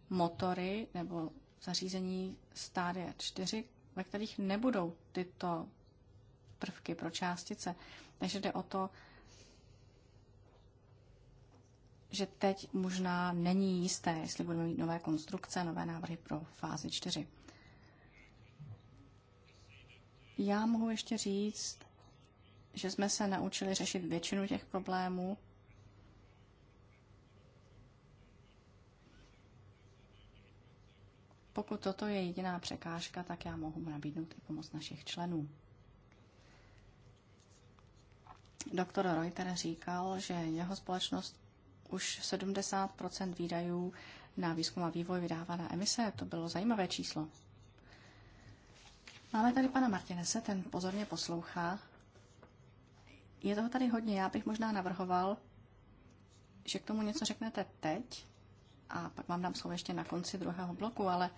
motory nebo zařízení stádia 4, ve kterých nebudou tyto prvky pro částice. Takže jde o to, že teď možná není jisté, jestli budeme mít nové konstrukce, nové návrhy pro fázi 4. Já mohu ještě říct, že jsme se naučili řešit většinu těch problémů, Pokud toto je jediná překážka, tak já mohu nabídnout i pomoc našich členů. Doktor Reuter říkal, že jeho společnost už 70 výdajů na výzkum a vývoj vydává na emise. To bylo zajímavé číslo. Máme tady pana Martinese, ten pozorně poslouchá. Je toho tady hodně. Já bych možná navrhoval, že k tomu něco řeknete teď a pak vám dám slovo ještě na konci druhého bloku, ale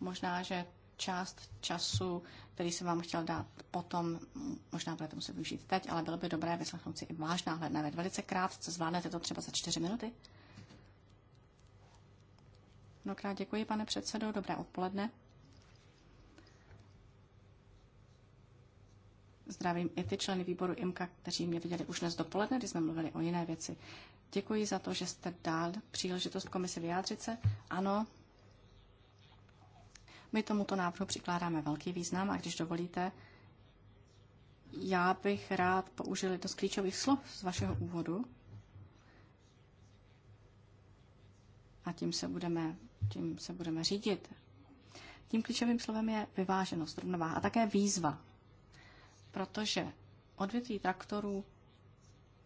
možná, že část času, který jsem vám chtěl dát potom, možná budete muset využít teď, ale bylo by dobré vyslechnout si i váš náhled na věc. Velice krátce zvládnete to třeba za čtyři minuty. Mnohokrát děkuji, pane předsedo, dobré odpoledne. Zdravím i ty členy výboru IMKA, kteří mě viděli už dnes dopoledne, když jsme mluvili o jiné věci. Děkuji za to, že jste dal příležitost komisi vyjádřit se. Ano, my tomuto návrhu přikládáme velký význam a když dovolíte, já bych rád použil jedno z klíčových slov z vašeho úvodu. A tím se budeme, tím se budeme řídit. Tím klíčovým slovem je vyváženost, rovnováha a také výzva protože odvětví traktorů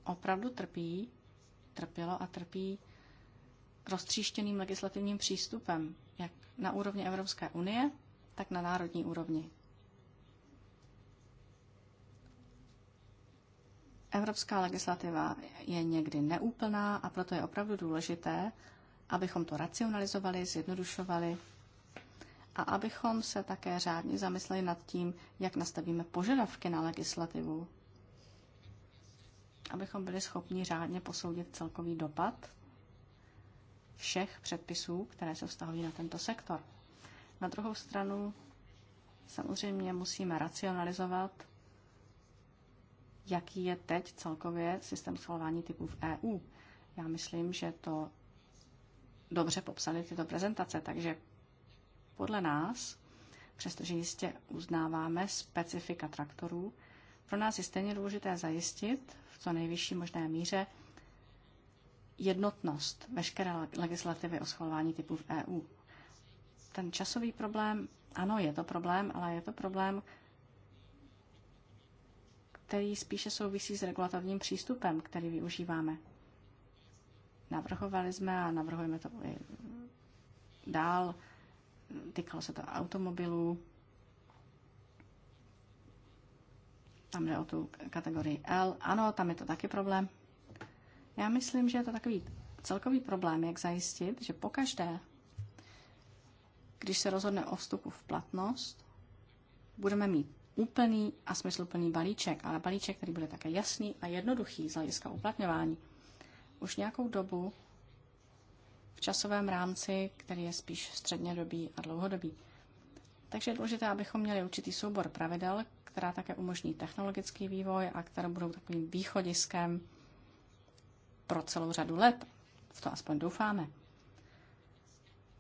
opravdu trpí, trpělo a trpí roztříštěným legislativním přístupem, jak na úrovni Evropské unie, tak na národní úrovni. Evropská legislativa je někdy neúplná a proto je opravdu důležité, abychom to racionalizovali, zjednodušovali a abychom se také řádně zamysleli nad tím, jak nastavíme požadavky na legislativu, abychom byli schopni řádně posoudit celkový dopad všech předpisů, které se vztahují na tento sektor. Na druhou stranu samozřejmě musíme racionalizovat, jaký je teď celkově systém schvalování typů v EU. Já myslím, že to dobře popsali tyto prezentace, takže podle nás, přestože jistě uznáváme specifika traktorů, pro nás je stejně důležité zajistit v co nejvyšší možné míře jednotnost veškeré legislativy o schvalování typů v EU. Ten časový problém, ano, je to problém, ale je to problém, který spíše souvisí s regulatorním přístupem, který využíváme. Navrhovali jsme a navrhujeme to i dál týkalo se to automobilů. Tam jde o tu kategorii L. Ano, tam je to taky problém. Já myslím, že je to takový celkový problém, jak zajistit, že pokaždé, když se rozhodne o vstupu v platnost, budeme mít úplný a smysluplný balíček, ale balíček, který bude také jasný a jednoduchý z hlediska uplatňování. Už nějakou dobu v časovém rámci, který je spíš střednědobý a dlouhodobý. Takže je důležité, abychom měli určitý soubor pravidel, která také umožní technologický vývoj a které budou takovým východiskem pro celou řadu let. V to aspoň doufáme.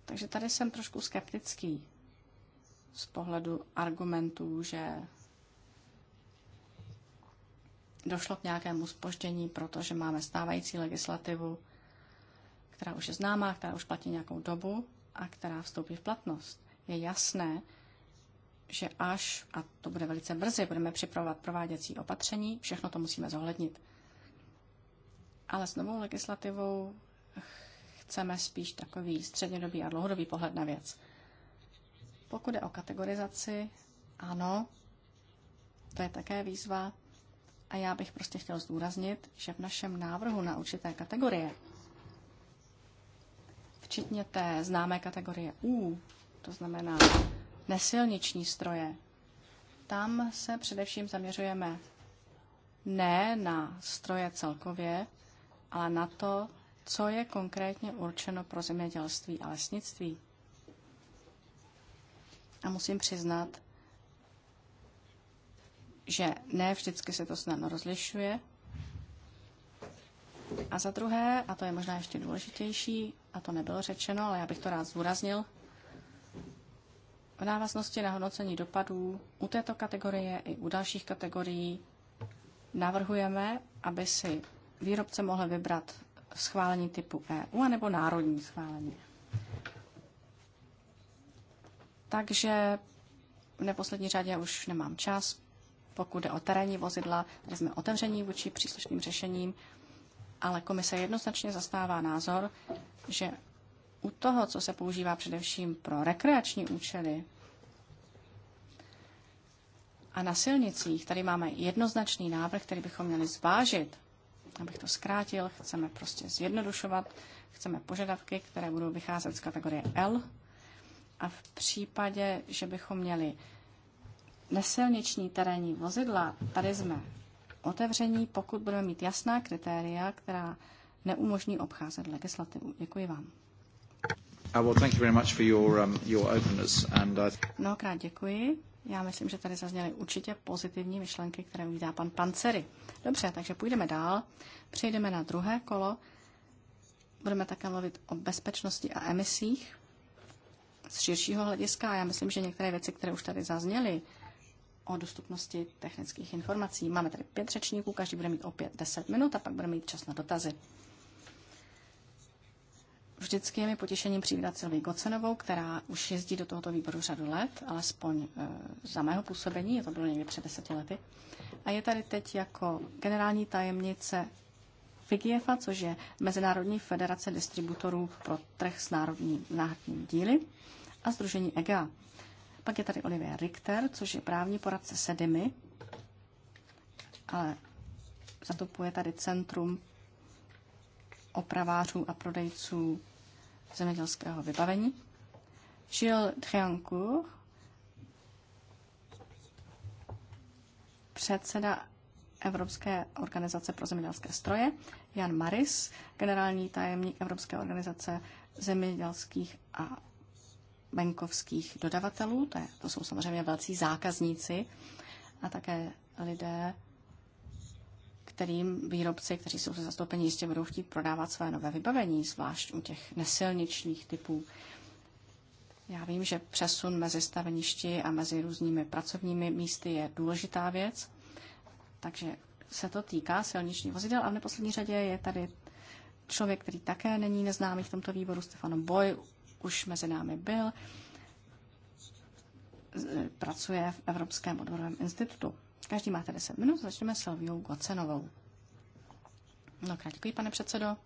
Takže tady jsem trošku skeptický z pohledu argumentů, že došlo k nějakému spoždění, protože máme stávající legislativu, která už je známá, která už platí nějakou dobu a která vstoupí v platnost. Je jasné, že až, a to bude velice brzy, budeme připravovat prováděcí opatření, všechno to musíme zohlednit. Ale s novou legislativou chceme spíš takový střednědobý a dlouhodobý pohled na věc. Pokud je o kategorizaci, ano, to je také výzva. A já bych prostě chtěl zdůraznit, že v našem návrhu na určité kategorie, včetně té známé kategorie U, to znamená nesilniční stroje, tam se především zaměřujeme ne na stroje celkově, ale na to, co je konkrétně určeno pro zemědělství a lesnictví. A musím přiznat, že ne vždycky se to snadno rozlišuje. A za druhé, a to je možná ještě důležitější, a to nebylo řečeno, ale já bych to rád zúraznil. v návaznosti na hodnocení dopadů u této kategorie i u dalších kategorií navrhujeme, aby si výrobce mohl vybrat schválení typu EU anebo národní schválení. Takže v neposlední řadě už nemám čas. Pokud jde o terénní vozidla, tady jsme otevření vůči příslušným řešením ale komise jednoznačně zastává názor, že u toho, co se používá především pro rekreační účely a na silnicích, tady máme jednoznačný návrh, který bychom měli zvážit. Abych to zkrátil, chceme prostě zjednodušovat, chceme požadavky, které budou vycházet z kategorie L. A v případě, že bychom měli nesilniční terénní vozidla, tady jsme otevření, pokud budeme mít jasná kritéria, která neumožní obcházet legislativu. Děkuji vám. Uh, um, Mnohokrát děkuji. Já myslím, že tady zazněly určitě pozitivní myšlenky, které uvídá pan Pancery. Dobře, takže půjdeme dál. Přejdeme na druhé kolo. Budeme také mluvit o bezpečnosti a emisích z širšího hlediska. Já myslím, že některé věci, které už tady zazněly, o dostupnosti technických informací. Máme tady pět řečníků, každý bude mít opět 10 minut a pak bude mít čas na dotazy. Vždycky je mi potěšením přivítat Silvii Gocenovou, která už jezdí do tohoto výboru řadu let, alespoň e, za mého působení, je to bylo někdy před deseti lety. A je tady teď jako generální tajemnice FIGIEFA, což je Mezinárodní federace distributorů pro trh s národní, národní díly a Združení EGA. Pak je tady Olivia Richter, což je právní poradce Sedimy, ale zatopuje tady Centrum opravářů a prodejců zemědělského vybavení. Gilles Triancourt, předseda Evropské organizace pro zemědělské stroje, Jan Maris, generální tajemník Evropské organizace zemědělských a venkovských dodavatelů, to, je, to jsou samozřejmě velcí zákazníci, a také lidé, kterým výrobci, kteří jsou se zastoupení, jistě budou chtít prodávat své nové vybavení, zvlášť u těch nesilničních typů. Já vím, že přesun mezi staveništi a mezi různými pracovními místy je důležitá věc, takže se to týká silničních vozidel a v neposlední řadě je tady člověk, který také není neznámý v tomto výboru, Stefano Boj, už mezi námi byl, e, pracuje v Evropském odborovém institutu. Každý máte 10 minut, začneme s Silviou Gocenovou. No, děkuji, pane předsedo.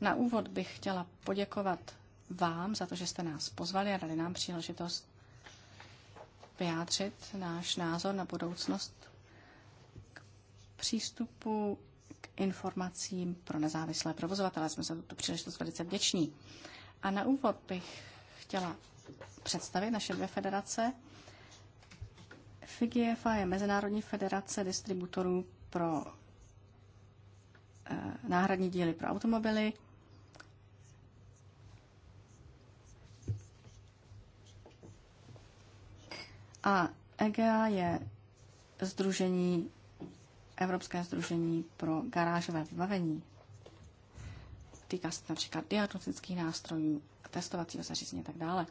Na úvod bych chtěla poděkovat vám za to, že jste nás pozvali a dali nám příležitost vyjádřit náš názor na budoucnost k přístupu k informacím pro nezávislé provozovatele. Jsme za tuto příležitost velice vděční. A na úvod bych chtěla představit naše dvě federace. FIGIEFA je Mezinárodní federace distributorů pro eh, náhradní díly pro automobily. A EGA je združení, Evropské združení pro garážové vybavení. Týká se například diagnostických nástrojů, testovacího zařízení a tak dále.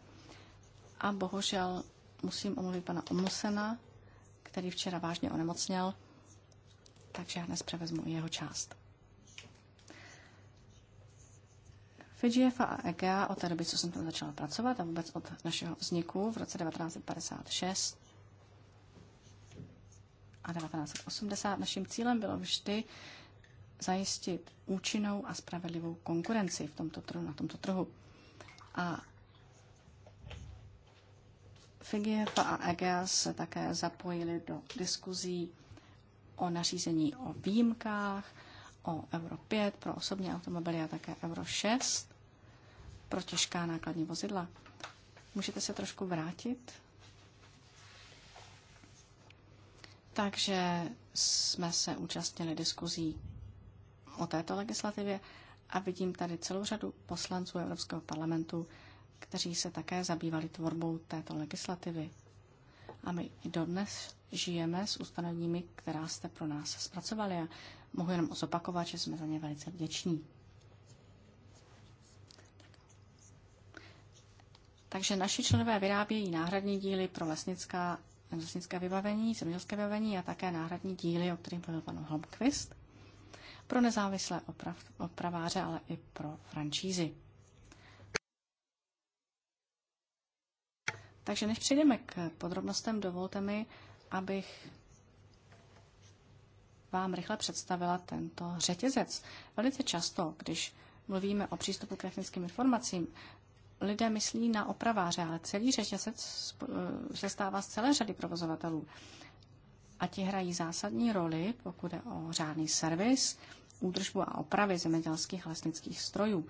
A bohužel musím omluvit pana Omusena, který včera vážně onemocněl, takže já dnes převezmu jeho část. FGF a EGA od té doby, co jsem tam začala pracovat a vůbec od našeho vzniku v roce 1956 a 1980, naším cílem bylo vždy zajistit účinnou a spravedlivou konkurenci v tomto trhu, na tomto trhu. A FIGIF a EGAS se také zapojili do diskuzí o nařízení o výjimkách, o Euro 5 pro osobní automobily a také Euro 6 pro těžká nákladní vozidla. Můžete se trošku vrátit? Takže jsme se účastnili diskuzí o této legislativě a vidím tady celou řadu poslanců Evropského parlamentu, kteří se také zabývali tvorbou této legislativy. A my i dodnes žijeme s ustanoveními, která jste pro nás zpracovali a mohu jenom zopakovat, že jsme za ně velice vděční. Takže naši členové vyrábějí náhradní díly pro lesnická, lesnické vybavení, zemědělské vybavení a také náhradní díly, o kterých byl pan Holmquist pro nezávislé oprav, opraváře, ale i pro francízy. Takže než přejdeme k podrobnostem, dovolte mi, abych vám rychle představila tento řetězec. Velice často, když mluvíme o přístupu k technickým informacím, lidé myslí na opraváře, ale celý řetězec eh, se stává z celé řady provozovatelů. A ti hrají zásadní roli, pokud je o řádný servis, údržbu a opravy zemědělských lesnických strojů.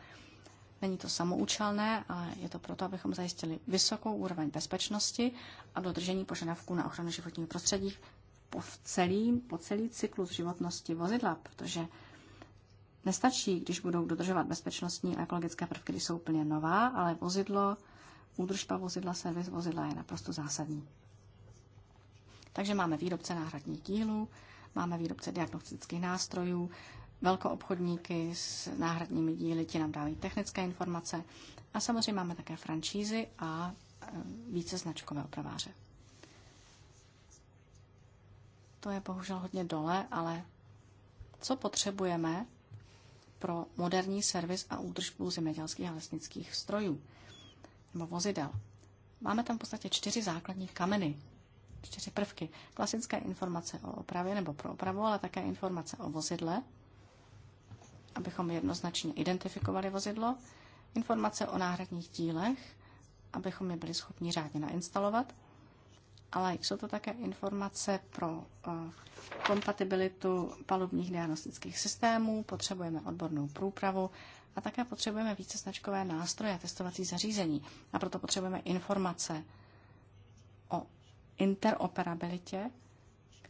Není to samoučelné, ale je to proto, abychom zajistili vysokou úroveň bezpečnosti a dodržení požadavků na ochranu životního prostředí po celý, po celý cyklus životnosti vozidla, protože nestačí, když budou dodržovat bezpečnostní a ekologické prvky, když jsou úplně nová, ale vozidlo, údržba vozidla, servis vozidla je naprosto zásadní. Takže máme výrobce náhradních dílů, máme výrobce diagnostických nástrojů, velkoobchodníky s náhradními díly, ti nám dávají technické informace. A samozřejmě máme také francízy a e, více značkové opraváře. To je bohužel hodně dole, ale co potřebujeme pro moderní servis a údržbu zemědělských a lesnických strojů nebo vozidel? Máme tam v podstatě čtyři základní kameny, čtyři prvky. Klasické informace o opravě nebo pro opravu, ale také informace o vozidle, abychom jednoznačně identifikovali vozidlo, informace o náhradních dílech, abychom je byli schopni řádně nainstalovat, ale jsou to také informace pro eh, kompatibilitu palubních diagnostických systémů, potřebujeme odbornou průpravu a také potřebujeme více značkové nástroje a testovací zařízení. A proto potřebujeme informace o interoperabilitě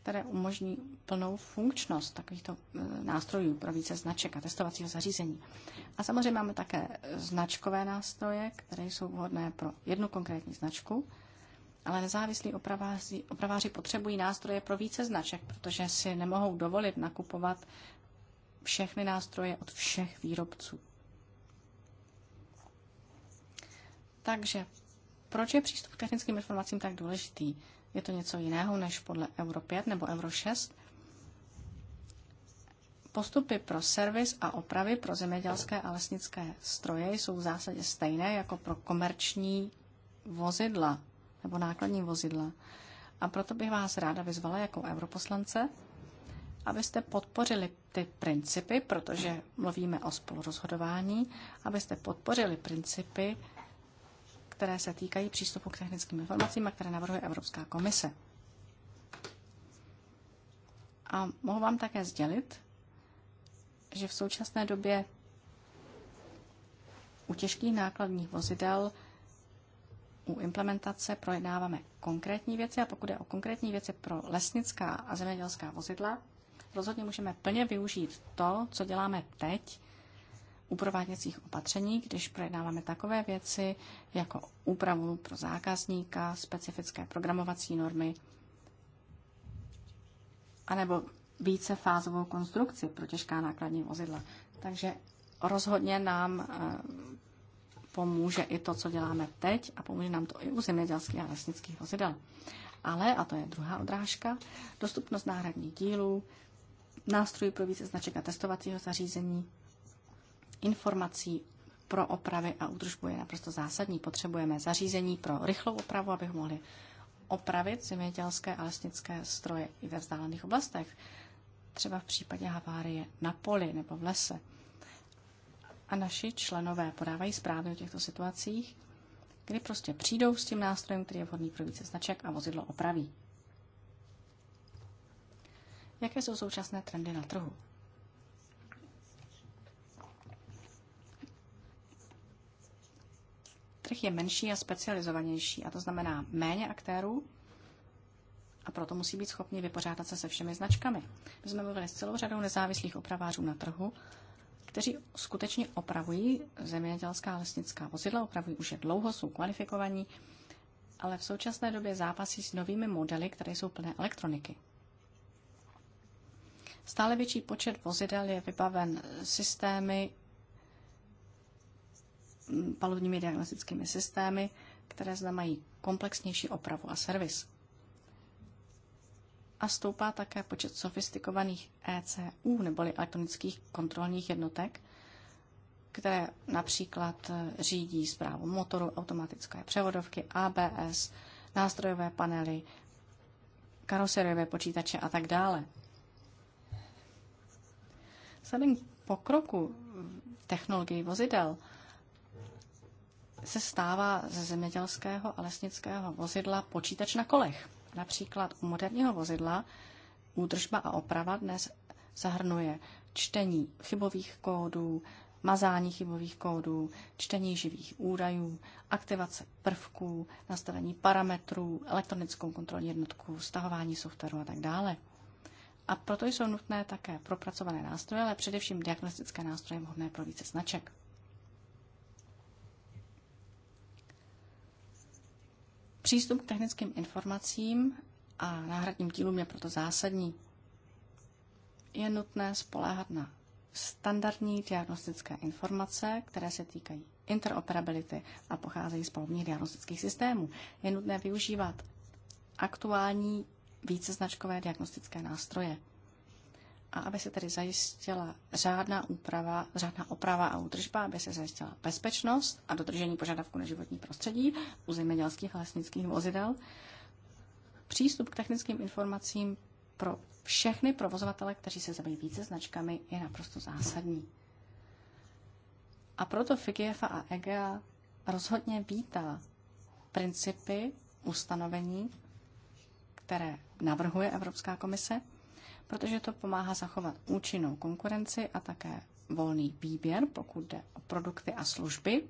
které umožní plnou funkčnost takovýchto e, nástrojů pro více značek a testovacího zařízení. A samozřejmě máme také značkové nástroje, které jsou vhodné pro jednu konkrétní značku, ale nezávislí opraváři, opraváři potřebují nástroje pro více značek, protože si nemohou dovolit nakupovat všechny nástroje od všech výrobců. Takže proč je přístup k technickým informacím tak důležitý? Je to něco jiného než podle Euro 5 nebo Euro 6. Postupy pro servis a opravy pro zemědělské a lesnické stroje jsou v zásadě stejné jako pro komerční vozidla nebo nákladní vozidla. A proto bych vás ráda vyzvala jako europoslance, abyste podpořili ty principy, protože mluvíme o spolurozhodování, abyste podpořili principy, které se týkají přístupu k technickým informacím a které navrhuje Evropská komise. A mohu vám také sdělit, že v současné době u těžkých nákladních vozidel u implementace projednáváme konkrétní věci a pokud je o konkrétní věci pro lesnická a zemědělská vozidla, rozhodně můžeme plně využít to, co děláme teď uprováděcích opatření, když projednáváme takové věci jako úpravu pro zákazníka, specifické programovací normy, anebo vícefázovou konstrukci pro těžká nákladní vozidla. Takže rozhodně nám eh, pomůže i to, co děláme teď a pomůže nám to i u zemědělských a lesnických vozidel. Ale, a to je druhá odrážka, dostupnost náhradních dílů, nástrojů pro více značek a testovacího zařízení, informací pro opravy a údržbu je naprosto zásadní. Potřebujeme zařízení pro rychlou opravu, abychom mohli opravit zemědělské a lesnické stroje i ve vzdálených oblastech, třeba v případě havárie na poli nebo v lese. A naši členové podávají zprávy o těchto situacích, kdy prostě přijdou s tím nástrojem, který je vhodný pro více značek a vozidlo opraví. Jaké jsou současné trendy na trhu? trh je menší a specializovanější, a to znamená méně aktérů, a proto musí být schopni vypořádat se se všemi značkami. My jsme mluvili s celou řadou nezávislých opravářů na trhu, kteří skutečně opravují zemědělská a lesnická vozidla, opravují už je dlouho, jsou kvalifikovaní, ale v současné době zápasí s novými modely, které jsou plné elektroniky. Stále větší počet vozidel je vybaven systémy, palubními diagnostickými systémy, které zde mají komplexnější opravu a servis. A stoupá také počet sofistikovaných ECU, neboli elektronických kontrolních jednotek, které například e, řídí zprávu motoru, automatické převodovky, ABS, nástrojové panely, karoseriové počítače a tak dále. Vzhledem pokroku technologii vozidel, se stává ze zemědělského a lesnického vozidla počítač na kolech. Například u moderního vozidla údržba a oprava dnes zahrnuje čtení chybových kódů, mazání chybových kódů, čtení živých údajů, aktivace prvků, nastavení parametrů, elektronickou kontrolní jednotku, stahování softwaru a tak dále. A proto jsou nutné také propracované nástroje, ale především diagnostické nástroje vhodné pro více značek. Přístup k technickým informacím a náhradním dílům je proto zásadní. Je nutné spoléhat na standardní diagnostické informace, které se týkají interoperability a pocházejí z podobných diagnostických systémů. Je nutné využívat aktuální víceznačkové diagnostické nástroje a aby se tedy zajistila řádná úprava, řádná oprava a údržba, aby se zajistila bezpečnost a dodržení požadavku na životní prostředí u zemědělských a lesnických vozidel, přístup k technickým informacím pro všechny provozovatele, kteří se zabývají více značkami, je naprosto zásadní. A proto FIGIEFA a Ega rozhodně vítá principy, ustanovení, které navrhuje Evropská komise protože to pomáhá zachovat účinnou konkurenci a také volný výběr, pokud jde o produkty a služby.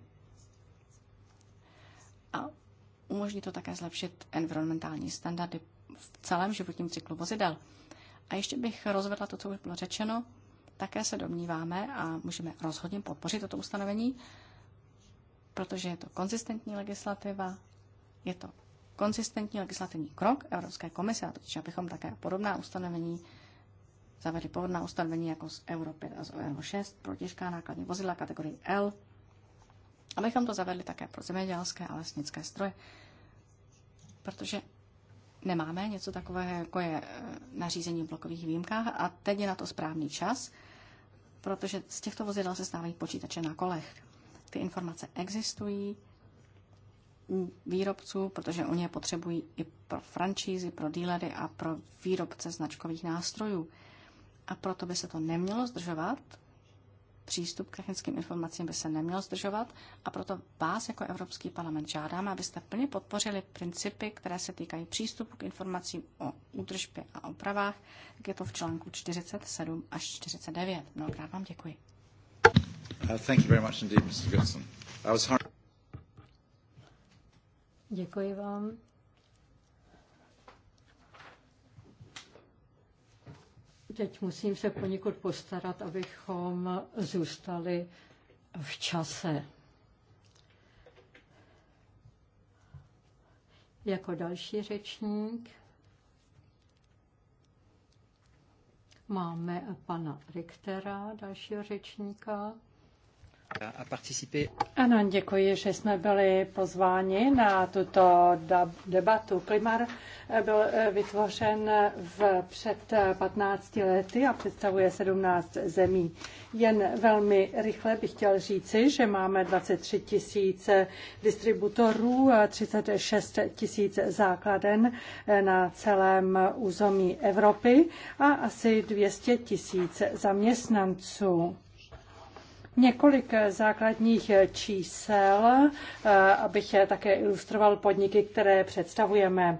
A umožní to také zlepšit environmentální standardy v celém životním cyklu vozidel. A ještě bych rozvedla to, co už bylo řečeno. Také se domníváme a můžeme rozhodně podpořit toto ustanovení, protože je to konzistentní legislativa, je to konzistentní legislativní krok Evropské komise, a totiž abychom také podobná ustanovení zavedli pohodná ustanovení jako z Euro 5 a z Euro 6 pro těžká nákladní vozidla kategorii L, abychom to zavedli také pro zemědělské a lesnické stroje, protože nemáme něco takového, jako je e, nařízení v blokových výjimkách a teď je na to správný čas, protože z těchto vozidel se stávají počítače na kolech. Ty informace existují u výrobců, protože oni je potřebují i pro franšízy, pro dílery a pro výrobce značkových nástrojů a proto by se to nemělo zdržovat. Přístup k technickým informacím by se neměl zdržovat a proto vás jako Evropský parlament žádám, abyste plně podpořili principy, které se týkají přístupu k informacím o údržbě a opravách, jak je to v článku 47 až 49. Mnohokrát vám děkuji. Uh, thank you very much indeed, I was Děkuji vám. Teď musím se poněkud postarat, abychom zůstali v čase. Jako další řečník máme pana Richtera, dalšího řečníka. Ano, děkuji, že jsme byli pozváni na tuto debatu. Klimar eh, byl eh, vytvořen v před 15 eh, lety a představuje 17 zemí. Jen velmi rychle bych chtěl říci, že máme 23 tisíc distributorů, 36 tisíc základen na celém území Evropy a asi 200 tisíc zaměstnanců. Několik eh, základních eh, čísel, eh, abych také ilustroval podniky, které představujeme.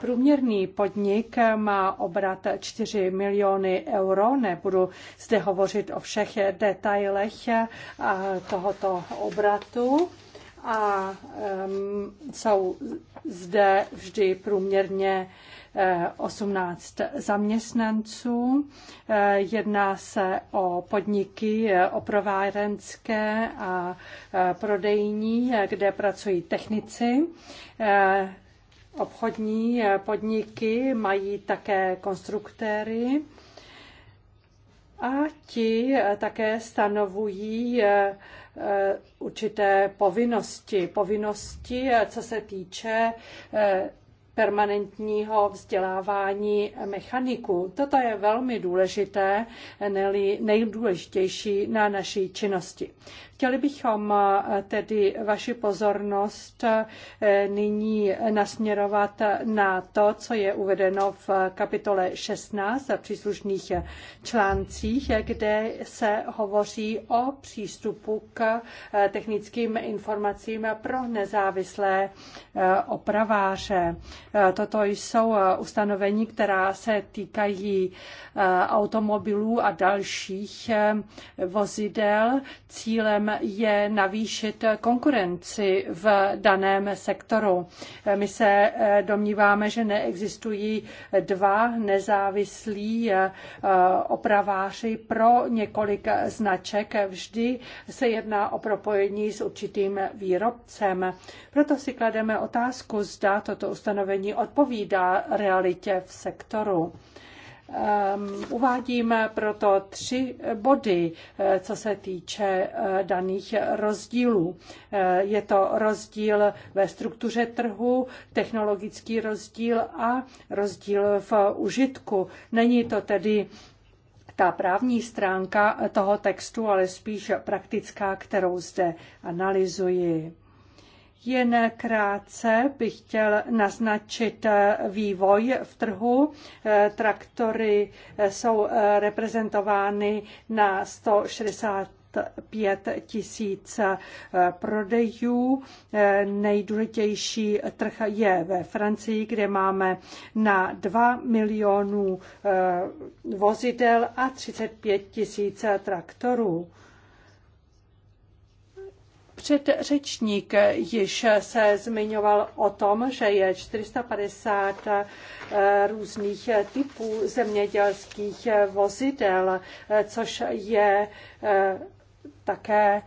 Průměrný podnik má obrat 4 miliony euro. Nebudu zde hovořit o všech detailech tohoto obratu a ehm, jsou zde vždy průměrně 18 zaměstnanců. Eh, jedná se o podniky eh, oprovárenské a eh, prodejní, kde pracují technici. Obchodní podniky mají také konstruktéry a ti také stanovují určité povinnosti. Povinnosti, co se týče permanentního vzdělávání mechaniků. Toto je velmi důležité, nejdůležitější na naší činnosti. Chtěli bychom eh, tedy vaši pozornost eh, nyní nasměrovat na to, co je uvedeno v kapitole 16 a příslušných článcích, kde se hovoří o přístupu k eh, technickým informacím pro nezávislé opraváře. Toto jsou ustanovení, která se týkají automobilů a dalších vozidel. Cílem je navýšit konkurenci v daném sektoru. My se eh, domníváme, že neexistují dva nezávislí eh, eh, opraváři pro několik značek. Vždy se jedná o propojení s určitým výrobcem. Proto si klademe otázku, zda toto ustanovení odpovídá realitě v sektoru. Ehm, uvádím proto tři body, eh, co se týče eh, daných rozdílů. Eh, je to rozdíl ve struktuře trhu, technologický rozdíl a rozdíl v užitku. Není to tedy ta právní stránka toho textu, ale spíš praktická, kterou zde analyzuji. Jen krátce bych chtěl naznačit eh, vývoj v trhu. Eh, traktory eh, jsou reprezentovány na 160 5 tisíc prodejů. Nejdůležitější trh je ve Francii, kde máme na 2 milionů vozidel a 35 tisíc traktorů. Předřečník již se zmiňoval o tom, že je 450 eh, různých typů zemědělských vozidel, eh, což je eh, také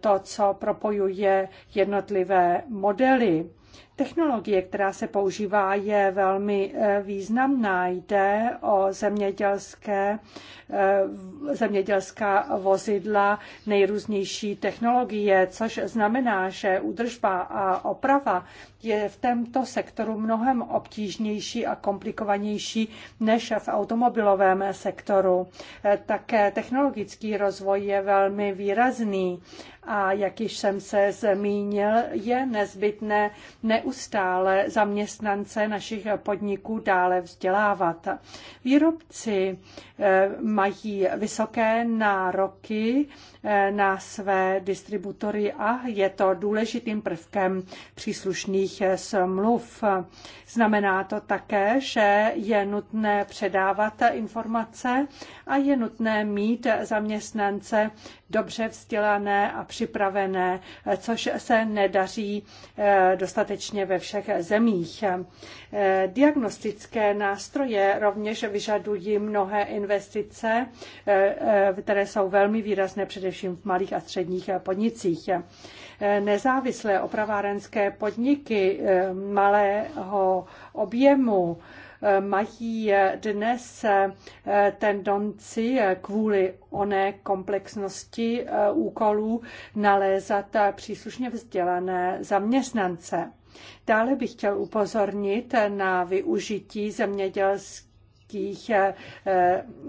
to, co propojuje jednotlivé modely. Technologie, která se používá, je velmi eh, významná. Jde o zemědělské, eh, zemědělská vozidla, nejrůznější technologie, což znamená, že údržba a oprava je v tomto sektoru mnohem obtížnější a komplikovanější než v automobilovém sektoru. Eh, také technologický rozvoj je velmi výrazný a jak již jsem se zmínil, je nezbytné neustále neustále zaměstnance našich podniků dále vzdělávat. Výrobci eh, mají vysoké nároky eh, na své distributory a je to důležitým prvkem příslušných eh, smluv. Znamená to také, že je nutné předávat informace a je nutné mít zaměstnance dobře vzdělané a připravené, což se nedaří eh, dostatečně ve všech zemích. Eh, diagnostické nástroje rovněž vyžadují mnohé investice, eh, které jsou velmi výrazné především v malých a středních podnicích. Nezávislé opravárenské podniky malého objemu, mají dnes eh, tendenci eh, kvůli oné komplexnosti eh, úkolů nalézat příslušně vzdělané zaměstnance. Dále bych chtěl upozornit na využití zemědělských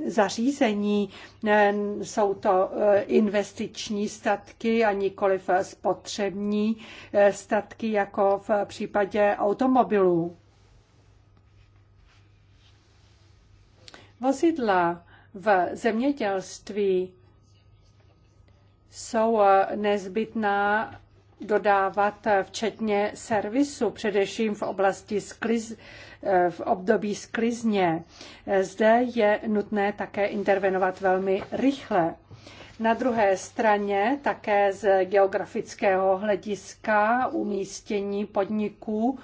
zařízení. Jsou to investiční statky a nikoliv spotřební statky, jako v případě automobilů. Vozidla v zemědělství jsou nezbytná dodávat včetně servisu, především v oblasti skliz, v období sklizně. Zde je nutné také intervenovat velmi rychle. Na druhé straně také z geografického hlediska umístění podniků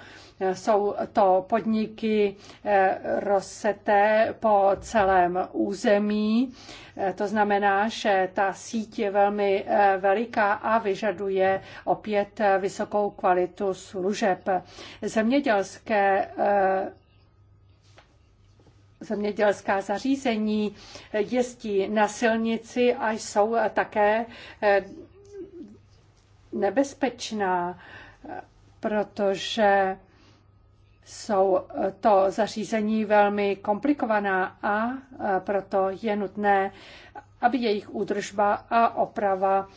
jsou to podniky eh, rozseté po celém území. Eh, to znamená, že ta síť je velmi eh, veliká a vyžaduje opět vysokou kvalitu služeb. Zemědělské zemědělská zařízení jezdí na silnici a jsou také nebezpečná, protože jsou eh, to zařízení velmi komplikovaná a eh, proto je nutné, aby jejich údržba a oprava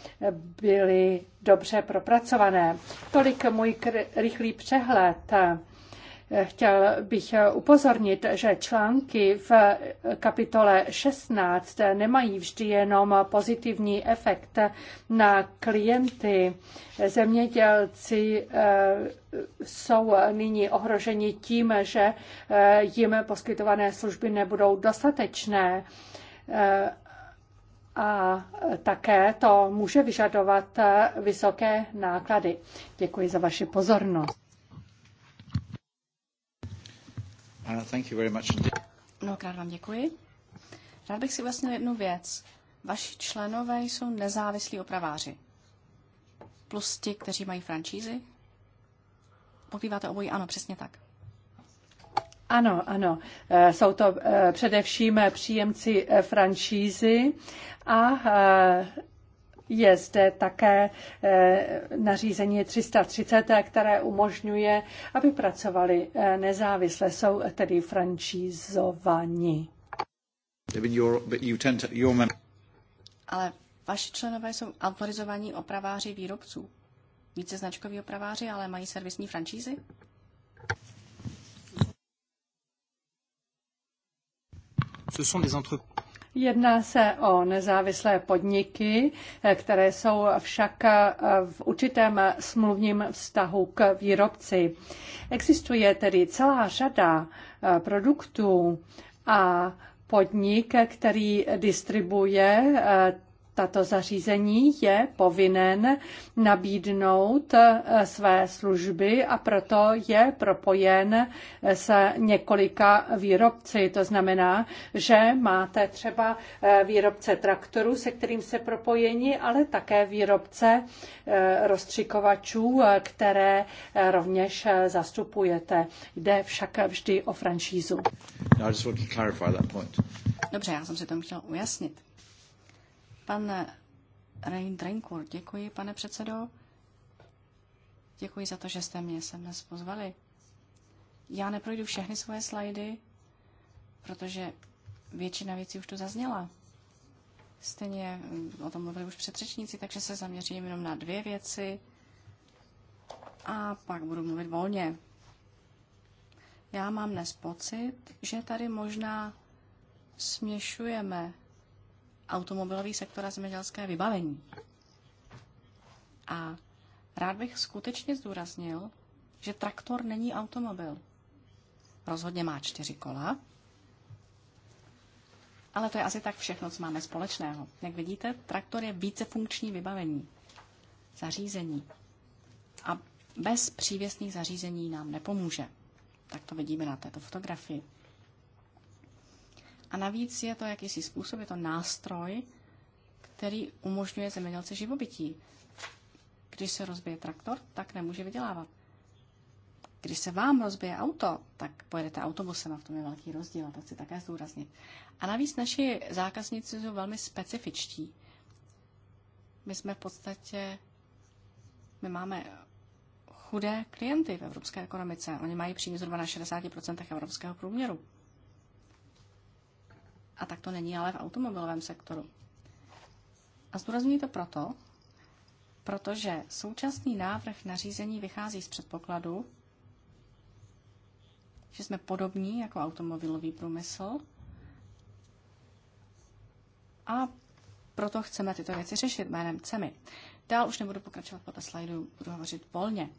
byly dobře propracované. Tolik můj rychlý přehled. Chtěl bych upozornit, že články v kapitole 16 nemají vždy jenom pozitivní efekt na klienty. Zemědělci eh, jsou nyní ohroženi tím, že eh, jim poskytované služby nebudou dostatečné eh, a také to může vyžadovat vysoké náklady. Děkuji za vaši pozornost. Uh, thank you very much. Mnohokrát vám děkuji. Rád bych si vlastně jednu věc. Vaši členové jsou nezávislí opraváři. Plus ti, kteří mají francízy. Pokrýváte obojí? Ano, přesně tak. Ano, ano. Eh, jsou to eh, především příjemci eh, francízy a je zde také eh, nařízení 330, které umožňuje, aby pracovali eh, nezávisle, jsou tedy franšízovaní. Ale vaši členové jsou autorizovaní opraváři výrobců. Více značkoví opraváři, ale mají servisní francízy? Ce sont des entreprises Jedná se o nezávislé podniky, eh, které jsou však eh, v určitém smluvním vztahu k výrobci. Existuje tedy celá řada eh, produktů a podnik, který distribuje tato zařízení, je povinen nabídnout eh, své služby a proto je propojen s několika výrobci. To znamená, že máte třeba eh, výrobce traktorů, se kterým se propojeni, ale také výrobce eh, rozstřikovačů, které rovněž zastupujete. Jde však vždy o franšízu. Dobře, já jsem si to chtěl ujasnit. Pan Rain Drinkur, děkuji, pane předsedo. Děkuji za to, že jste mě sem dnes pozvali. Já neprojdu všechny svoje slajdy, protože většina věcí už tu zazněla. Stejně mm, o tom mluvili už předřečníci, takže se zaměřím jenom na dvě věci a pak budu mluvit volně. Já mám dnes pocit, že tady možná směšujeme automobilový sektor a zemědělské vybavení. A rád bych skutečně zdůraznil, že traktor není automobil. Rozhodně má čtyři kola, ale to je asi tak všechno, co máme společného. Jak vidíte, traktor je vícefunkční vybavení, zařízení. A bez přívěsných zařízení nám nepomůže. Tak to vidíme na této fotografii. A navíc je to jakýsi způsob, je to nástroj, který umožňuje zemědělci živobytí. Když se rozbije traktor, tak nemůže vydělávat. Když se vám rozbije auto, tak pojedete autobusem a v tom je velký rozdíl, a to chci také zdůraznit. A navíc naši zákazníci jsou velmi specifičtí. My jsme v podstatě, my máme chudé klienty v evropské ekonomice. Oni mají příjmy zhruba na 60% evropského průměru. A tak to není ale v automobilovém sektoru. A zdůrazňuji to proto, protože současný návrh nařízení vychází z předpokladu, že jsme podobní jako automobilový průmysl a proto chceme tyto věci řešit jménem CEMI. Dál už nebudu pokračovat podle slajdu, budu hovořit volně.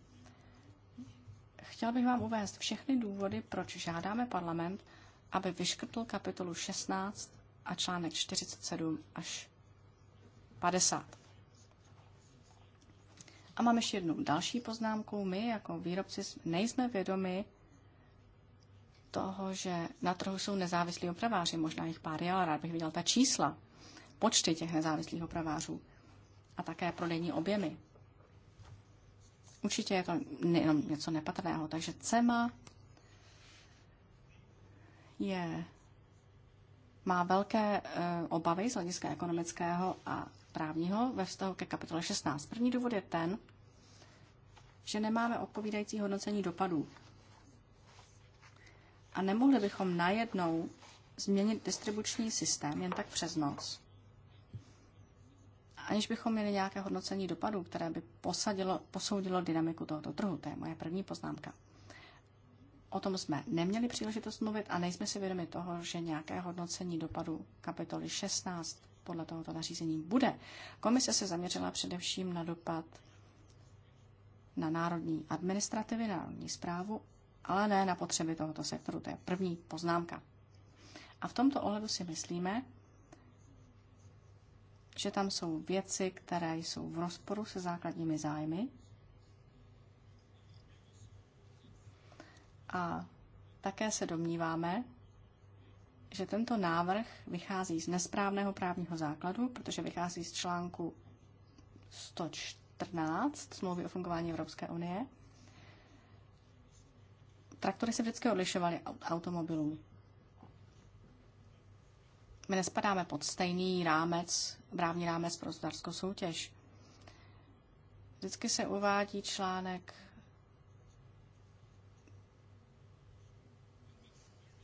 Chtěl bych vám uvést všechny důvody, proč žádáme parlament, aby vyškrtl kapitolu 16 a článek 47 až 50. A mám ještě jednu další poznámku. My jako výrobci nejsme vědomi toho, že na trhu jsou nezávislí opraváři, možná jich pár je, ale rád bych viděl ta čísla, počty těch nezávislých opravářů a také prodejní objemy. Určitě je to jenom něco nepatrného, takže CEMA je, má velké eh, obavy z hlediska ekonomického a právního ve vztahu ke kapitole 16. První důvod je ten, že nemáme odpovídající hodnocení dopadů. A nemohli bychom najednou změnit distribuční systém jen tak přes noc, aniž bychom měli nějaké hodnocení dopadů, které by posadilo, posoudilo dynamiku tohoto trhu. To je moje první poznámka. O tom jsme neměli příležitost mluvit a nejsme si vědomi toho, že nějaké hodnocení dopadu kapitoly 16 podle tohoto nařízení bude. Komise se zaměřila především na dopad na národní administrativy, národní zprávu, ale ne na potřeby tohoto sektoru. To je první poznámka. A v tomto ohledu si myslíme, že tam jsou věci, které jsou v rozporu se základními zájmy A také se domníváme, že tento návrh vychází z nesprávného právního základu, protože vychází z článku 114 smlouvy o fungování Evropské unie. Traktory se vždycky odlišovaly od automobilů. My nespadáme pod stejný rámec, právní rámec pro hospodářskou soutěž. Vždycky se uvádí článek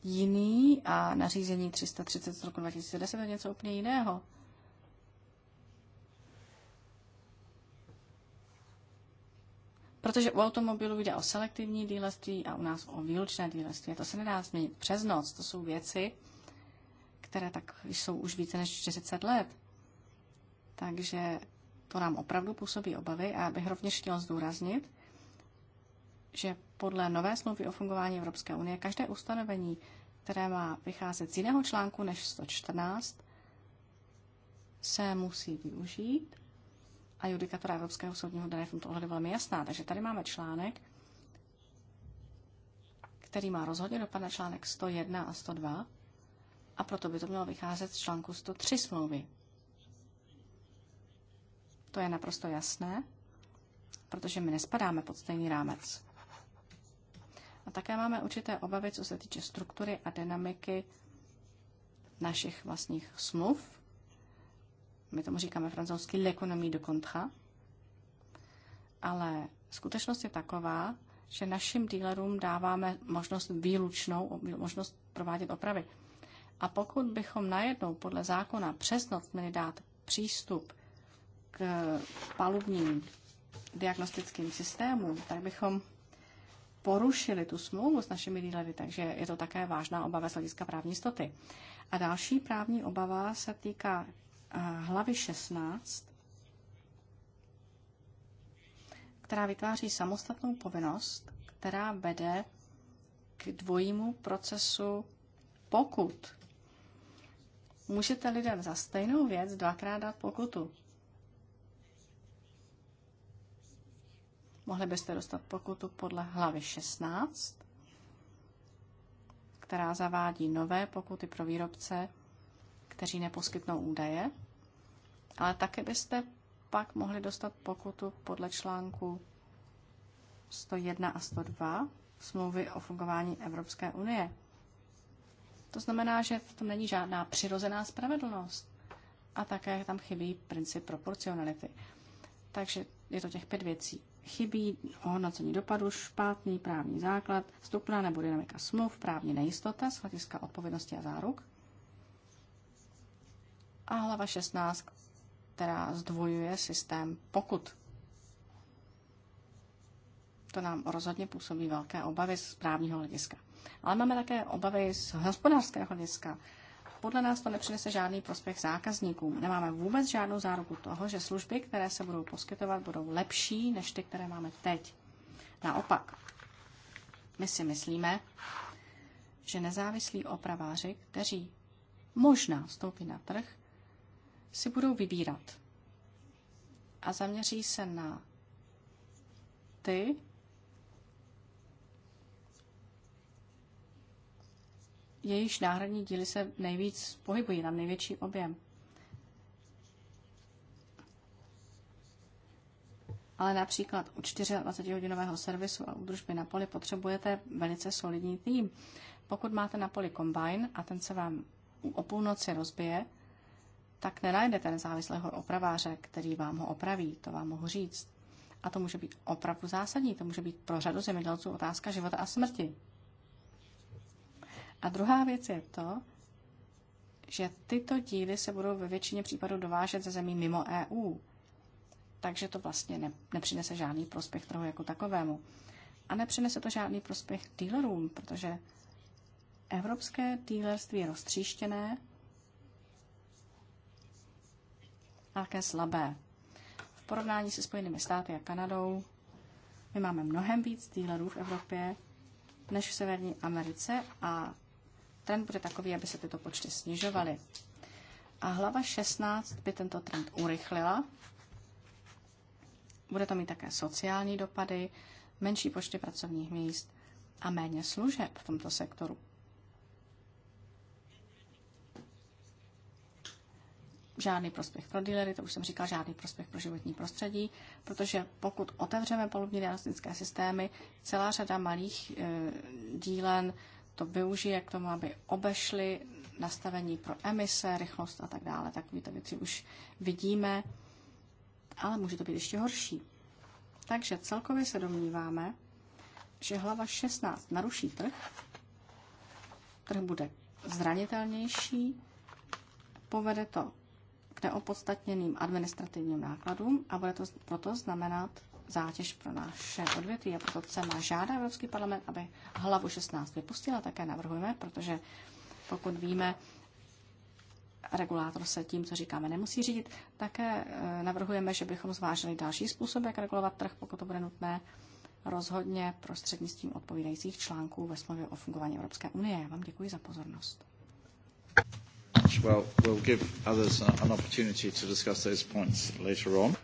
jiný a nařízení 330 z roku 2010 je něco úplně jiného. Protože u automobilů jde o selektivní dílství a u nás o výlučné dílství. A to se nedá změnit přes noc. To jsou věci, které tak jsou už více než 40 let. Takže to nám opravdu působí obavy a já bych rovněž chtěl zdůraznit, že podle nové smlouvy o fungování Evropské unie každé ustanovení, které má vycházet z jiného článku než 114, se musí využít. A judikatura Evropského soudního dne v tomto ohledu velmi jasná. Takže tady máme článek, který má rozhodně dopad na článek 101 a 102, a proto by to mělo vycházet z článku 103 smlouvy. To je naprosto jasné, protože my nespadáme pod stejný rámec. A také máme určité obavy, co se týče struktury a dynamiky našich vlastních smluv. My tomu říkáme francouzsky l'économie de contrat. Ale skutečnost je taková, že našim dílerům dáváme možnost výlučnou, možnost provádět opravy. A pokud bychom najednou podle zákona přes noc měli dát přístup k palubním diagnostickým systémům, tak bychom porušili tu smlouvu s našimi dílery, takže je to také vážná obava z hlediska právní jistoty. A další právní obava se týká eh, hlavy 16, která vytváří samostatnou povinnost, která vede k dvojímu procesu pokut. Můžete lidem za stejnou věc dvakrát dát pokutu. mohli byste dostat pokutu podle hlavy 16, která zavádí nové pokuty pro výrobce, kteří neposkytnou údaje, ale také byste pak mohli dostat pokutu podle článku 101 a 102 smlouvy o fungování Evropské unie. To znamená, že to není žádná přirozená spravedlnost a také tam chybí princip proporcionality. Takže je to těch pět věcí chybí ohodnocení dopadu, špatný právní základ, struktura nebo dynamika smluv, právní nejistota z hlediska odpovědnosti a záruk. A hlava 16, která zdvojuje systém pokud. To nám rozhodně působí velké obavy z právního hlediska. Ale máme také obavy z hospodářského hlediska, podle nás to nepřinese žádný prospěch zákazníkům. Nemáme vůbec žádnou záruku toho, že služby, které se budou poskytovat, budou lepší než ty, které máme teď. Naopak, my si myslíme, že nezávislí opraváři, kteří možná vstoupí na trh, si budou vybírat a zaměří se na ty, jejíž náhradní díly se nejvíc pohybují, na největší objem. Ale například u 24-hodinového servisu a údržby na poli potřebujete velice solidní tým. Pokud máte na poli kombajn a ten se vám o půlnoci rozbije, tak nenajdete nezávislého opraváře, který vám ho opraví, to vám mohu říct. A to může být opravdu zásadní, to může být pro řadu zemědělců otázka života a smrti. A druhá věc je to, že tyto díly se budou ve většině případů dovážet ze zemí mimo EU. Takže to vlastně ne, nepřinese žádný prospěch trhu jako takovému. A nepřinese to žádný prospěch dealerům, protože evropské dealerství je roztříštěné a také slabé. V porovnání se Spojenými státy a Kanadou my máme mnohem víc dealerů v Evropě než v Severní Americe a Trend bude takový, aby se tyto počty snižovaly. A hlava 16 by tento trend urychlila. Bude to mít také sociální dopady, menší počty pracovních míst a méně služeb v tomto sektoru. žádný prospěch pro dealery, to už jsem říkal, žádný prospěch pro životní prostředí, protože pokud otevřeme palubní diagnostické systémy, celá řada malých e, dílen to využije, k tomu, aby obešli nastavení pro emise, rychlost a tak dále. Takovýto věci už vidíme, ale může to být ještě horší. Takže celkově se domníváme, že hlava 16 naruší trh, trh bude zranitelnější, povede to k neopodstatněným administrativním nákladům a bude to proto znamenat zátěž pro naše odvětví a proto má žádá Evropský parlament, aby hlavu 16 vypustila, také navrhujeme, protože pokud víme, regulátor se tím, co říkáme, nemusí řídit. Také eh, navrhujeme, že bychom zvážili další způsob, jak regulovat trh, pokud to bude nutné, rozhodně prostřednictvím odpovídajících článků ve smlouvě o fungování Evropské unie. Já vám děkuji za pozornost. Well, we'll give others an opportunity to discuss those points later on.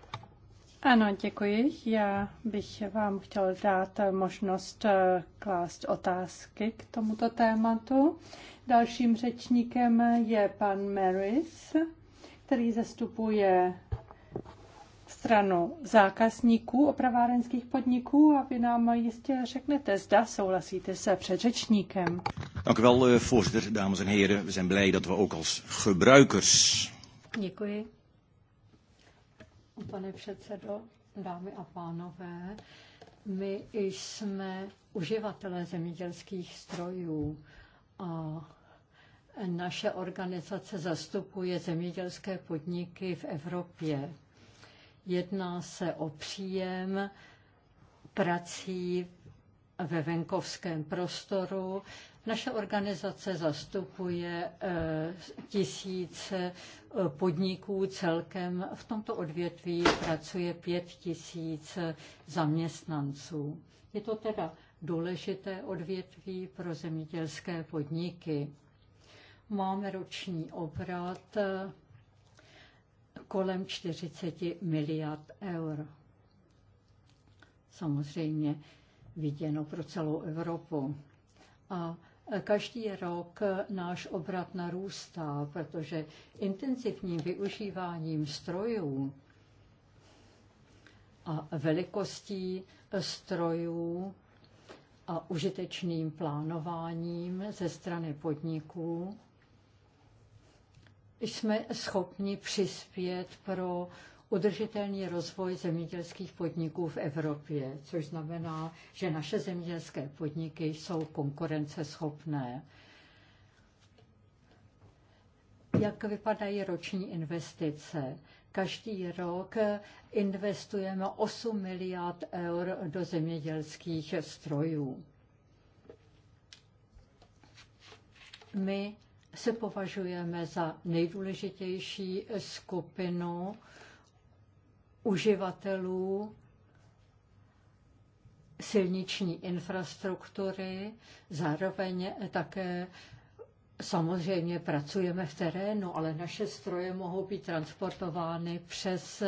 Ano, děkuji. Já bych vám chtěl dát možnost eh, klást otázky k tomuto tématu. Dalším řečníkem je pan Maris, který zastupuje stranu zákazníků opravárenských podniků a vy nám jistě řeknete, zda souhlasíte se předřečníkem. Dank u wel, eh, voorzitter, dames en heren. We zijn blij dat we ook als gebruikers... Děkuji, Pane předsedo, dámy a pánové, my jsme uživatelé zemědělských strojů a naše organizace zastupuje zemědělské podniky v Evropě. Jedná se o příjem prací ve venkovském prostoru, naše organizace zastupuje eh, tisíce eh, podniků celkem. V tomto odvětví pracuje pět tisíc zaměstnanců. Je to teda důležité odvětví pro zemědělské podniky. Máme roční obrat eh, kolem 40 miliard eur. Samozřejmě viděno pro celou Evropu. A Každý rok náš obrat narůstá, protože intenzivním využíváním strojů a velikostí strojů a užitečným plánováním ze strany podniků jsme schopni přispět pro udržitelný rozvoj zemědělských podniků v Evropě, což znamená, že naše zemědělské podniky jsou konkurenceschopné. Jak vypadají roční investice? Každý rok investujeme 8 miliard eur do zemědělských strojů. My se považujeme za nejdůležitější skupinu uživatelů silniční infrastruktury, zároveň také samozřejmě pracujeme v terénu, ale naše stroje mohou být transportovány přes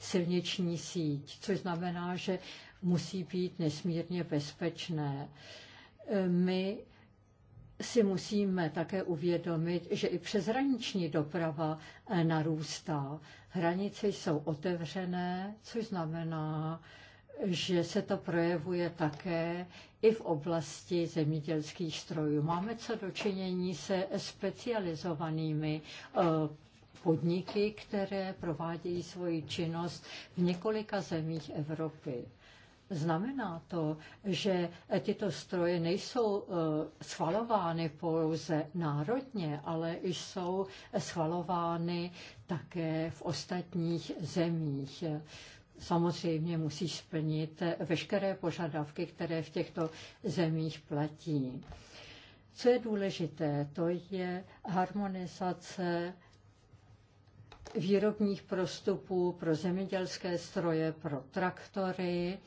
silniční síť, což znamená, že musí být nesmírně bezpečné. My si musíme také uvědomit, že i přeshraniční doprava eh, narůstá. Hranice jsou otevřené, což znamená, že se to projevuje také i v oblasti zemědělských strojů. Máme co dočinění se specializovanými eh, podniky, které provádějí svoji činnost v několika zemích Evropy. Znamená to, že tyto stroje nejsou eh, schvalovány pouze národně, ale jsou schvalovány také v ostatních zemích samozřejmě musí splnit veškeré požadavky, které v těchto zemích platí. Co je důležité, to je harmonizace výrobních prostupů pro zemědělské stroje, pro traktory,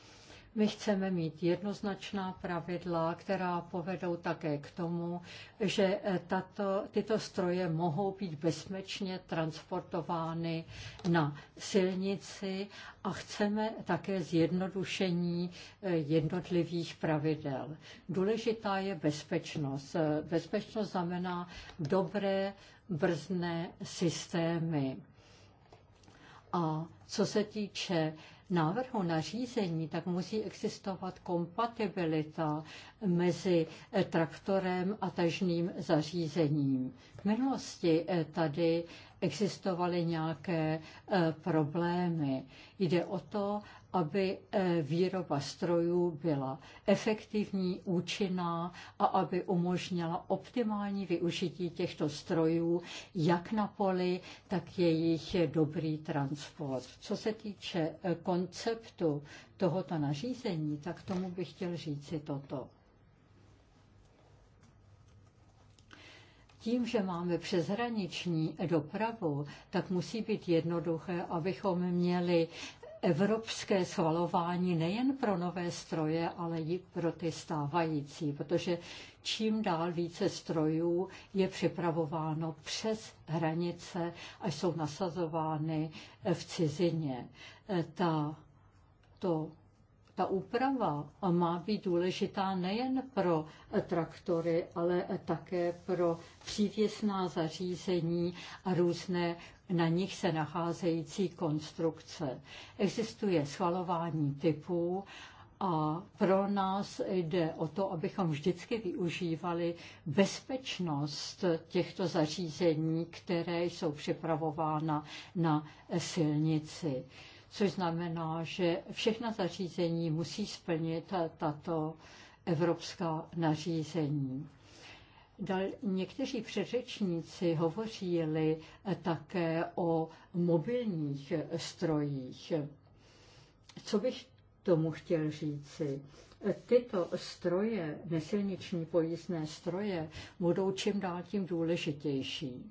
my chceme mít jednoznačná pravidla, která povedou také k tomu, že tato, tyto stroje mohou být bezpečně transportovány na silnici a chceme také zjednodušení eh, jednotlivých pravidel. Důležitá je bezpečnost. Bezpečnost znamená dobré brzdné systémy. A co se týče návrhu nařízení, tak musí existovat kompatibilita mezi traktorem a tažným zařízením. V minulosti eh, tady existovaly nějaké eh, problémy. Jde o to, aby eh, výroba strojů byla efektivní, účinná a aby umožnila optimální využití těchto strojů jak na poli, tak jejich dobrý transport. Co se týče eh, konceptu tohoto nařízení, tak tomu bych chtěl říci toto. Tím, že máme přeshraniční dopravu, tak musí být jednoduché, abychom měli evropské schvalování nejen pro nové stroje, ale i pro ty stávající, protože čím dál více strojů je připravováno přes hranice a jsou nasazovány v cizině. E, ta, to ta úprava má být důležitá nejen pro traktory, ale také pro přívěsná zařízení a různé na nich se nacházející konstrukce. Existuje schvalování typů a pro nás jde o to, abychom vždycky využívali bezpečnost těchto zařízení, které jsou připravována na silnici což znamená, že všechna zařízení musí splnit tato evropská nařízení. Dal, někteří předřečníci hovořili také o mobilních strojích. Co bych tomu chtěl říci? Tyto stroje, nesilniční pojízdné stroje, budou čím dál tím důležitější.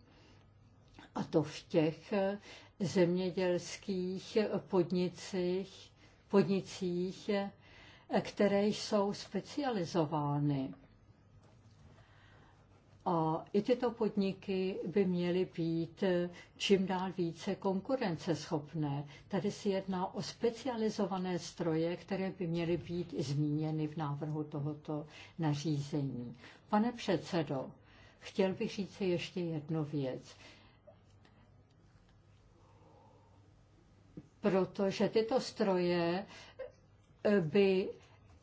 A to v těch zemědělských podnicích, podnicích které jsou specializovány. A i tyto podniky by měly být čím dál více konkurenceschopné. Tady se jedná o specializované stroje, které by měly být zmíněny v návrhu tohoto nařízení. Pane předsedo, chtěl bych říct ještě jednu věc. protože tyto stroje eh, by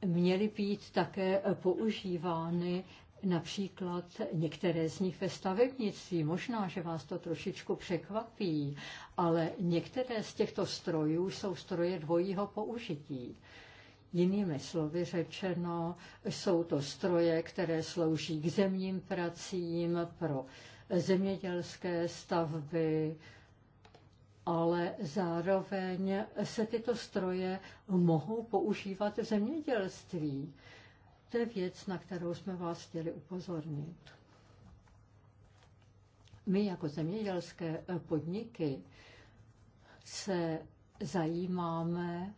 měly být také eh, používány například některé z nich ve stavebnictví. Možná, že vás to trošičku překvapí, ale některé z těchto strojů jsou stroje dvojího použití. Jinými slovy řečeno, jsou to stroje, které slouží k zemním pracím, pro zemědělské stavby, ale zároveň se tyto stroje mohou používat v zemědělství. To je věc, na kterou jsme vás chtěli upozornit. My jako zemědělské podniky se zajímáme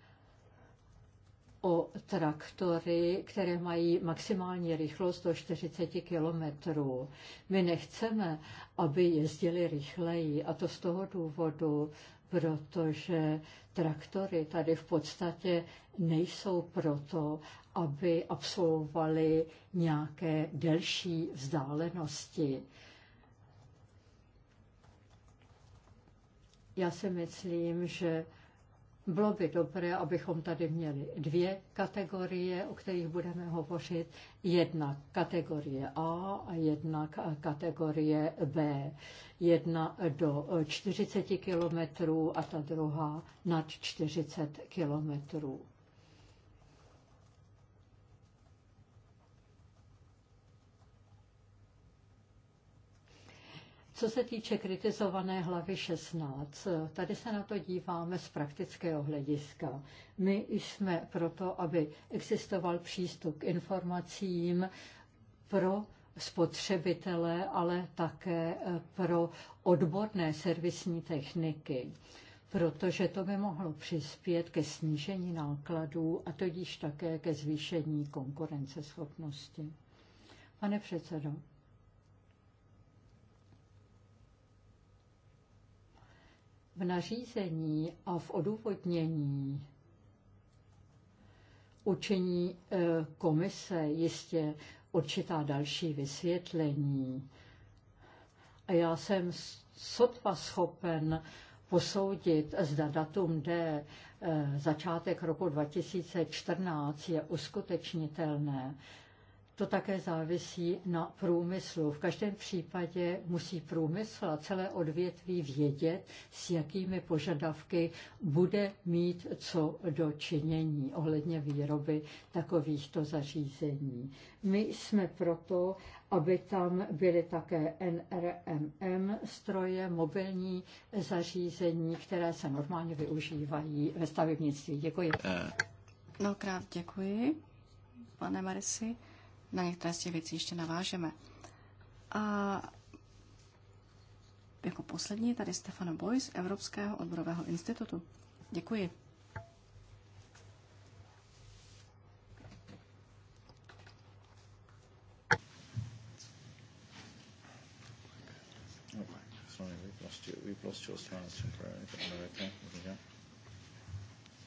o traktory, které mají maximální rychlost do 40 km. My nechceme, aby jezdili rychleji a to z toho důvodu, protože traktory tady v podstatě nejsou proto, aby absolvovali nějaké delší vzdálenosti. Já si myslím, že bylo by dobré, abychom tady měli dvě kategorie, o kterých budeme hovořit. Jedna kategorie A a jedna kategorie B. Jedna do 40 kilometrů a ta druhá nad 40 kilometrů. Co se týče kritizované hlavy 16, tady se na to díváme z praktického hlediska. My jsme proto, aby existoval přístup k informacím pro spotřebitele, ale také eh, pro odborné servisní techniky protože to by mohlo přispět ke snížení nákladů a tudíž také ke zvýšení konkurenceschopnosti. Pane předsedo, v nařízení a v odůvodnění učení e, komise jistě určitá další vysvětlení. A já jsem sotva schopen posoudit, zda datum D e, začátek roku 2014 je uskutečnitelné. To také závisí na průmyslu. V každém případě musí průmysl a celé odvětví vědět, s jakými požadavky bude mít co do činění ohledně výroby takovýchto zařízení. My jsme proto, aby tam byly také NRMM stroje, mobilní zařízení, které se normálně využívají ve stavebnictví. Děkuji. Eh. Mnohokrát děkuji, pane Marisi. Na některé z těch věcí ještě navážeme. A jako poslední tady Stefano Boy z Evropského odborového institutu. Děkuji.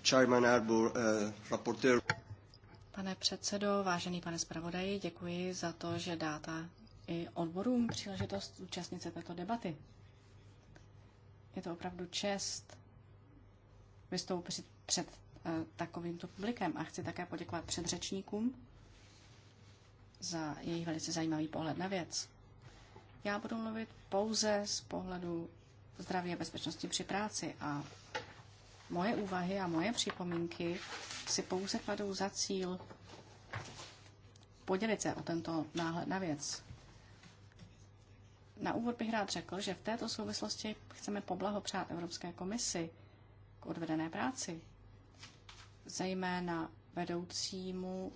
Chairman Arbour, uh, rapporteur. Pane předsedo, vážený pane zpravodaji, děkuji za to, že dáte i odborům příležitost účastnit se této debaty. Je to opravdu čest vystoupit před eh, takovýmto publikem a chci také poděkovat předřečníkům za jejich velice zajímavý pohled na věc. Já budu mluvit pouze z pohledu zdraví a bezpečnosti při práci a Moje úvahy a moje připomínky si pouze kladou za cíl podělit se o tento náhled na věc. Na úvod bych rád řekl, že v této souvislosti chceme poblahopřát Evropské komisi k odvedené práci, zejména vedoucímu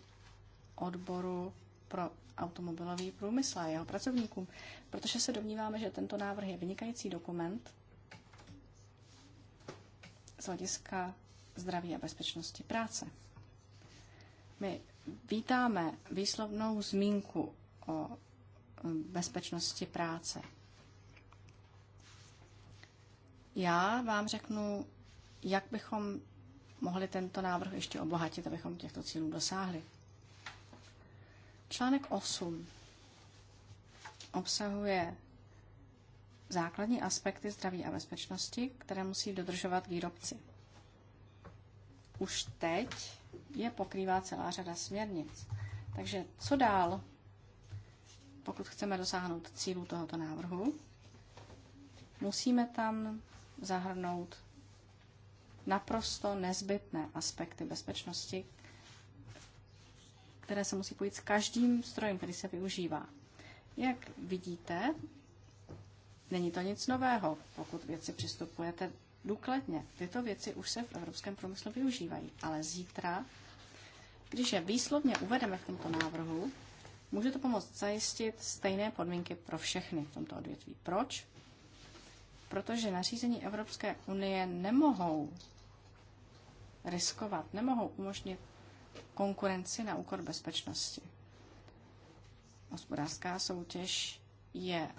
odboru pro automobilový průmysl a jeho pracovníkům, protože se domníváme, že tento návrh je vynikající dokument, z hlediska zdraví a bezpečnosti práce. My vítáme výslovnou zmínku o eh, bezpečnosti práce. Já vám řeknu, jak bychom mohli tento návrh ještě obohatit, abychom těchto cílů dosáhli. Článek 8 obsahuje základní aspekty zdraví a bezpečnosti, které musí dodržovat výrobci. Už teď je pokrývá celá řada směrnic. Takže co dál, pokud chceme dosáhnout cílu tohoto návrhu? Musíme tam zahrnout naprosto nezbytné aspekty bezpečnosti, které se musí pojít s každým strojem, který se využívá. Jak vidíte, Není to nic nového, pokud věci přistupujete důkladně. Tyto věci už se v evropském průmyslu využívají, ale zítra, když je výslovně uvedeme v tomto návrhu, může to pomoct zajistit stejné podmínky pro všechny v tomto odvětví. Proč? Protože nařízení Evropské unie nemohou riskovat, nemohou umožnit konkurenci na úkor bezpečnosti. Hospodářská soutěž je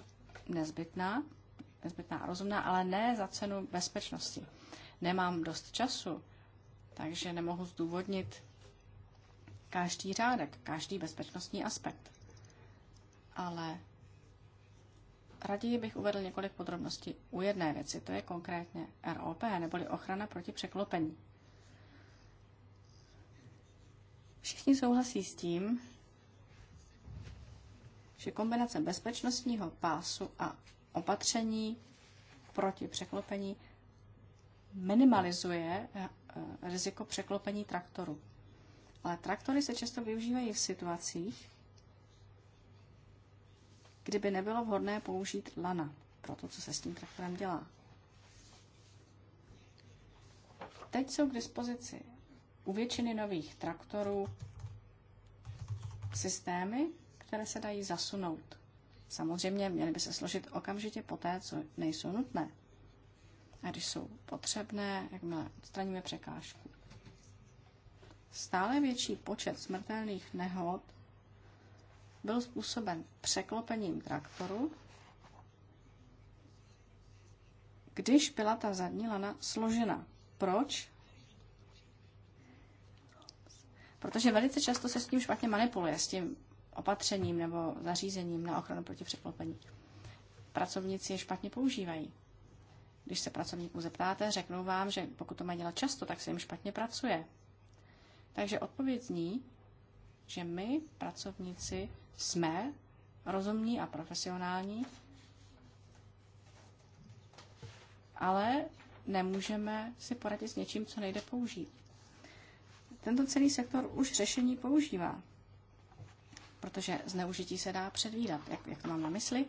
nezbytná, nezbytná a rozumná, ale ne za cenu bezpečnosti. Nemám dost času, takže nemohu zdůvodnit každý řádek, každý bezpečnostní aspekt. Ale raději bych uvedl několik podrobností u jedné věci, to je konkrétně ROP, neboli ochrana proti překlopení. Všichni souhlasí s tím, že kombinace bezpečnostního pásu a opatření proti překlopení minimalizuje eh, eh, riziko překlopení traktoru. Ale traktory se často využívají v situacích, kdyby nebylo vhodné použít lana pro to, co se s tím traktorem dělá. Teď jsou k dispozici u většiny nových traktorů systémy, které se dají zasunout. Samozřejmě měly by se složit okamžitě poté, co nejsou nutné. A když jsou potřebné, jakmile odstraníme překážku. Stále větší počet smrtelných nehod byl způsoben překlopením traktoru, když byla ta zadní lana složena. Proč? Protože velice často se s tím špatně manipuluje, s tím opatřením nebo zařízením na ochranu proti překlopení. Pracovníci je špatně používají. Když se pracovníků zeptáte, řeknou vám, že pokud to mají dělat často, tak se jim špatně pracuje. Takže odpověď zní, že my, pracovníci, jsme rozumní a profesionální, ale nemůžeme si poradit s něčím, co nejde použít. Tento celý sektor už řešení používá protože zneužití se dá předvídat. Jak, jak to mám na mysli?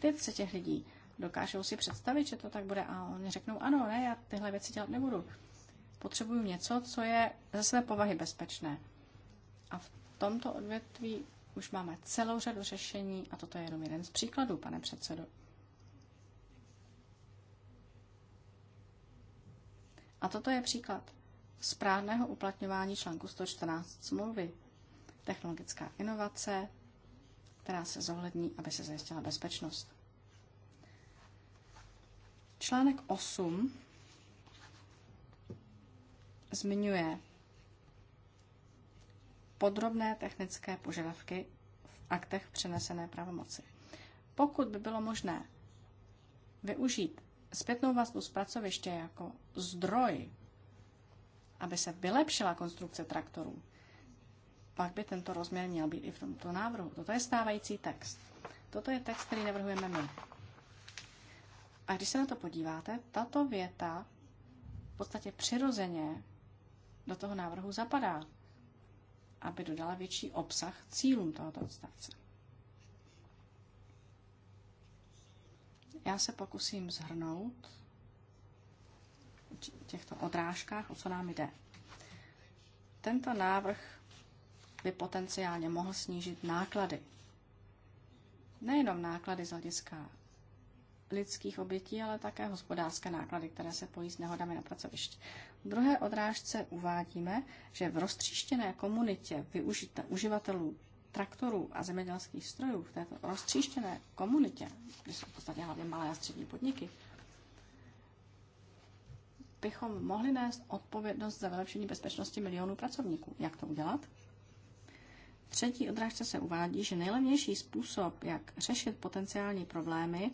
ty se těch lidí. Dokážou si představit, že to tak bude a oni řeknou, ano, ne, já tyhle věci dělat nebudu. Potřebuju něco, co je ze své povahy bezpečné. A v tomto odvětví už máme celou řadu řešení a toto je jenom jeden z příkladů, pane předsedo. A toto je příklad správného uplatňování článku 114 smlouvy technologická inovace, která se zohlední, aby se zajistila bezpečnost. Článek 8 zmiňuje podrobné technické požadavky v aktech přenesené pravomoci. Pokud by bylo možné využít zpětnou vazbu z pracoviště jako zdroj, aby se vylepšila konstrukce traktorů, pak by tento rozměr měl být i v tomto návrhu. Toto je stávající text. Toto je text, který navrhujeme my. A když se na to podíváte, tato věta v podstatě přirozeně do toho návrhu zapadá, aby dodala větší obsah cílům tohoto odstavce. Já se pokusím zhrnout těchto odrážkách, o co nám jde. Tento návrh by potenciálně mohl snížit náklady. Nejenom náklady z hlediska lidských obětí, ale také hospodářské náklady, které se pojí s nehodami na pracovišti. V druhé odrážce uvádíme, že v roztříštěné komunitě využita, uživatelů traktorů a zemědělských strojů, v této roztříštěné komunitě, kde jsou v podstatě hlavně malé a střední podniky, bychom mohli nést odpovědnost za vylepšení bezpečnosti milionů pracovníků. Jak to udělat? třetí odrážce se uvádí, že nejlevnější způsob, jak řešit potenciální problémy,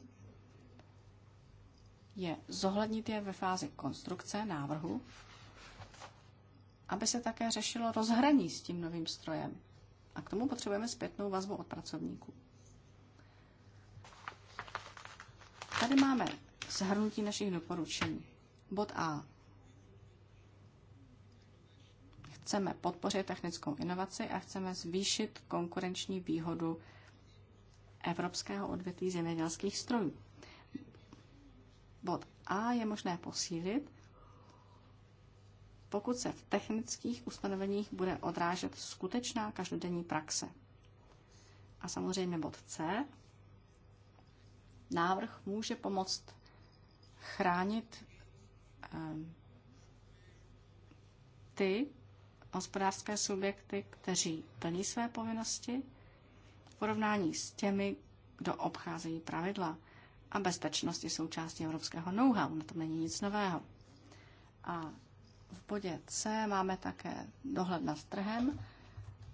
je zohlednit je ve fázi konstrukce návrhu, aby se také řešilo rozhraní s tím novým strojem. A k tomu potřebujeme zpětnou vazbu od pracovníků. Tady máme shrnutí našich doporučení. Bod A. Chceme podpořit technickou inovaci a chceme zvýšit konkurenční výhodu evropského odvětví zemědělských strojů. Bod A je možné posílit, pokud se v technických ustanoveních bude odrážet skutečná každodenní praxe. A samozřejmě bod C. Návrh může pomoct chránit ehm, ty, hospodářské subjekty, kteří plní své povinnosti, v porovnání s těmi, kdo obcházejí pravidla. A bezpečnost je součástí evropského know-how, na tom není nic nového. A v bodě C máme také dohled nad trhem.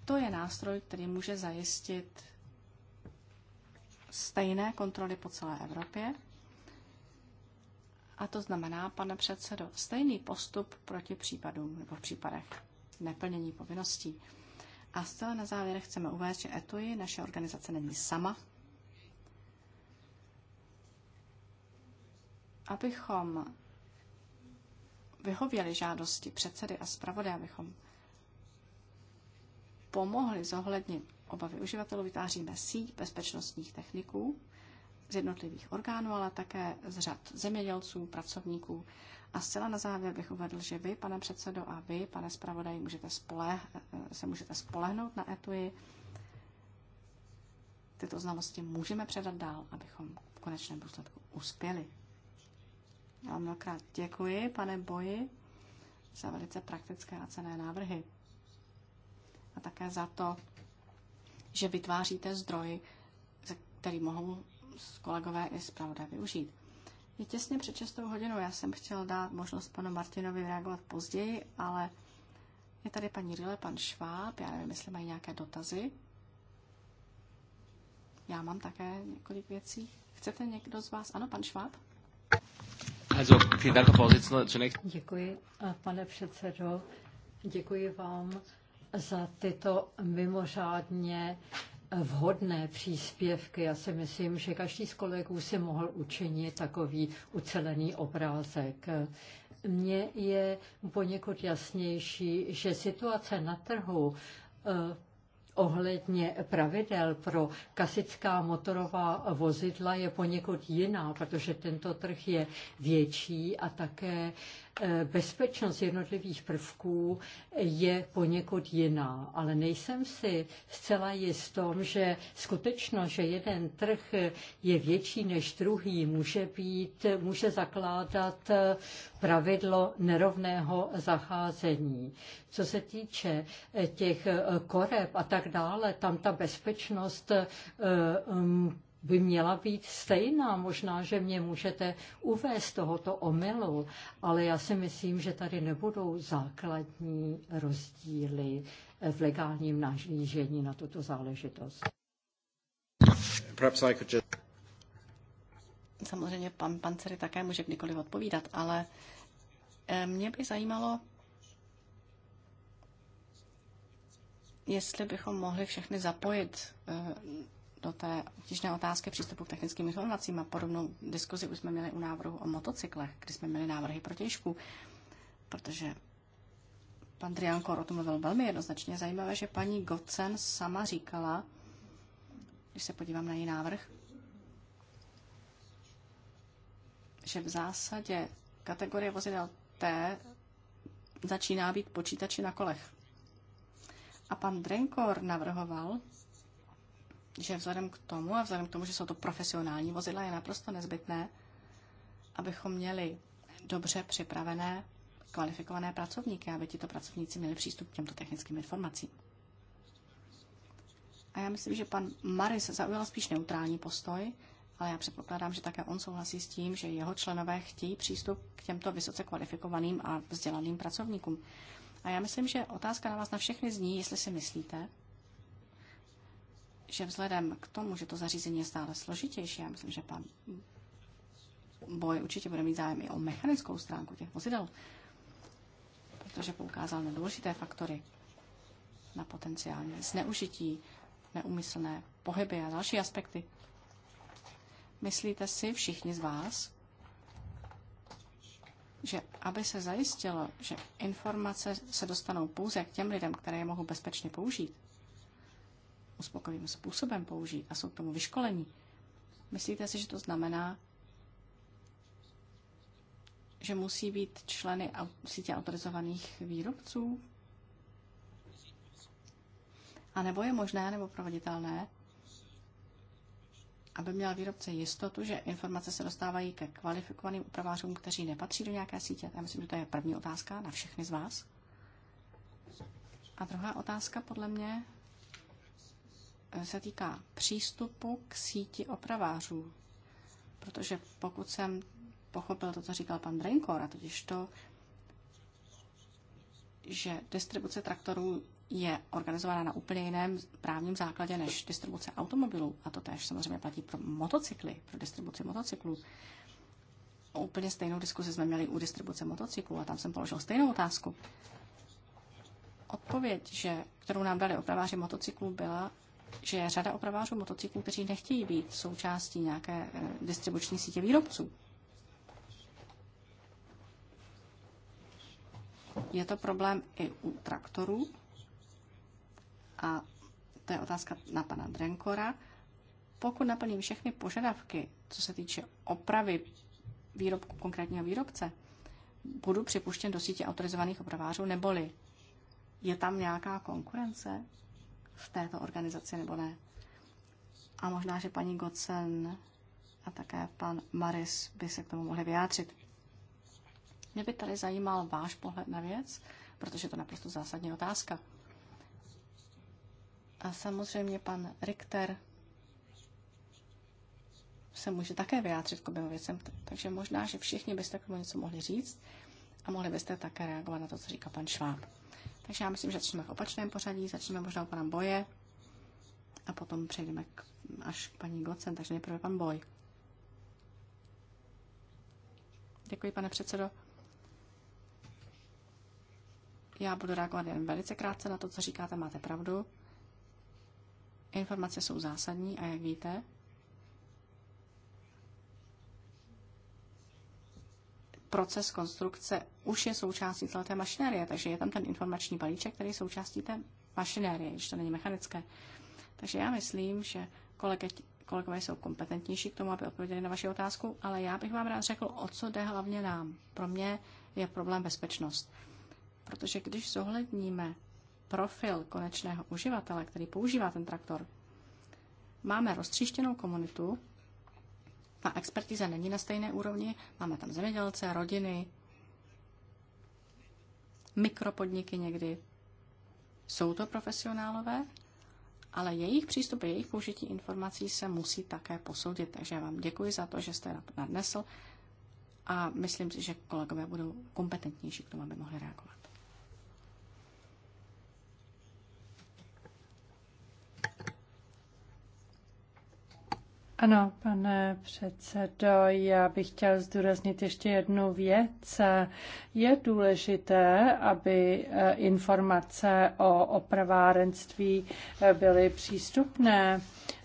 To je nástroj, který může zajistit stejné kontroly po celé Evropě. A to znamená, pane předsedo, stejný postup proti případům nebo v případech neplnění povinností. A zcela na závěr chceme uvést, že ETUI, naše organizace, není sama. Abychom vyhověli žádosti předsedy a zpravodaje, abychom pomohli zohlednit obavy uživatelů, vytváříme síť bezpečnostních techniků z jednotlivých orgánů, ale také z řad zemědělců, pracovníků, a zcela na závěr bych uvedl, že vy, pane předsedo, a vy, pane zpravodaji, můžete spoleh, eh, se můžete spolehnout na etui. Tyto znalosti můžeme předat dál, abychom v konečném důsledku uspěli. Já vám mnohokrát děkuji, pane Boji, za velice praktické a cené návrhy. A také za to, že vytváříte zdroj, který mohou kolegové i zpravodaj využít. Je těsně před 6 hodinou. Já jsem chtěl dát možnost panu Martinovi reagovat později, ale je tady paní Rile, pan Šváb. Já nevím, jestli mají nějaké dotazy. Já mám také několik věcí. Chcete někdo z vás? Ano, pan Šváb? Děkuji, pane předsedo. Děkuji vám za tyto mimořádně vhodné příspěvky. Já si myslím, že každý z kolegů si mohl učinit takový ucelený obrázek. Mně je poněkud jasnější, že situace na trhu eh, ohledně pravidel pro kasická motorová vozidla je poněkud jiná, protože tento trh je větší a také Eh, bezpečnost jednotlivých prvků je poněkud jiná, ale nejsem si zcela jist tom, že skutečno, že jeden trh je větší než druhý, může být, může zakládat eh, pravidlo nerovného zacházení. Co se týče eh, těch koreb a tak dále, tam ta bezpečnost mm, by měla být stejná. Možná, že mě můžete uvést tohoto omylu, ale já si myslím, že tady nebudou základní rozdíly v legálním nahlížení na tuto záležitost. Samozřejmě pan Pancery také může kdykoliv odpovídat, ale eh, mě by zajímalo, jestli bychom mohli všechny zapojit eh, do té obtížné otázky přístupu k technickým informacím a podobnou diskuzi už jsme měli u návrhu o motocyklech, kdy jsme měli návrhy protěžků, protože pan Kor o tom mluvil velmi jednoznačně. Zajímavé, že paní Gocen sama říkala, když se podívám na její návrh, že v zásadě kategorie vozidel T začíná být počítači na kolech. A pan Drenkor navrhoval, že vzhledem k tomu a vzhledem k tomu, že jsou to profesionální vozidla, je naprosto nezbytné, abychom měli dobře připravené kvalifikované pracovníky, aby tito pracovníci měli přístup k těmto technickým informacím. A já myslím, že pan Maris zaujal spíš neutrální postoj, ale já předpokládám, že také on souhlasí s tím, že jeho členové chtějí přístup k těmto vysoce kvalifikovaným a vzdělaným pracovníkům. A já myslím, že otázka na vás na všechny zní, jestli si myslíte, že vzhledem k tomu, že to zařízení je stále složitější, já myslím, že pan Boj určitě bude mít zájem i o mechanickou stránku těch vozidel, protože poukázal na důležité faktory, na potenciální zneužití, neumyslné pohyby a další aspekty. Myslíte si všichni z vás, že aby se zajistilo, že informace se dostanou pouze k těm lidem, které je mohou bezpečně použít, uspokojivým způsobem použít a jsou k tomu vyškolení, myslíte si, že to znamená, že musí být členy sítě autorizovaných výrobců? A nebo je možné nebo proveditelné, aby měl výrobce jistotu, že informace se dostávají ke kvalifikovaným upravářům, kteří nepatří do nějaké sítě? Já myslím, že to je první otázka na všechny z vás. A druhá otázka podle mě se týká přístupu k síti opravářů. Protože pokud jsem pochopil to, co říkal pan Drenkor, a totiž to, že distribuce traktorů je organizována na úplně jiném právním základě než distribuce automobilů, a to též samozřejmě platí pro motocykly, pro distribuci motocyklů. Úplně stejnou diskuzi jsme měli u distribuce motocyklů a tam jsem položil stejnou otázku. Odpověď, že, kterou nám dali opraváři motocyklů, byla, že je řada opravářů motocyklů, kteří nechtějí být součástí nějaké eh, distribuční sítě výrobců. Je to problém i u traktorů a to je otázka na pana Drenkora. Pokud naplním všechny požadavky, co se týče opravy výrobku konkrétního výrobce, budu připuštěn do sítě autorizovaných opravářů, neboli je tam nějaká konkurence? v této organizaci nebo ne. A možná, že paní Gocen a také pan Maris by se k tomu mohli vyjádřit. Mě by tady zajímal váš pohled na věc, protože to je naprosto zásadní otázka. A samozřejmě pan Richter se může také vyjádřit k oběma věcem, takže možná, že všichni byste k tomu něco mohli říct a mohli byste také reagovat na to, co říká pan Šváb. Takže já myslím, že začneme v opačném pořadí, začneme možná u pana Boje a potom přejdeme k, až k paní Glocen, takže nejprve pan Boj. Děkuji, pane předsedo. Já budu reagovat jen velice krátce na to, co říkáte, máte pravdu. Informace jsou zásadní a jak víte, proces konstrukce už je součástí celé té mašinérie, takže je tam ten informační balíček, který je součástí té mašinérie, když to není mechanické. Takže já myslím, že kolege, kolegové jsou kompetentnější k tomu, aby odpověděli na vaši otázku, ale já bych vám rád řekl, o co jde hlavně nám. Pro mě je problém bezpečnost. Protože když zohledníme profil konečného uživatele, který používá ten traktor, máme roztříštěnou komunitu, ta expertíza není na stejné úrovni, máme tam zemědělce, rodiny, mikropodniky někdy. Jsou to profesionálové, ale jejich přístup a jejich použití informací se musí také posoudit. Takže já vám děkuji za to, že jste nadnesl a myslím si, že kolegové budou kompetentnější k tomu, aby mohli reagovat. Ano, pane předsedo, já bych chtěl zdůraznit ještě jednu věc. Je důležité, aby eh, informace o opravárenství eh, byly přístupné.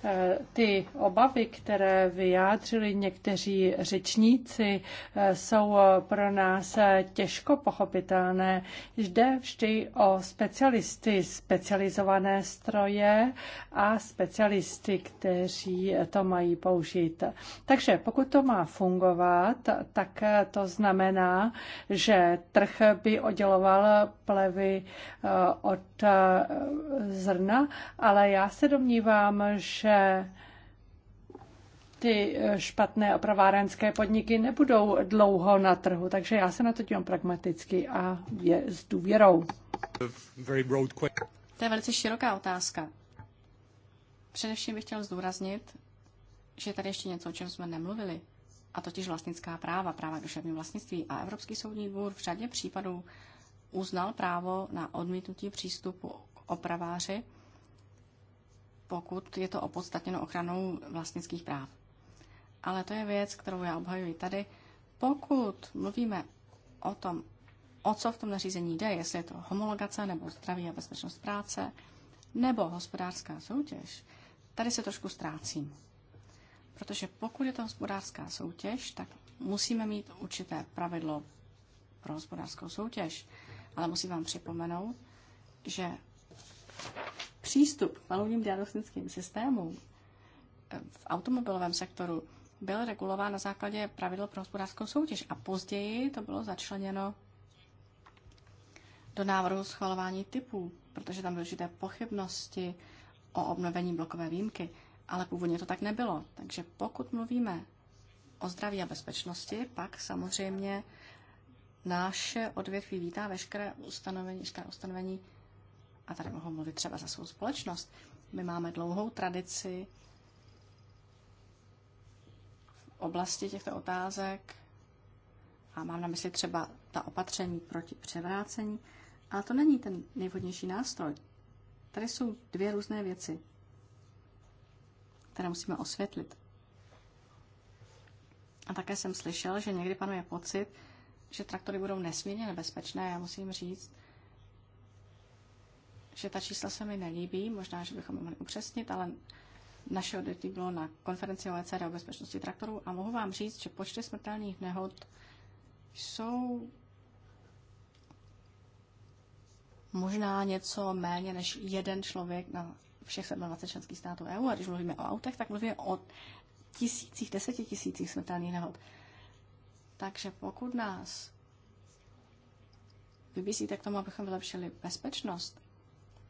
Eh, ty obavy, které vyjádřili někteří řečníci, eh, jsou pro nás eh, těžko pochopitelné. Jde vždy o specialisty, specializované stroje a specialisty, kteří to mají použít. Takže pokud to má fungovat, tak to znamená, že trh by odděloval plevy od zrna, ale já se domnívám, že že ty eh, špatné opravárenské podniky nebudou dlouho na trhu, takže já se na to dívám pragmaticky a je s důvěrou. To je velice široká otázka. Především bych chtěl zdůraznit, že tady ještě něco, o čem jsme nemluvili, a totiž vlastnická práva, práva k duševním vlastnictví. A Evropský soudní dvůr v řadě případů uznal právo na odmítnutí přístupu k opraváři, pokud je to opodstatněno ochranou vlastnických práv. Ale to je věc, kterou já obhajuji tady. Pokud mluvíme o tom, o co v tom nařízení jde, jestli je to homologace nebo zdraví a bezpečnost práce, nebo hospodářská soutěž, tady se trošku ztrácím. Protože pokud je to hospodářská soutěž, tak musíme mít určité pravidlo pro hospodářskou soutěž. Ale musím vám připomenout, že přístup k palovním diagnostickým systémům eh, v automobilovém sektoru byl regulován na základě pravidel pro hospodářskou soutěž a později to bylo začleněno do návrhu schvalování typů, protože tam byly určité pochybnosti o obnovení blokové výjimky, ale původně to tak nebylo. Takže pokud mluvíme o zdraví a bezpečnosti, pak samozřejmě naše odvětví vítá veškeré ustanovení, veškeré ustanovení a tady mohu mluvit třeba za svou společnost, my máme dlouhou tradici v oblasti těchto otázek a mám na mysli třeba ta opatření proti převrácení, ale to není ten nejvhodnější nástroj. Tady jsou dvě různé věci, které musíme osvětlit. A také jsem slyšel, že někdy panuje pocit, že traktory budou nesmírně nebezpečné. Já musím říct, že ta čísla se mi nelíbí, možná, že bychom je mohli upřesnit, ale naše odvětví bylo na konferenci OECD o bezpečnosti traktorů a mohu vám říct, že počty smrtelných nehod jsou možná něco méně než jeden člověk na všech 27 členských států EU. A když mluvíme o autech, tak mluvíme o tisících, deseti tisících smrtelných nehod. Takže pokud nás vybízíte k tomu, abychom vylepšili bezpečnost,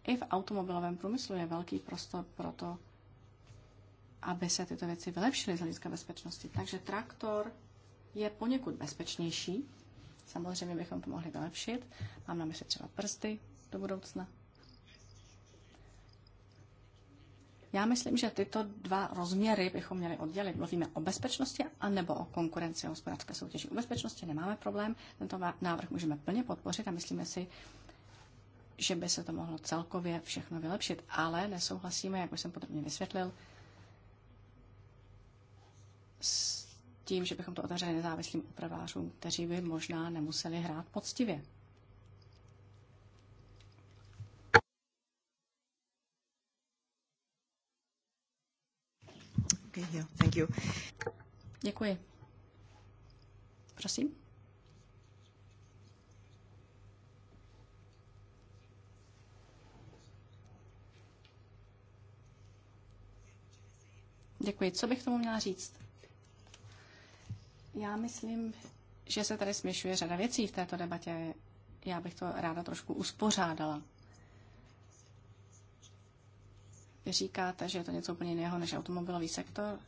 i v automobilovém průmyslu je velký prostor pro to, aby se tyto věci vylepšily z hlediska bezpečnosti. Takže traktor je poněkud bezpečnější. Samozřejmě bychom to mohli vylepšit. Mám na mysli třeba prsty do budoucna. Já myslím, že tyto dva rozměry bychom měli oddělit. Mluvíme o bezpečnosti a nebo o konkurenci a hospodářské soutěži. U bezpečnosti nemáme problém, tento návrh můžeme plně podpořit a myslíme si, že by se to mohlo celkově všechno vylepšit, ale nesouhlasíme, jak už jsem podrobně vysvětlil, s tím, že bychom to otevřeli nezávislým upravářům, kteří by možná nemuseli hrát poctivě. Okay, yeah, thank you. Děkuji. Prosím. Děkuji. Co bych tomu měla říct? Já myslím, že se tady směšuje řada věcí v této debatě. Já bych to ráda trošku uspořádala. Vy říkáte, že je to něco úplně jiného než automobilový sektor,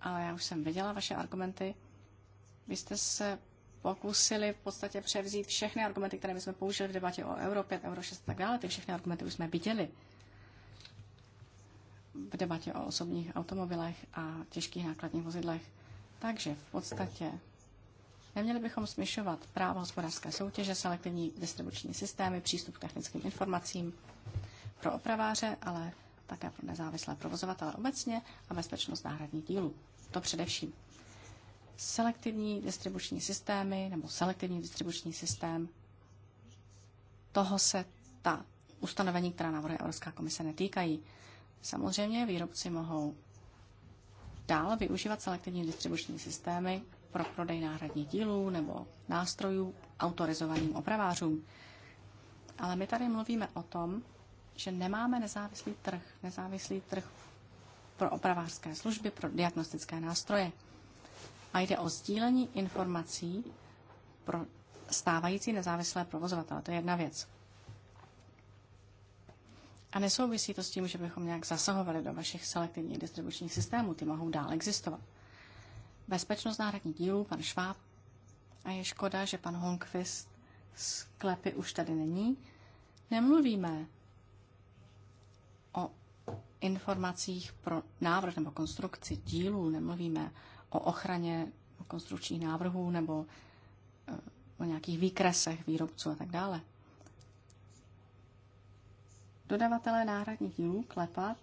ale já už jsem viděla vaše argumenty. Vy jste se pokusili v podstatě převzít všechny argumenty, které my jsme použili v debatě o Evropě, Euro 6 a tak dále. Ty všechny argumenty už jsme viděli v debatě o osobních automobilech a těžkých nákladních vozidlech. Takže v podstatě neměli bychom směšovat právo hospodářské soutěže, selektivní distribuční systémy, přístup k technickým informacím pro opraváře, ale také pro nezávislé provozovatele obecně a bezpečnost náhradních dílů. To především. Selektivní distribuční systémy nebo selektivní distribuční systém, toho se ta ustanovení, která navrhuje Evropská komise, netýkají. Samozřejmě výrobci mohou dále využívat selektivní distribuční systémy pro prodej náhradních dílů nebo nástrojů autorizovaným opravářům. Ale my tady mluvíme o tom, že nemáme nezávislý trh, nezávislý trh pro opravářské služby, pro diagnostické nástroje. A jde o sdílení informací pro stávající nezávislé provozovatele. To je jedna věc. A nesouvisí to s tím, že bychom nějak zasahovali do vašich selektivních distribučních systémů, ty mohou dál existovat. Bezpečnost náhradních dílů, pan Šváb. A je škoda, že pan Honkvist z klepy už tady není. Nemluvíme o informacích pro návrh nebo konstrukci dílů, nemluvíme o ochraně konstrukčních návrhů nebo eh, o nějakých výkresech výrobců a tak dále. Dodavatelé náhradních dílů klepa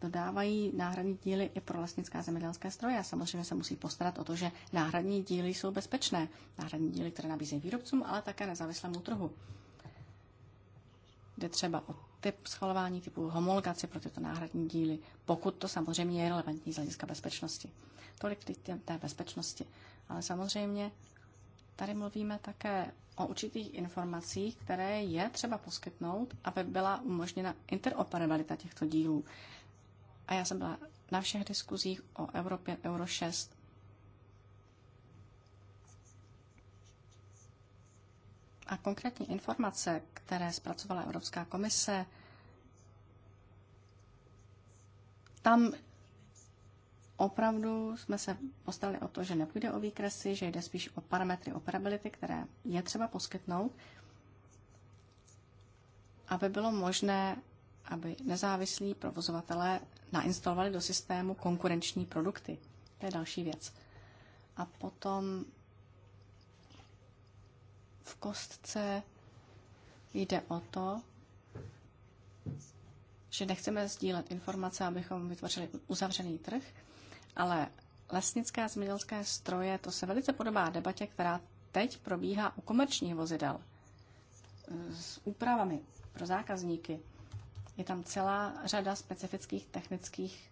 dodávají náhradní díly i pro lesnická zemědělské stroje a samozřejmě se musí postarat o to, že náhradní díly jsou bezpečné. Náhradní díly, které nabízejí výrobcům, ale také nezávislému trhu. Jde třeba o typ schvalování typu homologace pro tyto náhradní díly, pokud to samozřejmě je relevantní z hlediska bezpečnosti. Tolik té bezpečnosti. Ale samozřejmě Tady mluvíme také o určitých informacích, které je třeba poskytnout, aby byla umožněna interoperabilita těchto dílů. A já jsem byla na všech diskuzích o Evropě Euro 6. A konkrétní informace, které zpracovala Evropská komise, tam opravdu jsme se postali o to, že nepůjde o výkresy, že jde spíš o parametry operability, které je třeba poskytnout, aby bylo možné, aby nezávislí provozovatelé nainstalovali do systému konkurenční produkty. To je další věc. A potom v kostce jde o to, že nechceme sdílet informace, abychom vytvořili uzavřený trh, ale lesnické a zemědělské stroje, to se velice podobá debatě, která teď probíhá u komerčních vozidel s úpravami pro zákazníky. Je tam celá řada specifických technických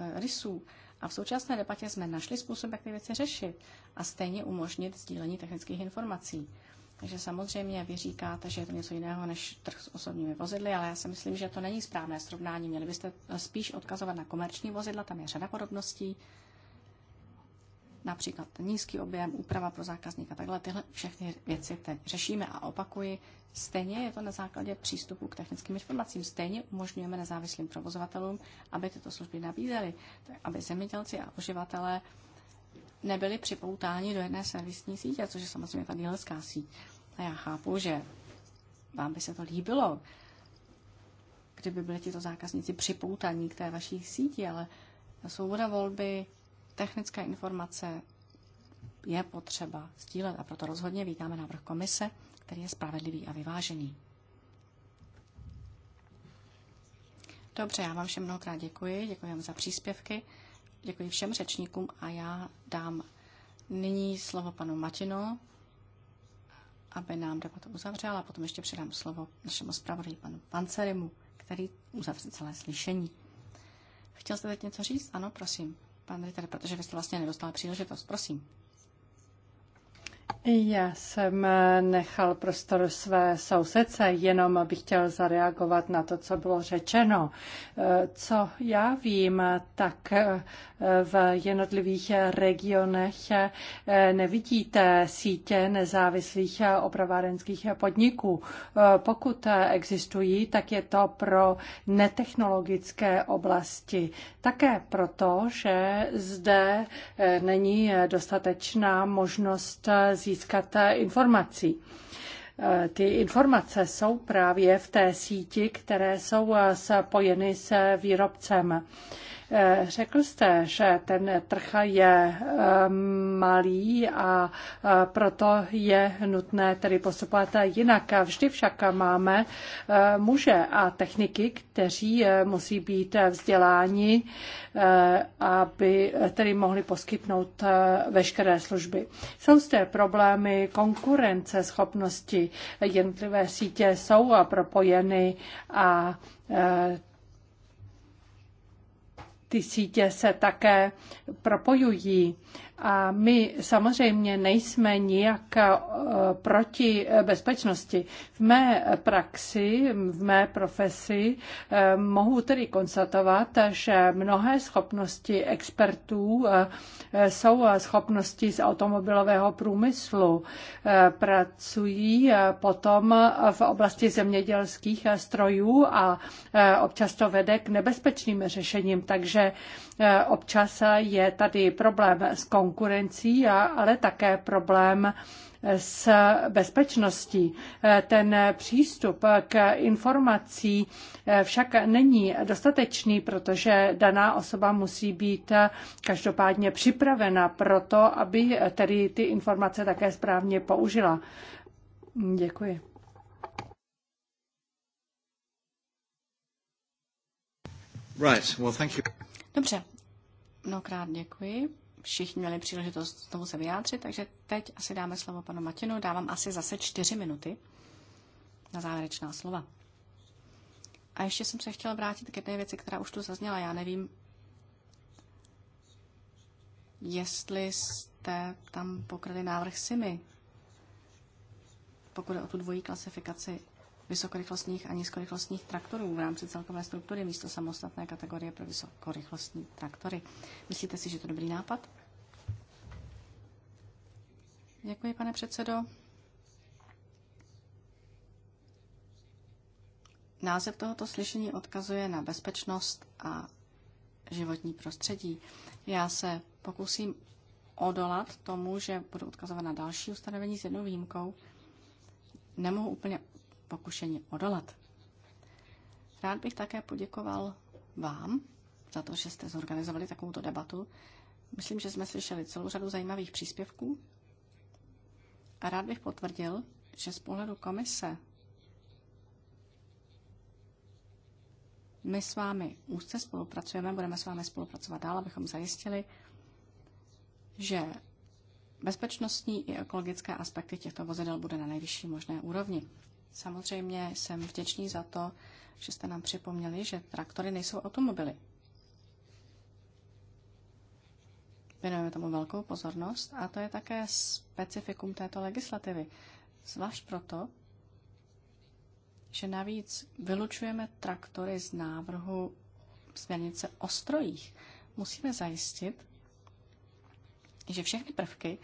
eh, rysů. A v současné debatě jsme našli způsob, jak ty věci řešit a stejně umožnit sdílení technických informací. Takže samozřejmě vy říkáte, že je to něco jiného než trh s osobními vozidly, ale já si myslím, že to není správné srovnání. Měli byste spíš odkazovat na komerční vozidla, tam je řada podobností, například nízký objem, úprava pro zákazníka, takhle tyhle všechny věci teď řešíme a opakuji. Stejně je to na základě přístupu k technickým informacím. Stejně umožňujeme nezávislým provozovatelům, aby tyto služby nabízely, aby zemědělci a uživatelé nebyli připoutáni do jedné servisní sítě, což je samozřejmě ta dílská síť. A já chápu, že vám by se to líbilo, kdyby byli tito zákazníci připoutaní k té vaší síti, ale svoboda volby, technické informace je potřeba sdílet a proto rozhodně vítáme návrh komise, který je spravedlivý a vyvážený. Dobře, já vám všem mnohokrát děkuji, děkuji vám za příspěvky. Děkuji všem řečníkům a já dám nyní slovo panu Matino, aby nám debatu uzavřela a potom ještě předám slovo našemu zpravodaji panu Pancerimu, který uzavře celé slyšení. Chtěl jste teď něco říct? Ano, prosím. Pan Ritter, protože vy jste vlastně nedostal příležitost. Prosím. Já jsem nechal prostor své sousedce, jenom bych chtěl zareagovat na to, co bylo řečeno. Co já vím, tak v jednotlivých regionech nevidíte sítě nezávislých opravárenských podniků. Pokud existují, tak je to pro netechnologické oblasti. Také proto, že zde není dostatečná možnost získat získat eh, informací. Eh, ty informace jsou právě v té síti, které jsou eh, spojeny s výrobcem. Eh, řekl jste, že ten trh je eh, malý a eh, proto je nutné tedy postupovat jinak. Vždy však máme muže a techniky, kteří musí být vzděláni, aby tedy mohli poskytnout veškeré služby. Jsou zde problémy konkurence, schopnosti. Jednotlivé sítě jsou propojeny a ty sítě se také propojují. A my samozřejmě nejsme nijak eh, proti eh, bezpečnosti. V mé praxi, v mé profesi eh, mohu tedy konstatovat, že mnohé schopnosti expertů jsou schopnosti z automobilového průmyslu. Pracují potom v oblasti zemědělských strojů a občas to vede k nebezpečným řešením. Takže Eh, občas je tady problém s konkurencí, ale také problém eh, s bezpečností. Eh, ten přístup k informací však není dostatečný, protože daná osoba musí být každopádně připravena pro to, aby tedy ty informace také správně použila. Děkuji. Right. Well, thank you. Dobře, mnohokrát děkuji. Všichni měli příležitost znovu se vyjádřit, takže teď asi dáme slovo panu Matinu. Dávám asi zase čtyři minuty na závěrečná slova. A ještě jsem se chtěla vrátit k jedné věci, která už tu zazněla. Já nevím, jestli jste tam pokryli návrh SIMI, pokud je o tu dvojí klasifikaci vysokorychlostních a nízkorychlostních traktorů v rámci celkové struktury místo samostatné kategorie pro vysokorychlostní traktory. Myslíte si, že to dobrý nápad? Děkuji, pane předsedo. Název tohoto slyšení odkazuje na bezpečnost a životní prostředí. Já se pokusím odolat tomu, že budu odkazovat na další ustanovení s jednou výjimkou. Nemohu úplně pokušení odolat. Rád bych také poděkoval vám za to, že jste zorganizovali takovouto debatu. Myslím, že jsme slyšeli celou řadu zajímavých příspěvků a rád bych potvrdil, že z pohledu komise my s vámi úzce spolupracujeme, budeme s vámi spolupracovat dál, abychom zajistili, že bezpečnostní i ekologické aspekty těchto vozidel bude na nejvyšší možné úrovni. Samozřejmě jsem vděčný za to, že jste nám připomněli, že traktory nejsou automobily. Věnujeme tomu velkou pozornost a to je také specifikum této legislativy. Zvlášť proto, že navíc vylučujeme traktory z návrhu směrnice o strojích. Musíme zajistit, že všechny prvky,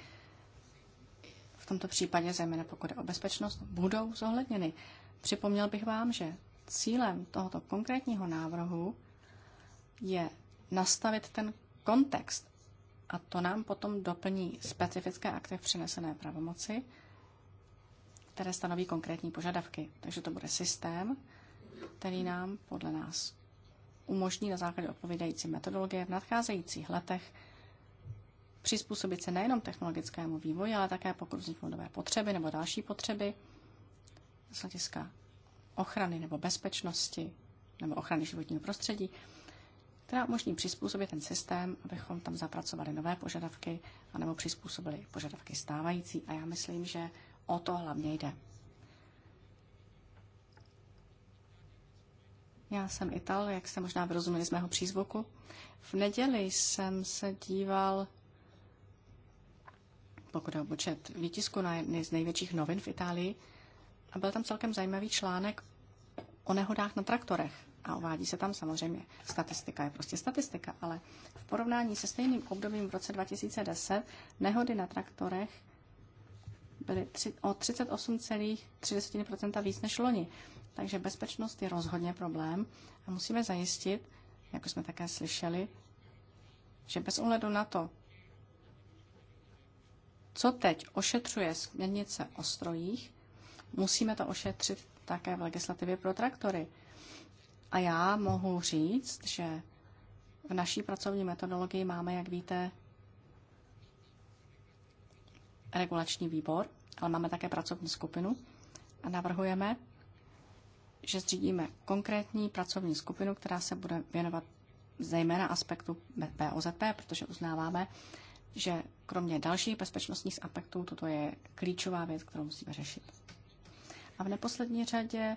tomto případě, zejména pokud je o bezpečnost, budou zohledněny. Připomněl bych vám, že cílem tohoto konkrétního návrhu je nastavit ten kontext a to nám potom doplní specifické akty v přinesené pravomoci, které stanoví konkrétní požadavky. Takže to bude systém, který nám podle nás umožní na základě odpovídající metodologie v nadcházejících letech přizpůsobit se nejenom technologickému vývoji, ale také pokud vzniknou nové potřeby nebo další potřeby z hlediska ochrany nebo bezpečnosti nebo ochrany životního prostředí, která umožní přizpůsobit ten systém, abychom tam zapracovali nové požadavky anebo přizpůsobili požadavky stávající. A já myslím, že o to hlavně jde. Já jsem Ital, jak jste možná vyrozuměli z mého přízvuku. V neděli jsem se díval pokud je o počet výtisku na jedny z největších novin v Itálii. A byl tam celkem zajímavý článek o nehodách na traktorech. A uvádí se tam samozřejmě, statistika je prostě statistika, ale v porovnání se stejným obdobím v roce 2010 nehody na traktorech byly o 38,3% víc než loni. Takže bezpečnost je rozhodně problém a musíme zajistit, jako jsme také slyšeli, že bez ohledu na to, co teď ošetřuje směrnice o strojích, musíme to ošetřit také v legislativě pro traktory. A já mohu říct, že v naší pracovní metodologii máme, jak víte, regulační výbor, ale máme také pracovní skupinu a navrhujeme, že zřídíme konkrétní pracovní skupinu, která se bude věnovat zejména aspektu BOZP, protože uznáváme, že kromě dalších bezpečnostních aspektů toto je klíčová věc, kterou musíme řešit. A v neposlední řadě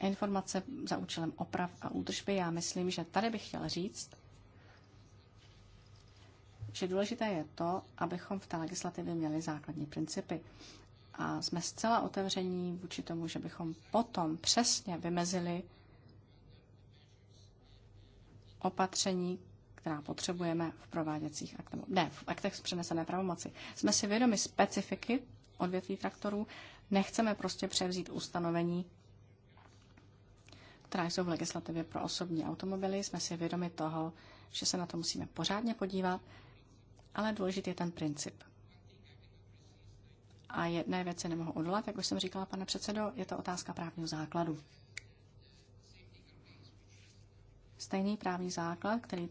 informace za účelem oprav a údržby. Já myslím, že tady bych chtěl říct, že důležité je to, abychom v té legislativě měli základní principy. A jsme zcela otevření vůči tomu, že bychom potom přesně vymezili opatření, která potřebujeme v prováděcích aktech, ne, v aktech s přenesené pravomoci. Jsme si vědomi specifiky odvětví traktorů, nechceme prostě převzít ustanovení, která jsou v legislativě pro osobní automobily. Jsme si vědomi toho, že se na to musíme pořádně podívat, ale důležitý je ten princip. A jedné věci nemohu odolat, jak už jsem říkala, pane předsedo, je to otázka právního základu. Stejný právní základ, který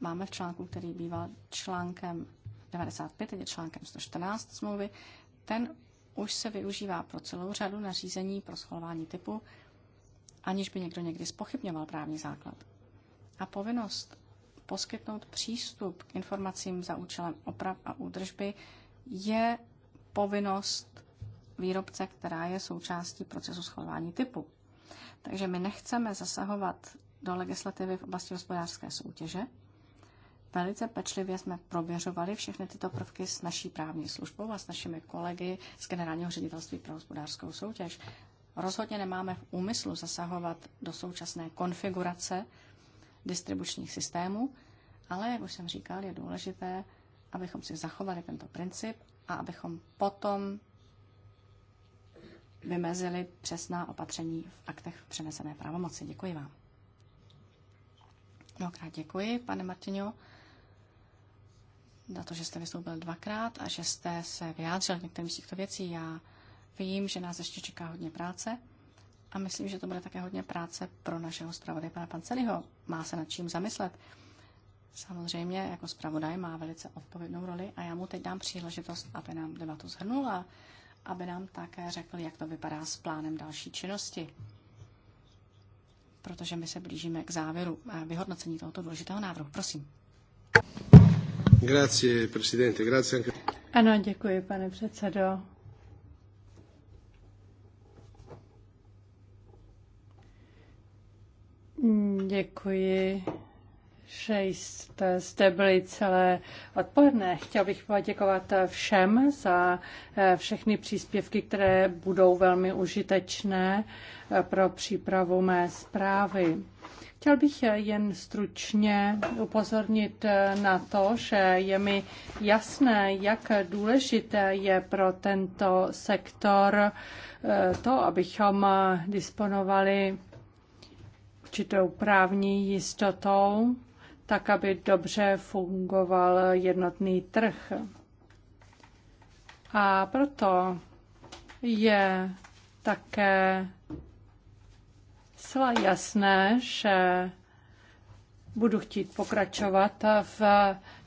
máme v článku, který býval článkem 95, tedy článkem 114 smlouvy, ten už se využívá pro celou řadu nařízení pro schvalování typu, aniž by někdo někdy spochybňoval právní základ. A povinnost poskytnout přístup k informacím za účelem oprav a údržby je povinnost výrobce, která je součástí procesu schvalování typu. Takže my nechceme zasahovat do legislativy v oblasti hospodářské soutěže, Velice pečlivě jsme prověřovali všechny tyto prvky s naší právní službou a s našimi kolegy z Generálního ředitelství pro hospodářskou soutěž. Rozhodně nemáme v úmyslu zasahovat do současné konfigurace distribučních systémů, ale, jak už jsem říkal, je důležité, abychom si zachovali tento princip a abychom potom vymezili přesná opatření v aktech v přenesené pravomoci. Děkuji vám. Mnohokrát děkuji, pane Martino na to, že jste vystoupil dvakrát a že jste se vyjádřil k některým z těchto věcí. Já vím, že nás ještě čeká hodně práce a myslím, že to bude také hodně práce pro našeho zpravodaje pana Panceliho. Má se nad čím zamyslet. Samozřejmě jako zpravodaj má velice odpovědnou roli a já mu teď dám příležitost, aby nám debatu zhrnul a aby nám také řekl, jak to vypadá s plánem další činnosti. Protože my se blížíme k závěru eh, vyhodnocení tohoto důležitého návrhu. Prosím. Grazie, presidente. Grazie anche... Ano, děkuji, pane předsedo. Děkuji, že jste zde byli celé odpoledne. Chtěl bych poděkovat všem za eh, všechny příspěvky, které budou velmi užitečné eh, pro přípravu mé zprávy. Chtěl bych jen stručně upozornit na to, že je mi jasné, jak důležité je pro tento sektor eh, to, abychom disponovali určitou právní jistotou, tak aby dobře fungoval jednotný trh. A proto je také zcela jasné, že budu chtít pokračovat v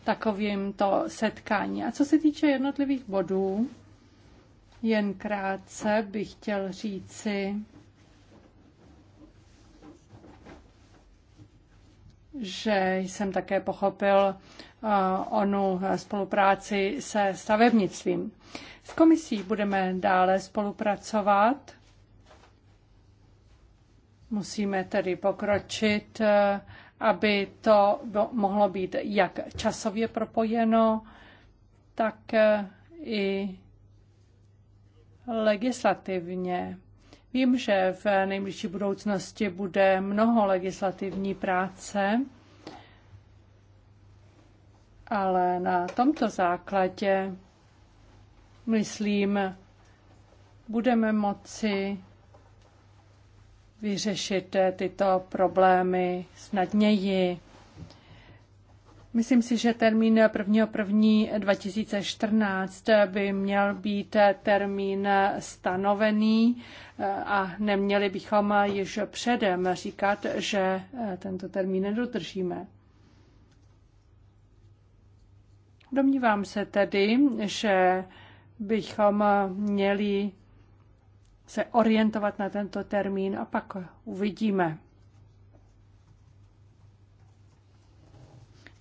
takovýmto setkání. A co se týče jednotlivých bodů, jen krátce bych chtěl říci, že jsem také pochopil eh, onu spolupráci se stavebnictvím. S komisí budeme dále spolupracovat Musíme tedy pokročit, eh, aby to mohlo být jak časově propojeno, tak eh, i legislativně. Vím, že v nejbližší budoucnosti bude mnoho legislativní práce, ale na tomto základě, myslím, budeme moci vyřešit eh, tyto problémy snadněji. Myslím si, že termín 1.1.2014 by měl být eh, termín stanovený eh, a neměli bychom již předem říkat, že tento termín nedodržíme. Domnívám se tedy, že bychom měli se orientovat na tento termín a pak uvidíme.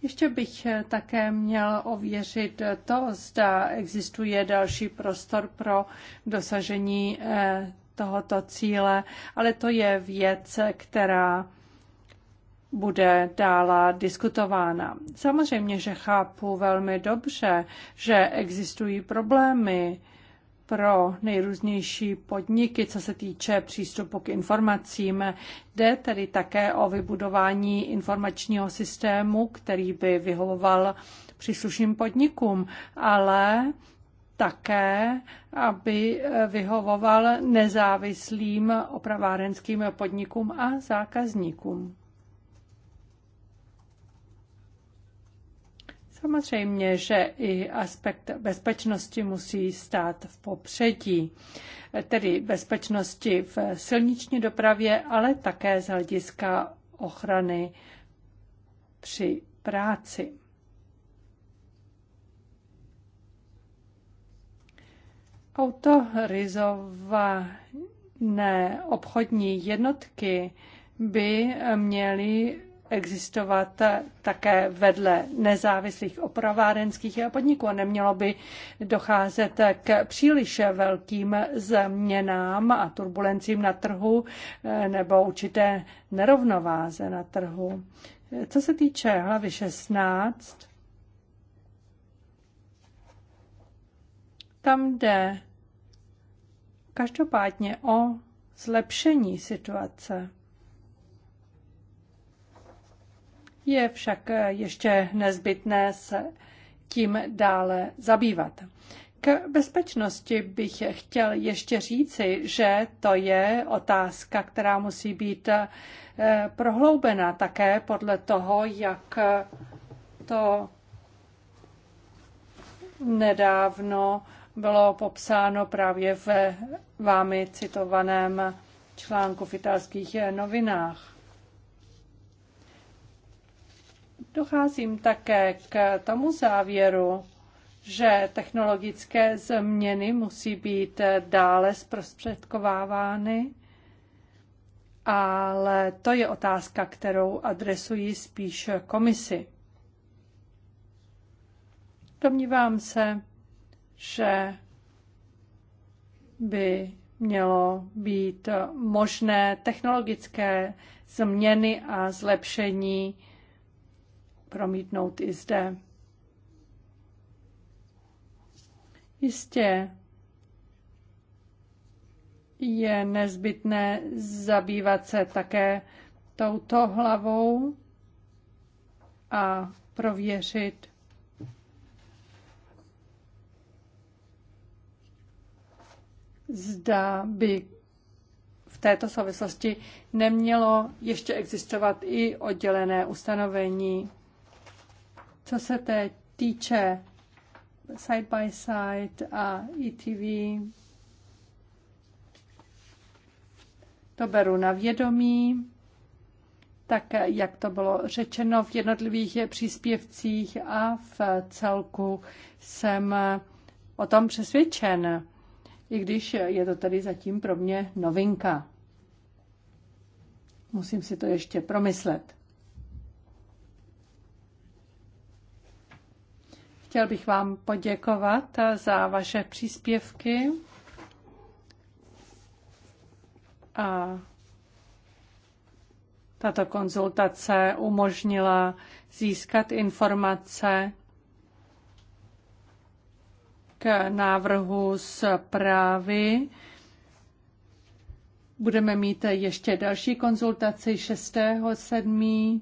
Ještě bych také měl ověřit to, zda existuje další prostor pro dosažení eh, tohoto cíle, ale to je věc, která bude dále diskutována. Samozřejmě, že chápu velmi dobře, že existují problémy pro nejrůznější podniky, co se týče přístupu k informacím. Jde tedy také o vybudování informačního systému, který by vyhovoval příslušným podnikům, ale také, aby vyhovoval nezávislým opravárenským podnikům a zákazníkům. Samozřejmě, že i aspekt bezpečnosti musí stát v popředí, tedy bezpečnosti v silniční dopravě, ale také z hlediska ochrany při práci. Autorizované obchodní jednotky by měly existovat také vedle nezávislých opravárenských podniků a nemělo by docházet k příliš velkým změnám a turbulencím na trhu eh, nebo určité nerovnováze na trhu. Co se týče hlavy 16, tam jde každopádně o zlepšení situace. Je však eh, ještě nezbytné se tím dále zabývat. K bezpečnosti bych chtěl ještě říci, že to je otázka, která musí být eh, prohloubena také podle toho, jak to nedávno bylo popsáno právě v vámi citovaném článku v italských novinách. Docházím také k tomu závěru, že technologické změny musí být dále zprostředkovávány, ale to je otázka, kterou adresuji spíš komisi. Domnívám se, že by mělo být možné technologické změny a zlepšení promítnout i zde. Jistě je nezbytné zabývat se také touto hlavou a prověřit zda by v této souvislosti nemělo ještě existovat i oddělené ustanovení. Co se té týče side by side a ETV, to beru na vědomí, tak jak to bylo řečeno v jednotlivých příspěvcích a v celku jsem o tom přesvědčen, i když je to tady zatím pro mě novinka. Musím si to ještě promyslet. Chtěl bych vám poděkovat eh, za vaše příspěvky a tato konzultace umožnila získat informace k návrhu zprávy. Budeme mít ještě další konzultaci 6.7.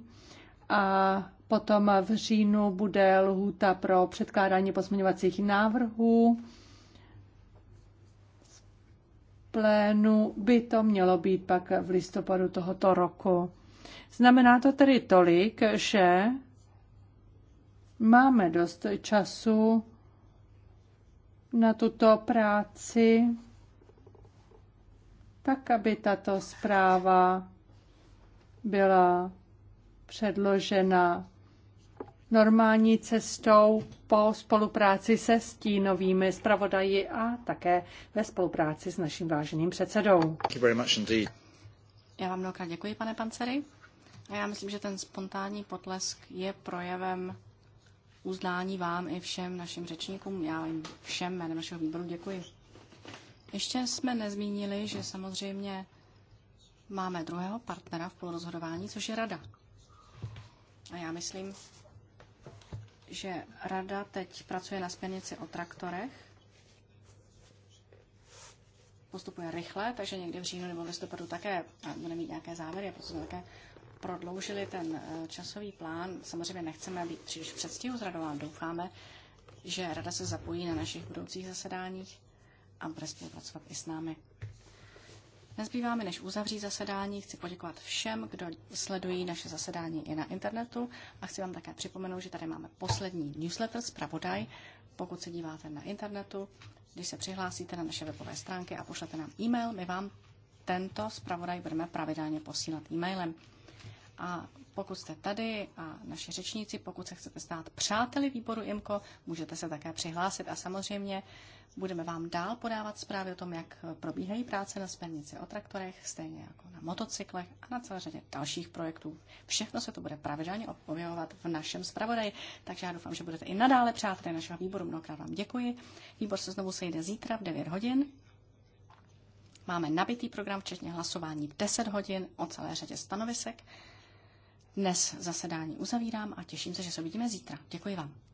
a Potom v říjnu bude lhůta pro předkládání pozměňovacích návrhů. Z plénu by to mělo být pak v listopadu tohoto roku. Znamená to tedy tolik, že máme dost času na tuto práci, tak aby tato zpráva byla předložena normální cestou po spolupráci se stínovými zpravodaji a také ve spolupráci s naším váženým předsedou. Já vám mnohokrát děkuji, pane Pancery. A já myslím, že ten spontánní potlesk je projevem uznání vám i všem našim řečníkům. Já jim všem jménem našeho výboru děkuji. Ještě jsme nezmínili, že samozřejmě máme druhého partnera v polorozhodování, což je rada. A já myslím, že Rada teď pracuje na směrnici o traktorech. Postupuje rychle, takže někdy v říjnu nebo v listopadu také bude mít nějaké závěry a proto také prodloužili ten eh, časový plán. Samozřejmě nechceme být příliš předstihu s radou, ale doufáme, že rada se zapojí na našich budoucích zasedáních a bude spolupracovat i s námi. Nezbývá mi, než uzavří zasedání. Chci poděkovat všem, kdo sledují naše zasedání i na internetu. A chci vám také připomenout, že tady máme poslední newsletter, zpravodaj. Pokud se díváte na internetu, když se přihlásíte na naše webové stránky a pošlete nám e-mail, my vám tento zpravodaj budeme pravidelně posílat e-mailem. A pokud jste tady a naši řečníci, pokud se chcete stát přáteli výboru IMCO, můžete se také přihlásit. A samozřejmě Budeme vám dál podávat zprávy o tom, jak probíhají práce na směrnici o traktorech, stejně jako na motocyklech a na celé řadě dalších projektů. Všechno se to bude pravidelně objevovat v našem zpravodaji, takže já doufám, že budete i nadále přátelé našeho výboru. Mnohokrát vám děkuji. Výbor se znovu sejde zítra v 9 hodin. Máme nabitý program, včetně hlasování v 10 hodin o celé řadě stanovisek. Dnes zasedání uzavírám a těším se, že se uvidíme zítra. Děkuji vám.